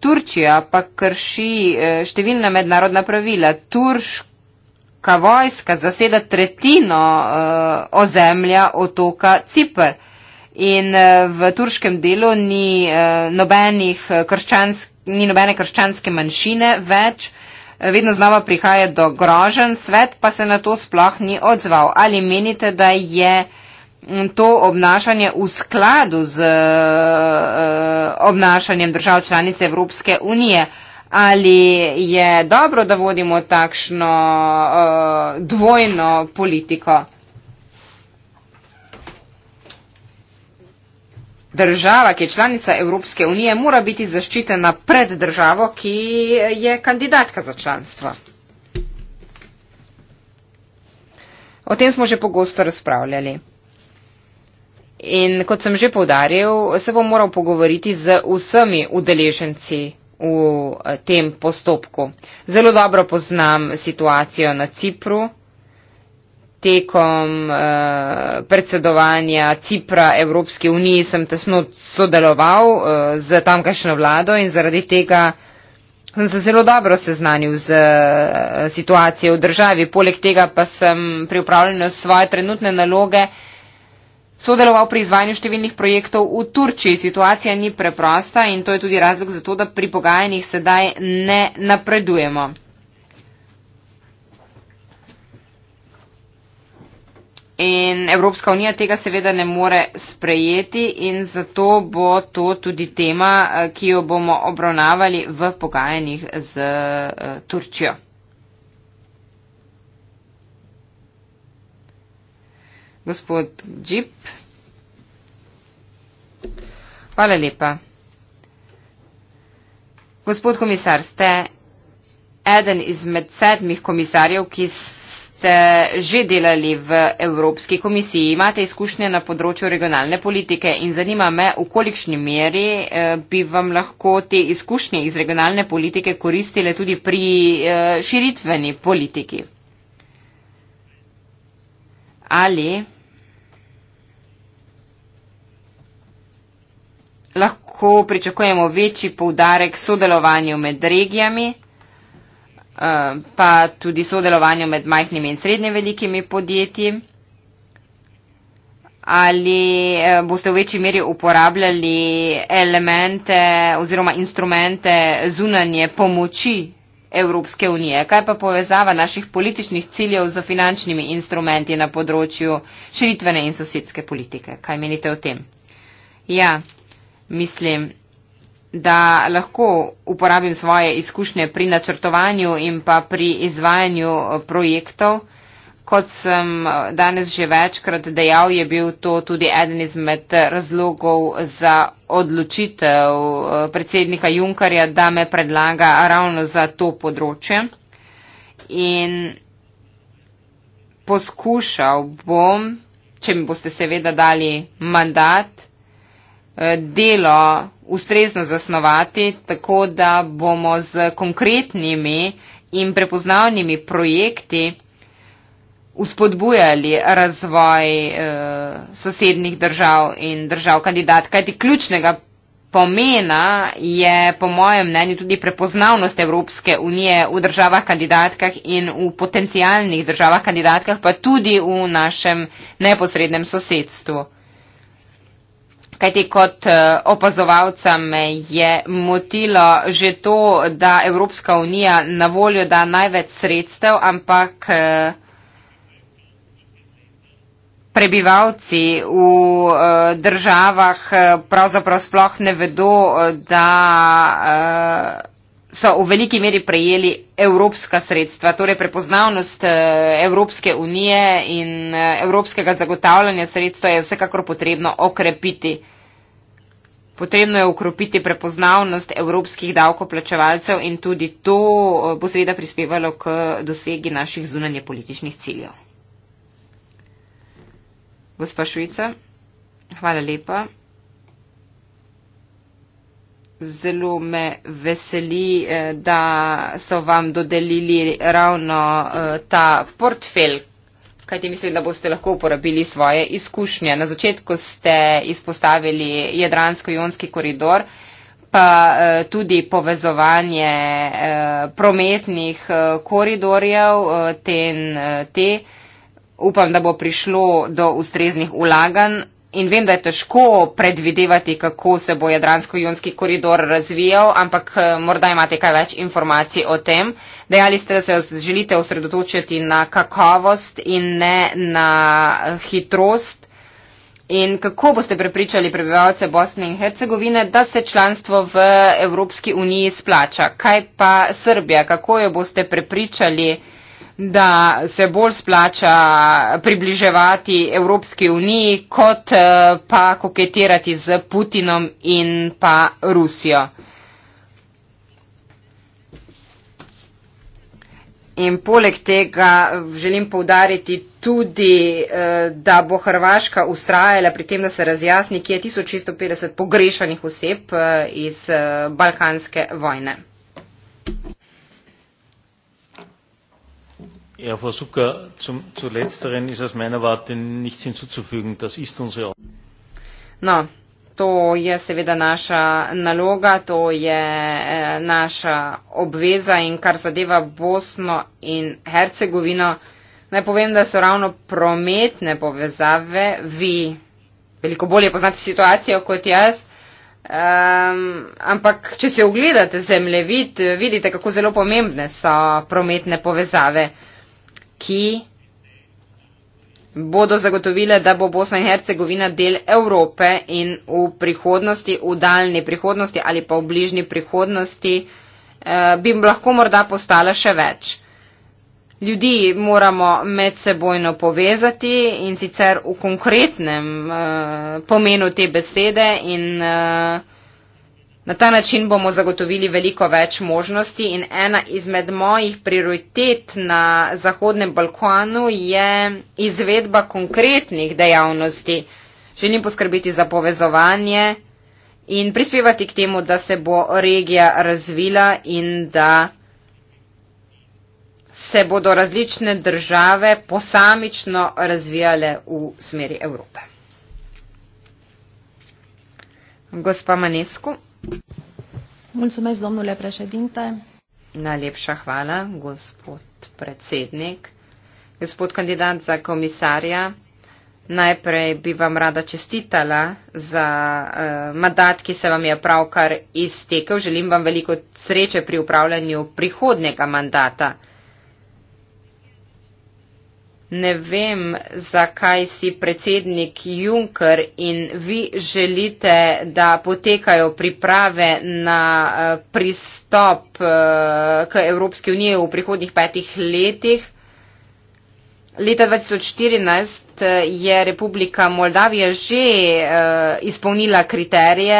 [SPEAKER 4] Turčija pa krši eh, številna mednarodna pravila. Turška vojska zaseda tretjino eh, ozemlja otoka Cipr. In v turškem delu ni, nobenih, ni nobene krščanske manjšine več vedno znova prihaja do grožen, svet pa se na to sploh ni odzval. Ali menite, da je to obnašanje v skladu z e, obnašanjem držav članice Evropske unije? Ali je dobro, da vodimo takšno e, dvojno politiko? država, ki je članica Evropske unije, mora biti zaščitena pred državo, ki je kandidatka za članstvo. O tem smo že pogosto razpravljali. In kot sem že povdaril, se bom moral pogovoriti z vsemi udeleženci v eh, tem postopku. Zelo dobro poznam situacijo na Cipru tekom uh, predsedovanja Cipra Evropske unije sem tesno sodeloval uh, eh, z tamkajšnjo vlado in zaradi tega sem se zelo dobro seznanil z uh, situacijo v državi. Poleg tega pa sem pri upravljanju svoje trenutne naloge sodeloval pri izvajanju številnih projektov v Turčiji. Situacija ni preprosta in to je tudi razlog za to, da pri pogajanjih sedaj ne napredujemo. In Evropska unija tega seveda ne more sprejeti in zato bo to tudi tema, eh, ki jo bomo obravnavali v pogajanjih z eh, Turčijo. Gospod Džip. Hvala lepa. Gospod komisar, ste eden izmed sedmih komisarjev, ki ste ste že delali v Evropski komisiji, imate izkušnje na področju regionalne politike in zanima me, v kolikšni meri eh, bi vam lahko te izkušnje iz regionalne politike koristile tudi pri eh, širitveni politiki. Ali lahko pričakujemo večji poudarek sodelovanju med regijami? Eh, pa tudi sodelovanju med majhnimi in srednje velikimi podjetji. Ali eh, boste v večji meri uporabljali elemente oziroma instrumente zunanje pomoči Evropske unije? Kaj pa povezava naših političnih ciljev z finančnimi instrumenti na področju širitvene in sosedske politike? Kaj menite o tem? Ja, mislim, da lahko uporabim svoje izkušnje pri načrtovanju in pa pri izvajanju eh, projektov. Kot sem eh, danes že večkrat dejal, je bil to tudi eden izmed razlogov za odločitev eh, predsednika Junkarja, da me predlaga ravno za to področje. In poskušal bom, če mi boste seveda dali mandat, Eh, delo ustrezno zasnovati, tako da bomo z konkretnimi in prepoznavnimi projekti uspodbujali razvoj eh, sosednih držav in držav kandidat. Kajti ključnega pomena je po mojem mnenju tudi prepoznavnost Evropske unije v državah kandidatkah in v potencijalnih državah kandidatkah, pa tudi v našem neposrednem sosedstvu. Kajti kot eh, opazovalca me je motilo že to, da Evropska unija na voljo da največ sredstev, ampak eh, prebivalci v eh, državah pravzaprav sploh ne vedo, da so v veliki meri prejeli evropska sredstva, torej prepoznavnost eh, Evropske unije in eh, evropskega zagotavljanja sredstva je vsekakor potrebno okrepiti. Potrebno je ukropiti prepoznavnost evropskih davkoplačevalcev in tudi to eh, bo seveda prispevalo k dosegi naših zunanje političnih ciljev. Gospa Švica, hvala lepa. Zelo me veseli, eh, da so vam dodelili ravno eh, ta portfelj, kajti mislim, da boste lahko uporabili svoje izkušnje. Na začetku ste izpostavili Jadransko-Jonski koridor, pa eh, tudi povezovanje prometnih koridorjev TNT. Upam, da bo prišlo do ustreznih ulaganj in vem, da je težko predvidevati, kako se bo Jadransko-Junski koridor razvijal, ampak eh, morda imate kaj več informacij o tem. Dejali ste, da se želite osredotočiti na kakovost in ne na eh, hitrost. In kako boste prepričali prebivalce Bosne in Hercegovine, da se članstvo v Evropski uniji splača? Kaj pa Srbija? Kako jo boste prepričali? da se bolj splača približevati Evropski uniji, kot eh, pa koketirati z Putinom in pa Rusijo. In poleg tega želim povdariti tudi, eh, da bo Hrvaška ustrajala pri tem, da se razjasni, kje je 1650 pogrešanih oseb eh, iz Balkanske vojne
[SPEAKER 1] frau zucker zu letzterem ist aus meiner warte nichts hinzuzufügen das ist unsere aufgabe.
[SPEAKER 4] No. To je seveda naša naloga, to je e, naša obveza in kar zadeva Bosno in Hercegovino, naj povem, da so ravno prometne povezave, vi veliko bolje poznate situacijo kot jaz, e, ampak če se ogledate zemljevid, vidite, kako zelo pomembne so prometne povezave. E, ki bodo zagotovile, da bo Bosna in Hercegovina del Evrope in v prihodnosti, v daljni prihodnosti ali pa v bližnji prihodnosti, eh, bi lahko morda postala še več. Ljudi moramo medsebojno povezati in sicer v konkretnem eh, pomenu te besede in eh, Na ta način bomo zagotovili veliko več možnosti in ena izmed mojih prioritet na Zahodnem Balkanu je izvedba konkretnih dejavnosti. Želim poskrbiti za povezovanje in prispevati k temu, da se bo regija razvila in da se bodo različne države posamično razvijale v smeri Evrope. Gospa Manesku.
[SPEAKER 3] Mulțumesc, domnule președinte.
[SPEAKER 4] Najlepša hvala, gospod predsednik. Gospod kandidat za komisarja, najprej bi vam rada čestitala za uh, mandat, ki se vam je pravkar iztekel. Želim vam veliko sreče pri upravljanju prihodnega mandata ne vem, zakaj si predsednik Juncker in vi želite, da potekajo priprave na eh, pristop eh, k Evropski uniji v prihodnih petih letih. Leta 2014 eh, je Republika Moldavija že izpolnila kriterije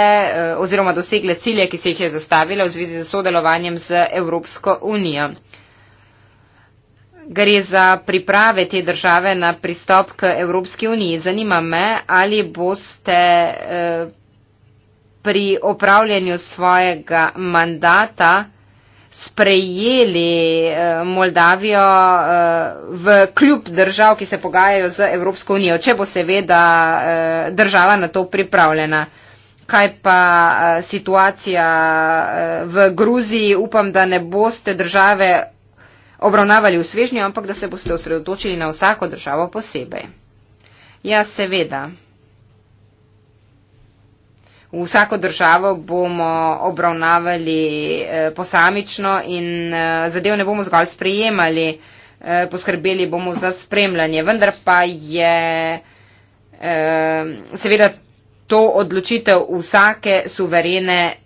[SPEAKER 4] oziroma dosegla cilje, ki se jih je zastavila v zvezi z sodelovanjem z Evropsko unijo gre za priprave te države na pristop k Evropski uniji. Zanima me, ali boste eh, pri opravljanju svojega mandata sprejeli eh, Moldavijo eh, v kljub držav, ki se pogajajo z Evropsko unijo, če bo seveda država na to pripravljena. Kaj pa situacija v Gruziji? Upam, da ne boste države obravnavali v svežnju, ampak da se boste osredotočili na vsako državo posebej. Ja, seveda. V vsako državo bomo obravnavali eh, posamično in eh, zadev ne bomo zgolj sprejemali, eh, poskrbeli bomo za spremljanje. Vendar pa je seveda to odločitev vsake suverene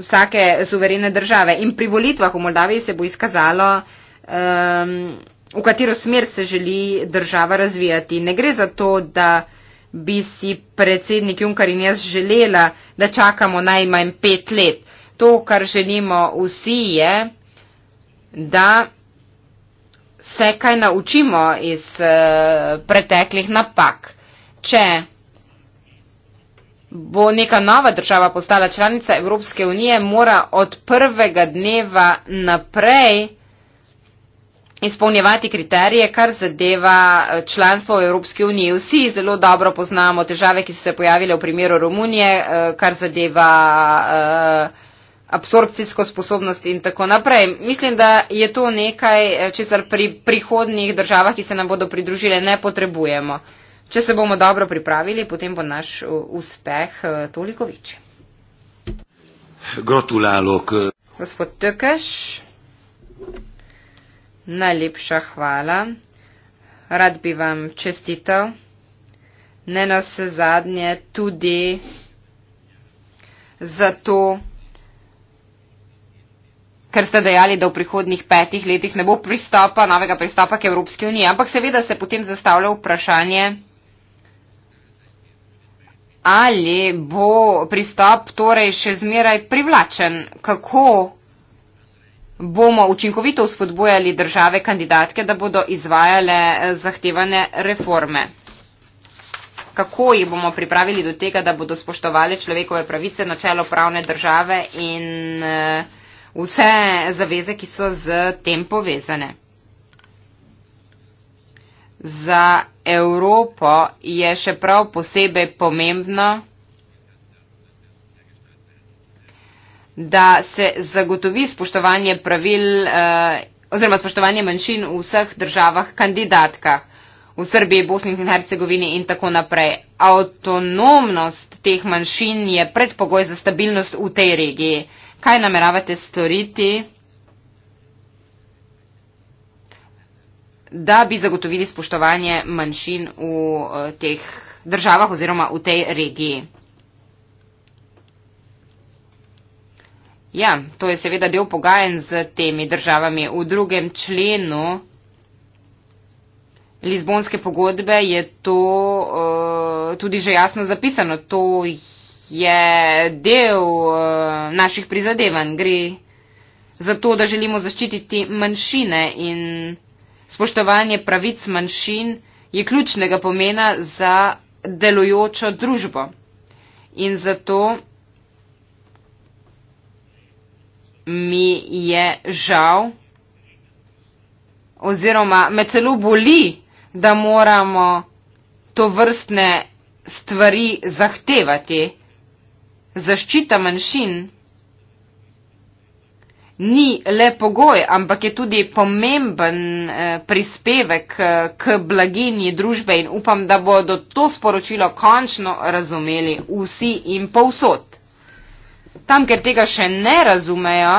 [SPEAKER 4] vsake suverene države. In pri volitvah v Moldaviji se bo izkazalo, um, v katero smer se želi država razvijati. Ne gre za to, da bi si predsednik Junkar in jaz želela, da čakamo najmanj pet let. To, kar želimo vsi, je, da se kaj naučimo iz uh, preteklih napak. Če bo neka nova država postala članica Evropske unije, mora od prvega dneva naprej izpolnjevati kriterije, kar zadeva eh, članstvo v Evropski uniji. Vsi zelo dobro poznamo težave, ki so se pojavile v primeru Romunije, eh, kar zadeva eh, absorpcijsko sposobnost in tako naprej. Mislim, da je to nekaj, česar pri prihodnih državah, ki se nam bodo pridružile, ne potrebujemo. Če se bomo dobro pripravili, potem bo naš uh, uspeh uh, toliko večji.
[SPEAKER 1] Grotulalok. Uh.
[SPEAKER 4] Gospod Tkaš, najlepša hvala. Rad bi vam čestital. Ne na vse zadnje tudi zato, ker ste dejali, da v prihodnih petih letih ne bo pristopa, novega pristopa k Evropski uniji. Ampak seveda se potem zastavlja vprašanje, ali bo pristop torej še zmeraj privlačen, kako bomo učinkovito spodbojali države kandidatke, da bodo izvajale eh, zahtevane reforme. Kako jih bomo pripravili do tega, da bodo spoštovali človekove pravice, načelo pravne države in eh, vse zaveze, ki so z tem povezane za Evropo je še prav posebej pomembno, da se zagotovi spoštovanje pravil eh, oziroma spoštovanje manjšin v vseh državah kandidatkah v Srbiji, Bosni in Hercegovini in tako naprej. Avtonomnost teh manjšin je predpogoj za stabilnost v tej regiji. Kaj nameravate storiti? da bi zagotovili spoštovanje manjšin v eh, teh državah oziroma v tej regiji. Ja, to je seveda del pogajen z temi državami. V drugem členu Lizbonske pogodbe je to uh, tudi že jasno zapisano. To je del uh, naših prizadevanj. Gre za to, da želimo zaščititi manjšine in Spoštovanje pravic manjšin je ključnega pomena za delujočo družbo. In zato mi je žal oziroma me celo boli, da moramo to vrstne stvari zahtevati. Zaščita manjšin ni le pogoj, ampak je tudi pomemben eh, prispevek eh, k blaginji družbe in upam, da bodo to sporočilo končno razumeli vsi in povsod. Tam, ker tega še ne razumejo,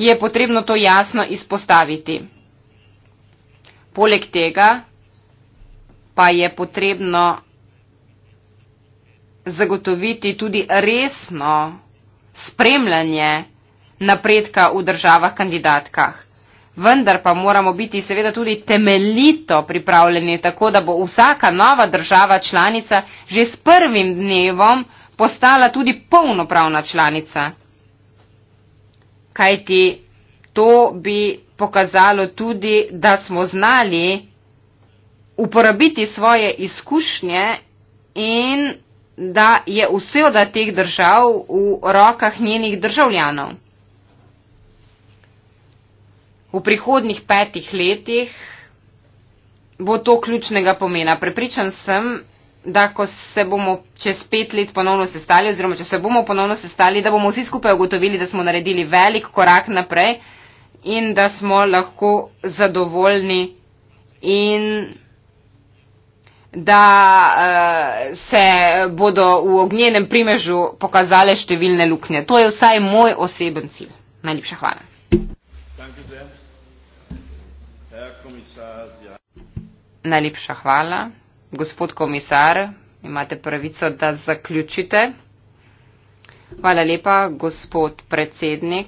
[SPEAKER 4] je potrebno to jasno izpostaviti. Poleg tega pa je potrebno zagotoviti tudi resno spremljanje napredka v državah kandidatkah. Vendar pa moramo biti seveda tudi temeljito pripravljeni, tako da bo vsaka nova država članica že s prvim dnevom postala tudi polnopravna članica. Kajti to bi pokazalo tudi, da smo znali uporabiti svoje izkušnje in da je vse od teh držav v rokah njenih državljanov v prihodnih petih letih bo to ključnega pomena. Prepričan sem, da ko se bomo čez pet let ponovno sestali, oziroma če se bomo ponovno sestali, da bomo vsi skupaj ugotovili, da smo naredili velik korak naprej in da smo lahko zadovoljni in da uh, se bodo v ognjenem primežu pokazale številne luknje. To je vsaj moj oseben cilj. Najlepša hvala. Najlepša hvala. Gospod komisar, imate pravico, da zaključite. Hvala lepa, gospod predsednik.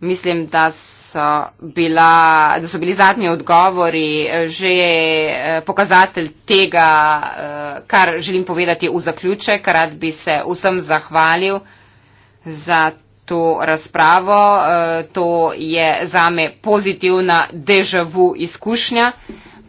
[SPEAKER 4] Mislim, da so, bila, da so bili zadnji odgovori eh, že eh, pokazatelj tega, eh, kar želim povedati v zaključek. Rad bi se vsem zahvalil za to razpravo. E, to je zame pozitivna dežavu izkušnja.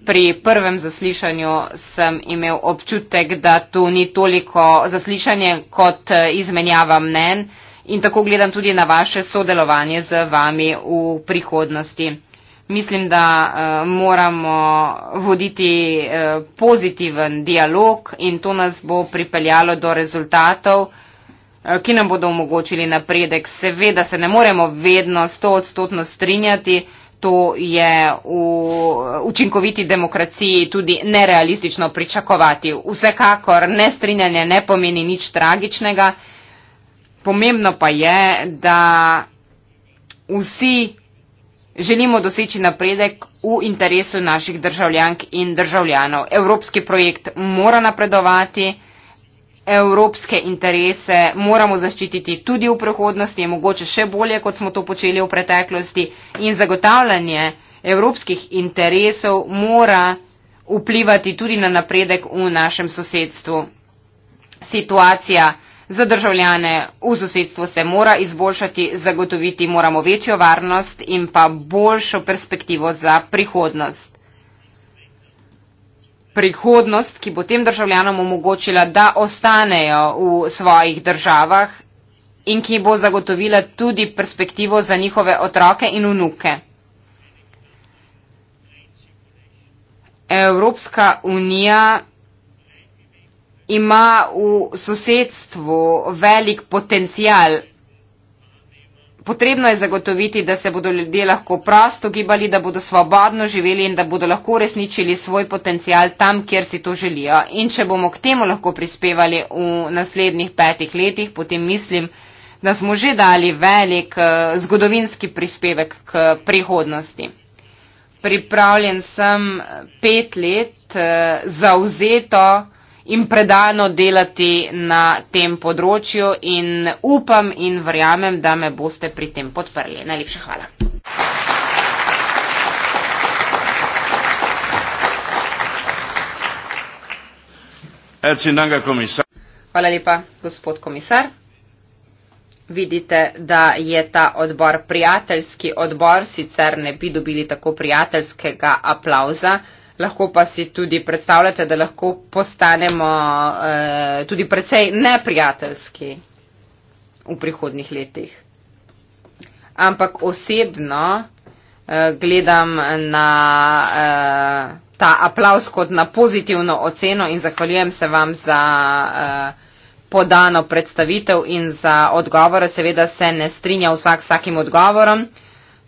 [SPEAKER 4] Pri prvem zaslišanju sem imel občutek, da to ni toliko zaslišanje kot e, izmenjava mnen in tako gledam tudi na vaše sodelovanje z vami v prihodnosti. Mislim, da e, moramo voditi pozitiven dialog in to nas bo pripeljalo do rezultatov. Eh, ki nam bodo omogočili napredek. Seveda se ne moremo vedno sto odstotno strinjati, to je v eh, učinkoviti demokraciji tudi nerealistično pričakovati. Vsekakor ne strinjanje ne pomeni nič tragičnega. Pomembno pa je, da vsi želimo doseči napredek v interesu naših državljank in državljanov. Evropski projekt mora napredovati evropske interese moramo zaščititi tudi v prihodnosti, mogoče še bolje, kot smo to počeli v preteklosti. In zagotavljanje evropskih interesov mora vplivati tudi na napredek v našem sosedstvu. Situacija za državljane v sosedstvu se mora izboljšati, zagotoviti moramo večjo varnost in pa boljšo perspektivo za prihodnost prihodnost, ki bo tem državljanom omogočila, da ostanejo v svojih državah in ki bo zagotovila tudi perspektivo za njihove otroke in vnuke. Evropska unija ima v sosedstvu velik potencial Potrebno je zagotoviti, da se bodo ljudje lahko prosto gibali, da bodo svobodno živeli in da bodo lahko resničili svoj potencial tam, kjer si to želijo. In če bomo k temu lahko prispevali v naslednjih petih letih, potem mislim, da smo že dali velik eh, zgodovinski prispevek k prihodnosti. Pripravljen sem pet let eh, zauzeto, in predano delati na tem področju in upam in verjamem, da me boste pri tem podprli. Najlepša hvala. Hvala lepa, gospod komisar. Vidite, da je ta odbor prijateljski odbor, sicer ne bi dobili tako prijateljskega aplauza lahko pa si tudi predstavljate, da lahko postanemo eh, tudi precej neprijateljski v prihodnih letih. Ampak osebno eh, gledam na eh, ta aplaus kot na pozitivno oceno in zahvaljujem se vam za eh, podano predstavitev in za odgovore. Seveda se ne strinja vsak s takim odgovorom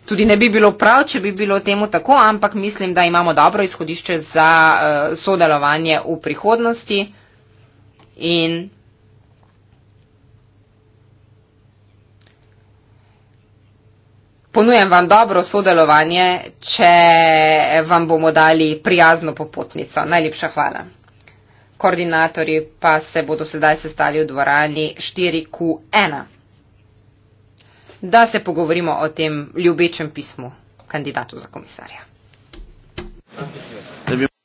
[SPEAKER 4] tudi ne bi bilo prav, če bi bilo temu tako, ampak mislim, da imamo dobro izhodišče za uh, sodelovanje v prihodnosti. In ponujem vam dobro sodelovanje, če vam bomo dali prijazno popotnico. Najlepša hvala. Koordinatorji pa se bodo sedaj sestali v dvorani 4Q1 da se pogovorimo o tem ljubečem pismu kandidatu za komisarja.
[SPEAKER 1] Da bi